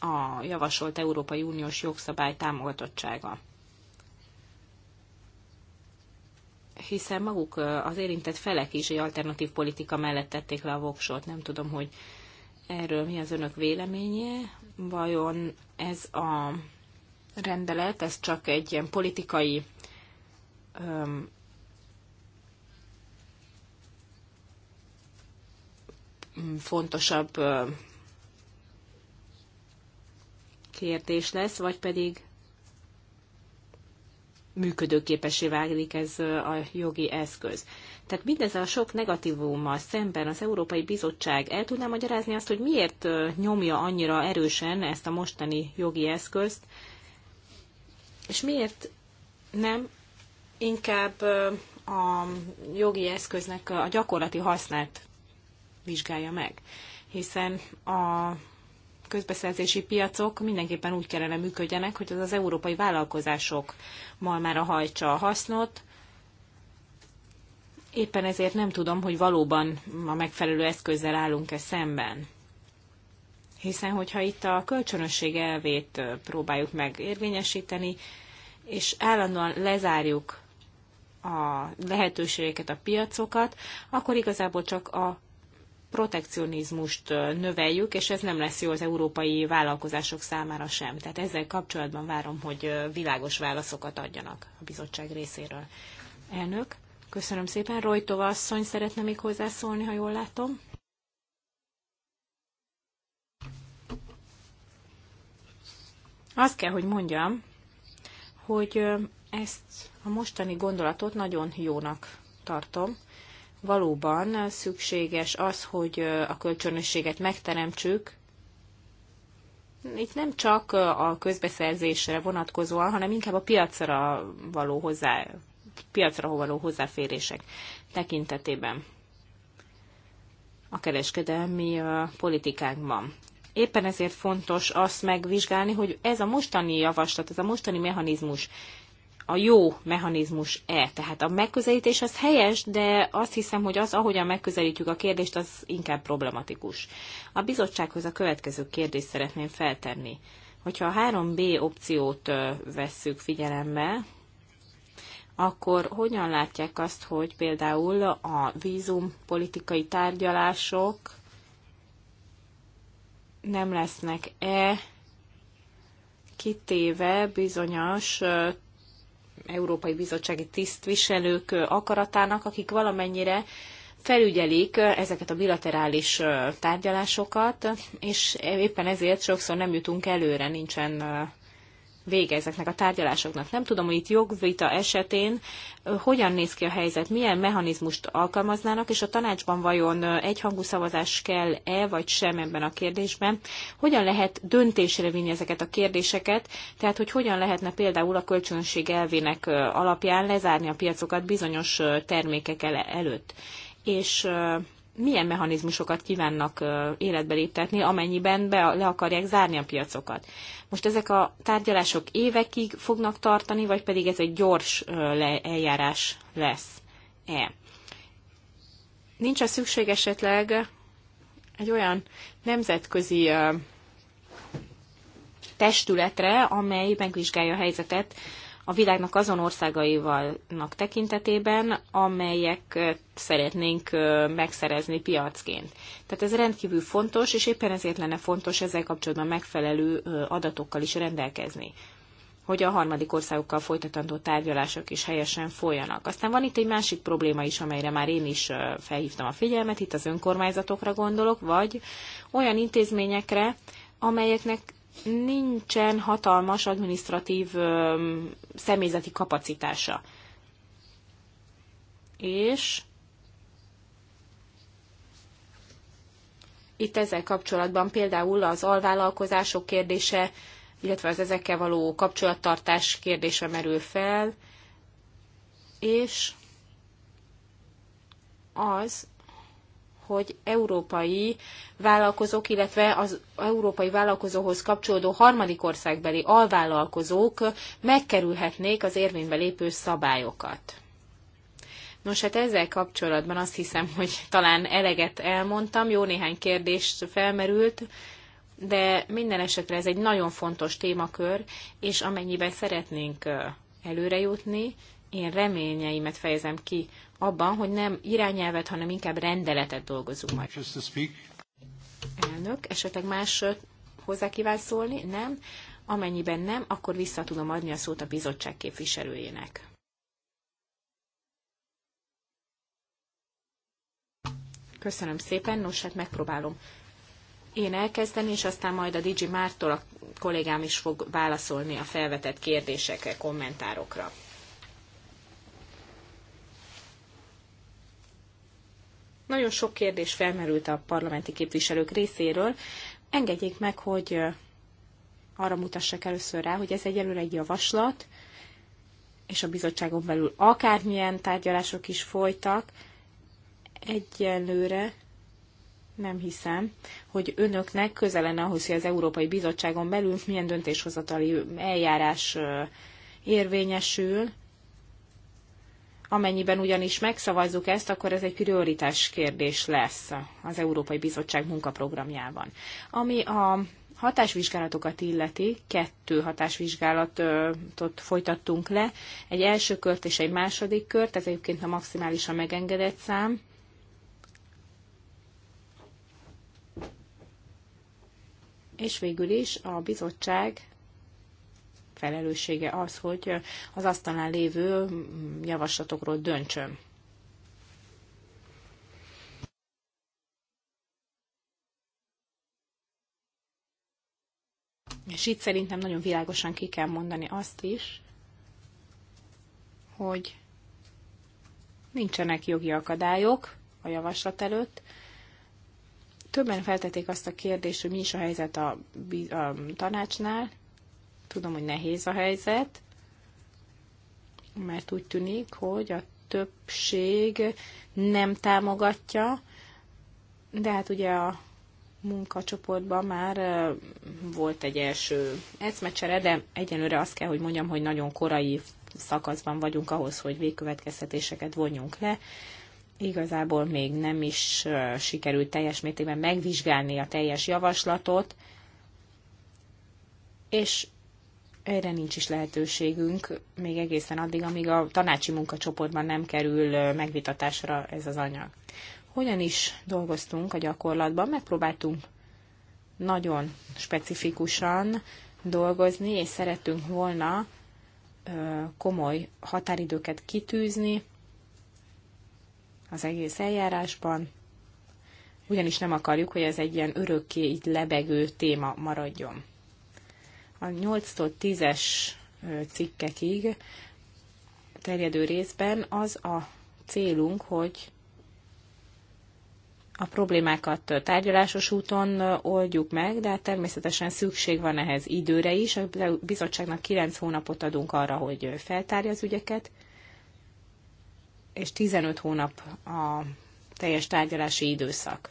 a javasolt Európai Uniós jogszabály támogatottsága. hiszen maguk az érintett felek is egy alternatív politika mellett tették le a voksot. Nem tudom, hogy erről mi az önök véleménye. Vajon ez a rendelet, ez csak egy ilyen politikai öm, fontosabb kérdés lesz, vagy pedig működőképessé válik ez a jogi eszköz. Tehát mindez a sok negatívummal szemben az Európai Bizottság el tudná magyarázni azt, hogy miért nyomja annyira erősen ezt a mostani jogi eszközt, és miért nem inkább a jogi eszköznek a gyakorlati hasznát vizsgálja meg. Hiszen a közbeszerzési piacok mindenképpen úgy kellene működjenek, hogy az az európai vállalkozások a hajtsa a hasznot. Éppen ezért nem tudom, hogy valóban a megfelelő eszközzel állunk-e szemben. Hiszen, hogyha itt a kölcsönösség elvét próbáljuk meg érvényesíteni, és állandóan lezárjuk a lehetőségeket, a piacokat, akkor igazából csak a protekcionizmust növeljük, és ez nem lesz jó az európai vállalkozások számára sem. Tehát ezzel kapcsolatban várom, hogy világos válaszokat adjanak a bizottság részéről. Elnök, köszönöm szépen. Rojtova asszony szeretne még hozzászólni, ha jól látom. Azt kell, hogy mondjam, hogy ezt a mostani gondolatot nagyon jónak tartom, valóban szükséges az, hogy a kölcsönösséget megteremtsük, itt nem csak a közbeszerzésre vonatkozóan, hanem inkább a piacra való hozzá, piacra való hozzáférések tekintetében a kereskedelmi politikánkban. Éppen ezért fontos azt megvizsgálni, hogy ez a mostani javaslat, ez a mostani mechanizmus a jó mechanizmus-e. Tehát a megközelítés az helyes, de azt hiszem, hogy az, ahogyan megközelítjük a kérdést, az inkább problematikus. A bizottsághoz a következő kérdést szeretném feltenni. Hogyha a 3B opciót vesszük figyelembe, akkor hogyan látják azt, hogy például a vízum politikai tárgyalások nem lesznek-e kitéve bizonyos Európai Bizottsági tisztviselők akaratának, akik valamennyire felügyelik ezeket a bilaterális tárgyalásokat, és éppen ezért sokszor nem jutunk előre, nincsen vége ezeknek a tárgyalásoknak. Nem tudom, hogy itt jogvita esetén hogyan néz ki a helyzet, milyen mechanizmust alkalmaznának, és a tanácsban vajon egyhangú szavazás kell-e, vagy sem ebben a kérdésben. Hogyan lehet döntésre vinni ezeket a kérdéseket, tehát hogy hogyan lehetne például a kölcsönség elvének alapján lezárni a piacokat bizonyos termékek előtt. És milyen mechanizmusokat kívánnak életbe léptetni, amennyiben be, le akarják zárni a piacokat. Most ezek a tárgyalások évekig fognak tartani, vagy pedig ez egy gyors eljárás lesz-e? Nincs a szükség esetleg egy olyan nemzetközi testületre, amely megvizsgálja a helyzetet a világnak azon országaivalnak tekintetében, amelyek szeretnénk megszerezni piacként. Tehát ez rendkívül fontos, és éppen ezért lenne fontos ezzel kapcsolatban megfelelő adatokkal is rendelkezni hogy a harmadik országokkal folytatandó tárgyalások is helyesen folyanak. Aztán van itt egy másik probléma is, amelyre már én is felhívtam a figyelmet, itt az önkormányzatokra gondolok, vagy olyan intézményekre, amelyeknek nincsen hatalmas administratív személyzeti kapacitása. És itt ezzel kapcsolatban például az alvállalkozások kérdése, illetve az ezekkel való kapcsolattartás kérdése merül fel, és az, hogy európai vállalkozók, illetve az európai vállalkozóhoz kapcsolódó harmadik országbeli alvállalkozók megkerülhetnék az érvénybe lépő szabályokat. Nos, hát ezzel kapcsolatban azt hiszem, hogy talán eleget elmondtam, jó néhány kérdés felmerült, de minden esetre ez egy nagyon fontos témakör, és amennyiben szeretnénk előrejutni, én reményeimet fejezem ki abban, hogy nem irányelvet, hanem inkább rendeletet dolgozunk majd. Elnök, esetleg más hozzá kíván szólni? Nem? Amennyiben nem, akkor vissza tudom adni a szót a bizottság képviselőjének. Köszönöm szépen, nos hát megpróbálom én elkezdeni, és aztán majd a Digi Mártól a kollégám is fog válaszolni a felvetett kérdésekre, kommentárokra. Nagyon sok kérdés felmerült a parlamenti képviselők részéről. Engedjék meg, hogy arra mutassak először rá, hogy ez egyelőre egy javaslat, és a bizottságon belül akármilyen tárgyalások is folytak, egyelőre nem hiszem, hogy önöknek közel lenne ahhoz, hogy az Európai Bizottságon belül milyen döntéshozatali eljárás érvényesül. Amennyiben ugyanis megszavazzuk ezt, akkor ez egy prioritás kérdés lesz az Európai Bizottság munkaprogramjában. Ami a hatásvizsgálatokat illeti, kettő hatásvizsgálatot folytattunk le, egy első kört és egy második kört, ez egyébként a maximálisan megengedett szám. És végül is a bizottság felelőssége az, hogy az asztalán lévő javaslatokról döntsön. És itt szerintem nagyon világosan ki kell mondani azt is, hogy nincsenek jogi akadályok a javaslat előtt. Többen feltették azt a kérdést, hogy mi is a helyzet a, a tanácsnál. Tudom, hogy nehéz a helyzet, mert úgy tűnik, hogy a többség nem támogatja, de hát ugye a munkacsoportban már volt egy első eszmecsere, de egyenlőre azt kell, hogy mondjam, hogy nagyon korai szakaszban vagyunk ahhoz, hogy végkövetkeztetéseket vonjunk le. Igazából még nem is sikerült teljes mértékben megvizsgálni a teljes javaslatot, és erre nincs is lehetőségünk még egészen addig, amíg a tanácsi munkacsoportban nem kerül megvitatásra ez az anyag. Hogyan is dolgoztunk a gyakorlatban? Megpróbáltunk nagyon specifikusan dolgozni, és szerettünk volna komoly határidőket kitűzni az egész eljárásban, ugyanis nem akarjuk, hogy ez egy ilyen örökké így lebegő téma maradjon a 8-tól 10-es cikkekig terjedő részben az a célunk, hogy a problémákat tárgyalásos úton oldjuk meg, de hát természetesen szükség van ehhez időre is. A bizottságnak 9 hónapot adunk arra, hogy feltárja az ügyeket, és 15 hónap a teljes tárgyalási időszak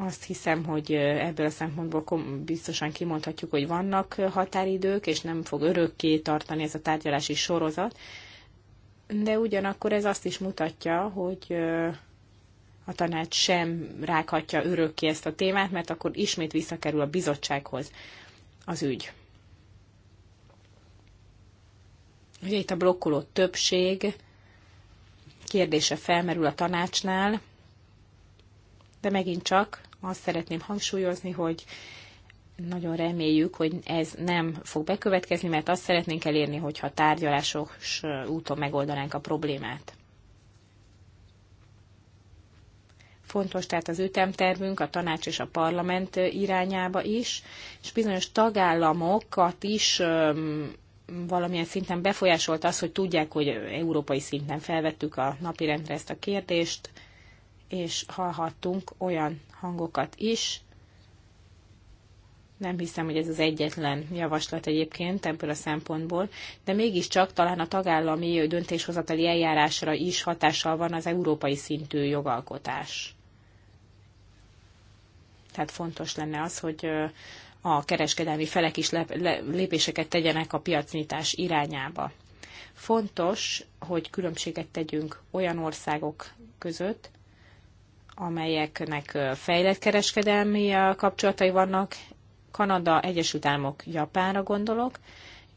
azt hiszem, hogy ebből a szempontból biztosan kimondhatjuk, hogy vannak határidők, és nem fog örökké tartani ez a tárgyalási sorozat, de ugyanakkor ez azt is mutatja, hogy a tanács sem rághatja örökké ezt a témát, mert akkor ismét visszakerül a bizottsághoz az ügy. Ugye itt a blokkoló többség kérdése felmerül a tanácsnál, de megint csak azt szeretném hangsúlyozni, hogy nagyon reméljük, hogy ez nem fog bekövetkezni, mert azt szeretnénk elérni, hogyha tárgyalások úton megoldanánk a problémát. Fontos tehát az ütemtervünk a tanács és a parlament irányába is, és bizonyos tagállamokat is valamilyen szinten befolyásolt az, hogy tudják, hogy európai szinten felvettük a napirendre ezt a kérdést, és hallhattunk olyan hangokat is, nem hiszem, hogy ez az egyetlen javaslat egyébként ebből a szempontból, de mégiscsak talán a tagállami döntéshozatali eljárásra is hatással van az európai szintű jogalkotás. Tehát fontos lenne az, hogy a kereskedelmi felek is lépéseket tegyenek a piacnyitás irányába. Fontos, hogy különbséget tegyünk olyan országok között, amelyeknek fejlett kereskedelmi kapcsolatai vannak, Kanada, Egyesült Államok, Japánra gondolok,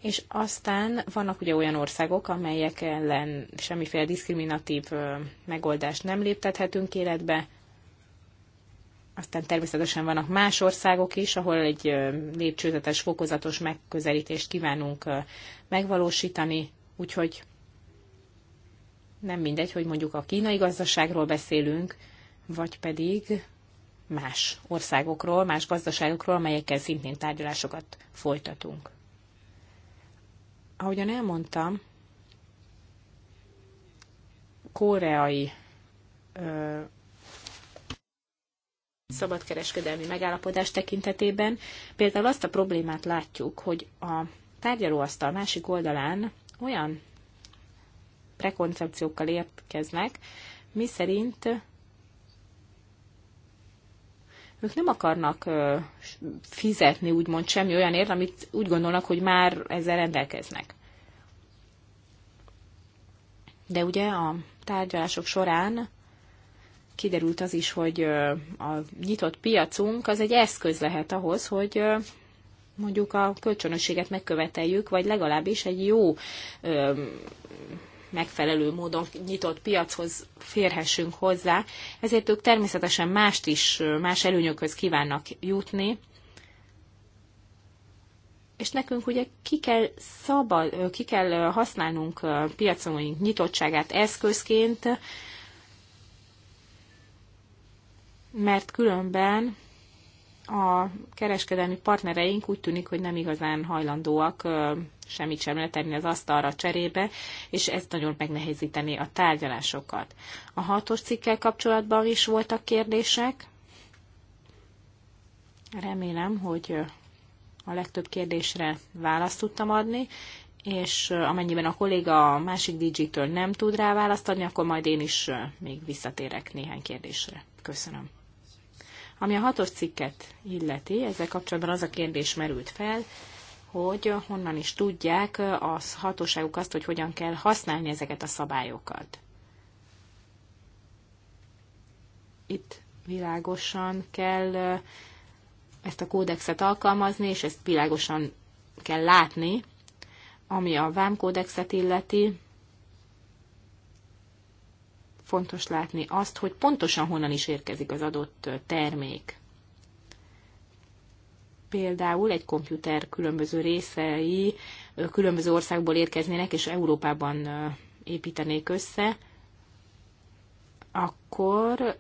és aztán vannak ugye olyan országok, amelyek ellen semmiféle diszkriminatív megoldást nem léptethetünk életbe, aztán természetesen vannak más országok is, ahol egy lépcsőzetes, fokozatos megközelítést kívánunk megvalósítani, úgyhogy nem mindegy, hogy mondjuk a kínai gazdaságról beszélünk, vagy pedig más országokról, más gazdaságokról, amelyekkel szintén tárgyalásokat folytatunk. Ahogyan elmondtam, koreai ö, szabadkereskedelmi megállapodás tekintetében például azt a problémát látjuk, hogy a tárgyalóasztal másik oldalán olyan prekoncepciókkal érkeznek, miszerint ők nem akarnak fizetni úgymond semmi olyanért, amit úgy gondolnak, hogy már ezzel rendelkeznek. De ugye a tárgyalások során kiderült az is, hogy a nyitott piacunk az egy eszköz lehet ahhoz, hogy mondjuk a kölcsönösséget megköveteljük, vagy legalábbis egy jó megfelelő módon nyitott piachoz férhessünk hozzá, ezért ők természetesen mást is, más előnyökhöz kívánnak jutni, és nekünk ugye ki kell, szabad, ki kell használnunk piacunk nyitottságát eszközként, mert különben a kereskedelmi partnereink úgy tűnik, hogy nem igazán hajlandóak semmit sem tenni az asztalra cserébe, és ez nagyon megnehezíteni a tárgyalásokat. A hatos cikkel kapcsolatban is voltak kérdések. Remélem, hogy a legtöbb kérdésre választ tudtam adni, és amennyiben a kolléga a másik dj től nem tud rá választ adni, akkor majd én is még visszatérek néhány kérdésre. Köszönöm. Ami a hatos cikket illeti, ezzel kapcsolatban az a kérdés merült fel, hogy honnan is tudják a hatóságuk azt, hogy hogyan kell használni ezeket a szabályokat. Itt világosan kell ezt a kódexet alkalmazni, és ezt világosan kell látni, ami a vámkódexet illeti. Fontos látni azt, hogy pontosan honnan is érkezik az adott termék például egy komputer különböző részei különböző országból érkeznének, és Európában építenék össze, akkor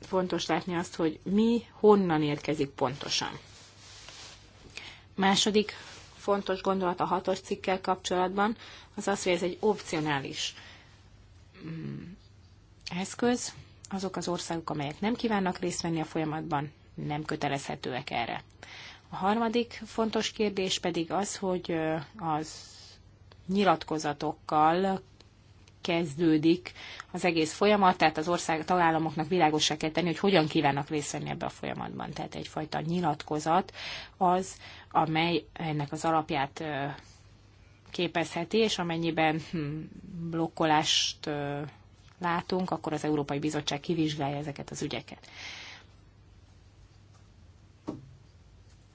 fontos látni azt, hogy mi honnan érkezik pontosan. Második fontos gondolat a hatos cikkel kapcsolatban az az, hogy ez egy opcionális mm, eszköz. Azok az országok, amelyek nem kívánnak részt venni a folyamatban, nem kötelezhetőek erre. A harmadik fontos kérdés pedig az, hogy az nyilatkozatokkal kezdődik az egész folyamat, tehát az ország tagállamoknak világosá kell tenni, hogy hogyan kívánnak részt venni ebbe a folyamatban. Tehát egyfajta nyilatkozat az, amely ennek az alapját képezheti, és amennyiben hm, blokkolást látunk, akkor az Európai Bizottság kivizsgálja ezeket az ügyeket.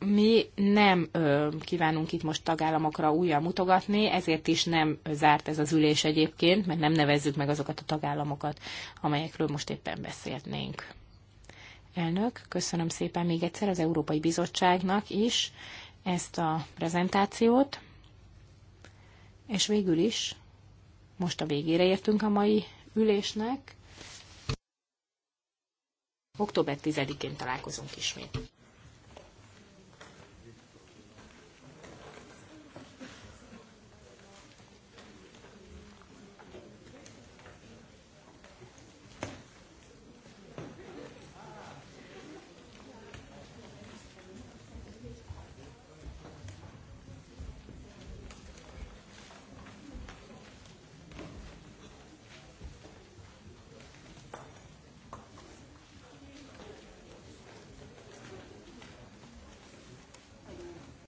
mi nem ö, kívánunk itt most tagállamokra újra mutogatni, ezért is nem zárt ez az ülés egyébként, mert nem nevezzük meg azokat a tagállamokat, amelyekről most éppen beszélnénk. Elnök, köszönöm szépen még egyszer az Európai Bizottságnak is ezt a prezentációt, és végül is most a végére értünk a mai ülésnek. Október 10-én találkozunk ismét.